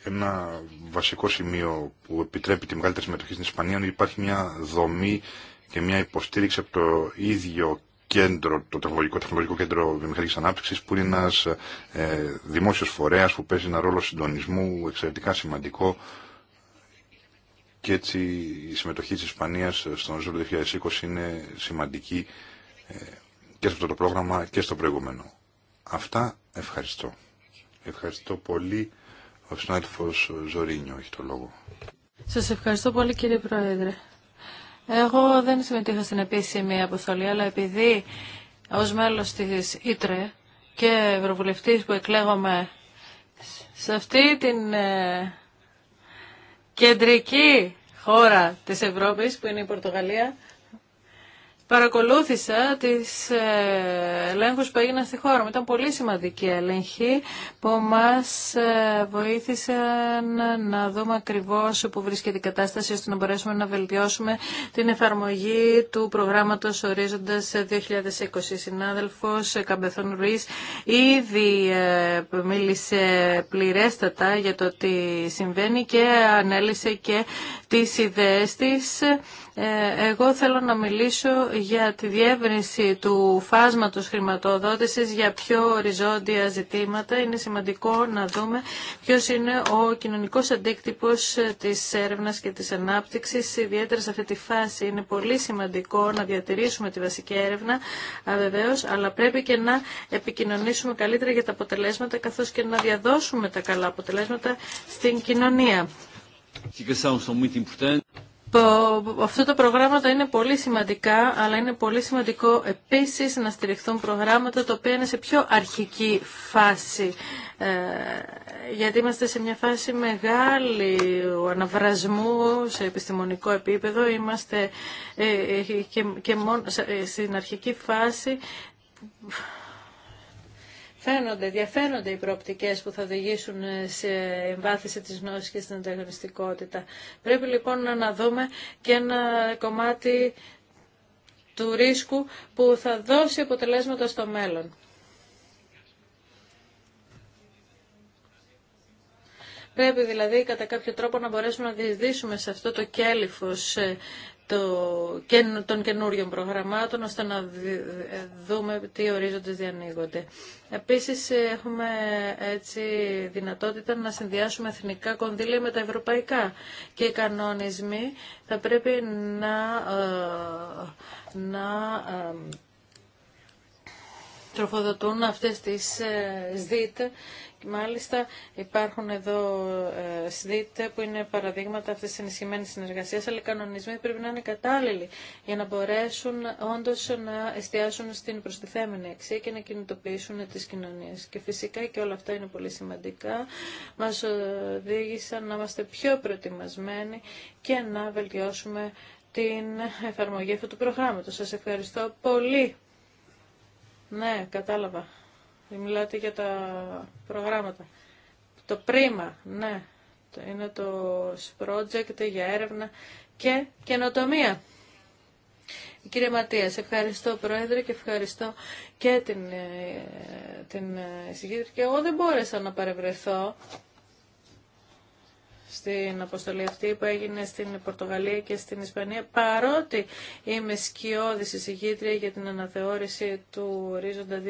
Ένα βασικό σημείο που επιτρέπει τη μεγαλύτερη συμμετοχή στην Ισπανία είναι ότι υπάρχει μια δομή και μια υποστήριξη από το ίδιο κέντρο, το τεχνολογικό, τεχνολογικό κέντρο βιομηχανικής ανάπτυξης που είναι ένας ε, δημόσιος φορέας που παίζει ένα ρόλο συντονισμού εξαιρετικά σημαντικό και έτσι η συμμετοχή της Ισπανίας στον 2020 είναι σημαντική ε, και σε αυτό το πρόγραμμα και στο προηγούμενο. Αυτά ευχαριστώ. Ευχαριστώ πολύ. Ο συνάδελφος Ζωρίνιο έχει το λόγο.
Σας ευχαριστώ πολύ κύριε Πρόεδρε. Εγώ δεν συμμετείχα στην επίσημη αποστολή, αλλά επειδή ως μέλος της Ήτρε και ευρωβουλευτής που εκλέγομαι σε αυτή την ε, κεντρική χώρα της Ευρώπης που είναι η Πορτογαλία Παρακολούθησα τις ε, ελέγχους που έγιναν στη χώρα μου. Ήταν πολύ σημαντική έλεγχη που μας ε, βοήθησε να δούμε ακριβώς που βρίσκεται η κατάσταση ώστε να μπορέσουμε να βελτιώσουμε την εφαρμογή του προγράμματος Ορίζοντας 2020. Η συνάδελφος ε, Καμπεθόν Ρουίς ήδη μίλησε πληρέστατα για το τι συμβαίνει και ανέλησε και τις ιδέες της ε, εγώ θέλω να μιλήσω για τη διεύρυνση του φάσματος χρηματοδότησης για πιο οριζόντια ζητήματα. Είναι σημαντικό να δούμε ποιος είναι ο κοινωνικός αντίκτυπος της έρευνας και της ανάπτυξης. Ιδιαίτερα σε αυτή τη φάση είναι πολύ σημαντικό να διατηρήσουμε τη βασική έρευνα βεβαίω, αλλά πρέπει και να επικοινωνήσουμε καλύτερα για τα αποτελέσματα καθώς και να διαδώσουμε τα καλά αποτελέσματα στην κοινωνία. Αυτά τα προγράμματα είναι πολύ σημαντικά, αλλά είναι πολύ σημαντικό επίσης να στηριχθούν προγράμματα τα οποία είναι σε πιο αρχική φάση, ε, γιατί είμαστε σε μια φάση ο αναβρασμού σε επιστημονικό επίπεδο, είμαστε ε, ε, και, και μόνο, στην αρχική φάση φαίνονται, διαφαίνονται οι προοπτικές που θα οδηγήσουν ε, σε εμβάθυνση της γνώσης και στην ανταγωνιστικότητα. Πρέπει λοιπόν να αναδούμε και ένα κομμάτι του ρίσκου που θα δώσει αποτελέσματα στο μέλλον. Πρέπει δηλαδή κατά κάποιο τρόπο να μπορέσουμε να διεισδύσουμε σε αυτό το κέλυφος ε, των καινούριων προγραμμάτων ώστε να δούμε τι ορίζοντες διανοίγονται. Επίσης έχουμε έτσι δυνατότητα να συνδυάσουμε εθνικά κονδύλια με τα ευρωπαϊκά και οι κανόνισμοι θα πρέπει να, ε, να ε, τροφοδοτούν αυτές τις ε, ΣΔΙΤ Μάλιστα υπάρχουν εδώ ε, που είναι παραδείγματα αυτής της ενισχυμένης συνεργασίας, αλλά οι κανονισμοί πρέπει να είναι κατάλληλοι για να μπορέσουν όντως να εστιάσουν στην προστιθέμενη αξία και να κινητοποιήσουν τις κοινωνίες. Και φυσικά και όλα αυτά είναι πολύ σημαντικά. Μας οδήγησαν να είμαστε πιο προετοιμασμένοι και να βελτιώσουμε την εφαρμογή αυτού του προγράμματος. Σας ευχαριστώ πολύ. Ναι, κατάλαβα μιλάτε για τα προγράμματα. Το πρίμα, ναι, είναι το project για έρευνα και καινοτομία. Κύριε Ματίας, ευχαριστώ Πρόεδρε και ευχαριστώ και την, ε, την ε, Και Εγώ δεν μπόρεσα να παρευρεθώ στην αποστολή αυτή που έγινε στην Πορτογαλία και στην Ισπανία, παρότι είμαι σκιώδη εισηγήτρια για την αναθεώρηση του ορίζοντα 2020,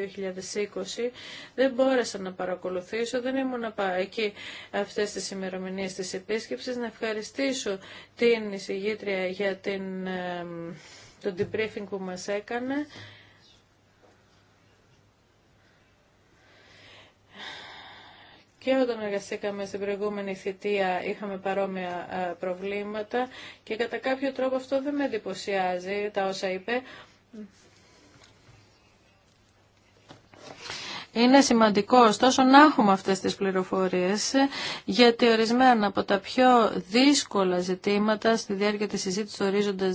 δεν μπόρεσα να παρακολουθήσω, δεν ήμουν εκεί αυτές τις ημερομηνίε της επίσκεψης. Να ευχαριστήσω την εισηγήτρια για την, τον debriefing που μας έκανε. Και όταν εργαστήκαμε στην προηγούμενη θητεία είχαμε παρόμοια ε, προβλήματα και κατά κάποιο τρόπο αυτό δεν με εντυπωσιάζει τα όσα είπε. Είναι σημαντικό ωστόσο να έχουμε αυτές τις πληροφορίες γιατί ορισμένα από τα πιο δύσκολα ζητήματα στη διάρκεια της συζήτησης του ορίζοντας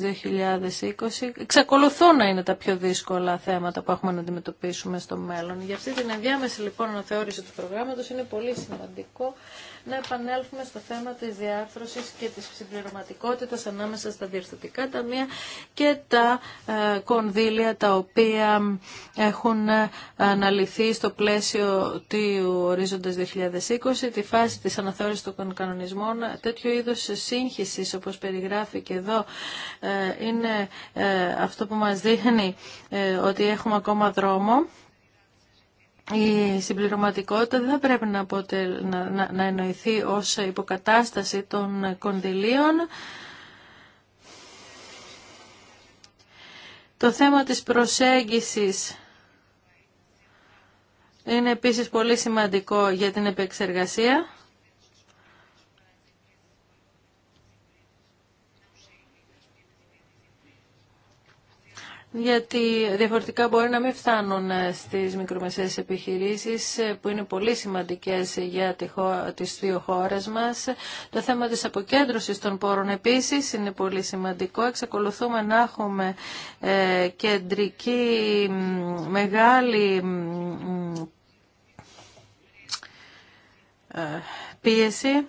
2020 εξακολουθούν να είναι τα πιο δύσκολα θέματα που έχουμε να αντιμετωπίσουμε στο μέλλον. Για αυτή την ενδιάμεση λοιπόν αναθεώρηση του προγράμματος είναι πολύ σημαντικό να επανέλθουμε στο θέμα της διάρθρωσης και της συμπληρωματικότητας ανάμεσα στα διευθυντικά ταμεία και τα ε, κονδύλια τα οποία έχουν ε, αναλυθεί στο πλαίσιο του ορίζοντας 2020, τη φάση της αναθεώρησης των κανονισμών. Τέτοιο είδος σύγχυσης, όπως περιγράφει και εδώ, ε, είναι αυτό που μας δείχνει ότι έχουμε ακόμα δρόμο η συμπληρωματικότητα δεν θα πρέπει να, να, να, να εννοηθεί ως υποκατάσταση των κονδυλίων. Το θέμα της προσέγγισης είναι επίσης πολύ σημαντικό για την επεξεργασία. γιατί διαφορετικά μπορεί να μην φτάνουν ε, στις μικρομεσαίες επιχειρήσεις ε, που είναι πολύ σημαντικές για τις δύο χώρες μας. Το θέμα της αποκέντρωσης των πόρων επίσης είναι πολύ σημαντικό. Εξακολουθούμε να έχουμε ε, κεντρική μεγάλη πίεση.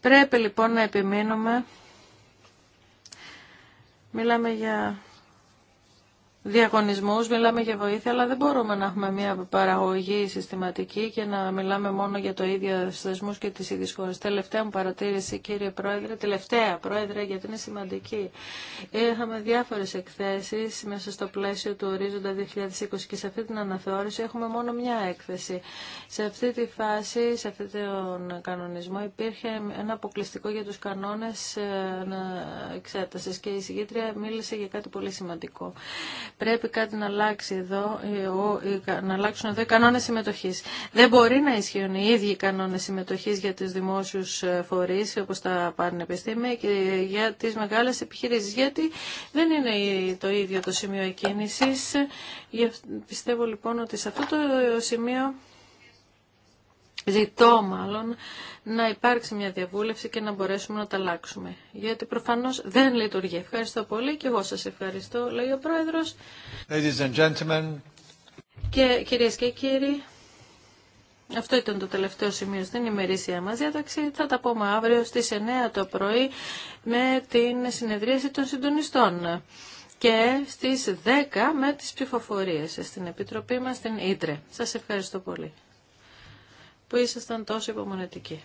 Πρέπει λοιπόν να επιμείνουμε Μιλάμε για διαγωνισμούς, μιλάμε για βοήθεια, αλλά δεν μπορούμε να έχουμε μια παραγωγή συστηματική και να μιλάμε μόνο για το ίδιο θεσμούς και τις ίδιες χώρες. Τελευταία μου παρατήρηση, κύριε Πρόεδρε, τελευταία Πρόεδρε, γιατί είναι σημαντική. Είχαμε διάφορες εκθέσεις μέσα στο πλαίσιο του ορίζοντα 2020 και σε αυτή την αναθεώρηση έχουμε μόνο μια έκθεση. Σε αυτή τη φάση, σε αυτόν τον κανονισμό υπήρχε ένα αποκλειστικό για τους κανόνες ε, εξέτασης και η συγκήτρια μίλησε για κάτι πολύ σημαντικό. Πρέπει κάτι να αλλάξει εδώ, ε, να αλλάξουν εδώ οι κανόνες συμμετοχής. Δεν μπορεί να ισχύουν οι ίδιοι κανόνες συμμετοχής για τις δημόσιους ε, φορείς, όπως τα πανεπιστήμια και για τις μεγάλες επιχειρήσεις, γιατί δεν είναι το ίδιο το σημείο εκκίνησης. Πιστεύω λοιπόν ότι σε αυτό το σημείο Ζητώ μάλλον να υπάρξει μια διαβούλευση και να μπορέσουμε να τα αλλάξουμε. Γιατί προφανώς δεν λειτουργεί. Ευχαριστώ πολύ και εγώ σας ευχαριστώ, λέει ο Πρόεδρος.
Ladies and gentlemen.
Και κυρίες και κύριοι, αυτό ήταν το τελευταίο σημείο στην ημερήσια μας διάταξη. Θα τα πούμε αύριο στις 9 το πρωί με την συνεδρίαση των συντονιστών και στις 10 με τις ψηφοφορίες στην Επιτροπή μας στην Ήτρε. Σας ευχαριστώ πολύ που ήσασταν τόσο υπομονετικοί.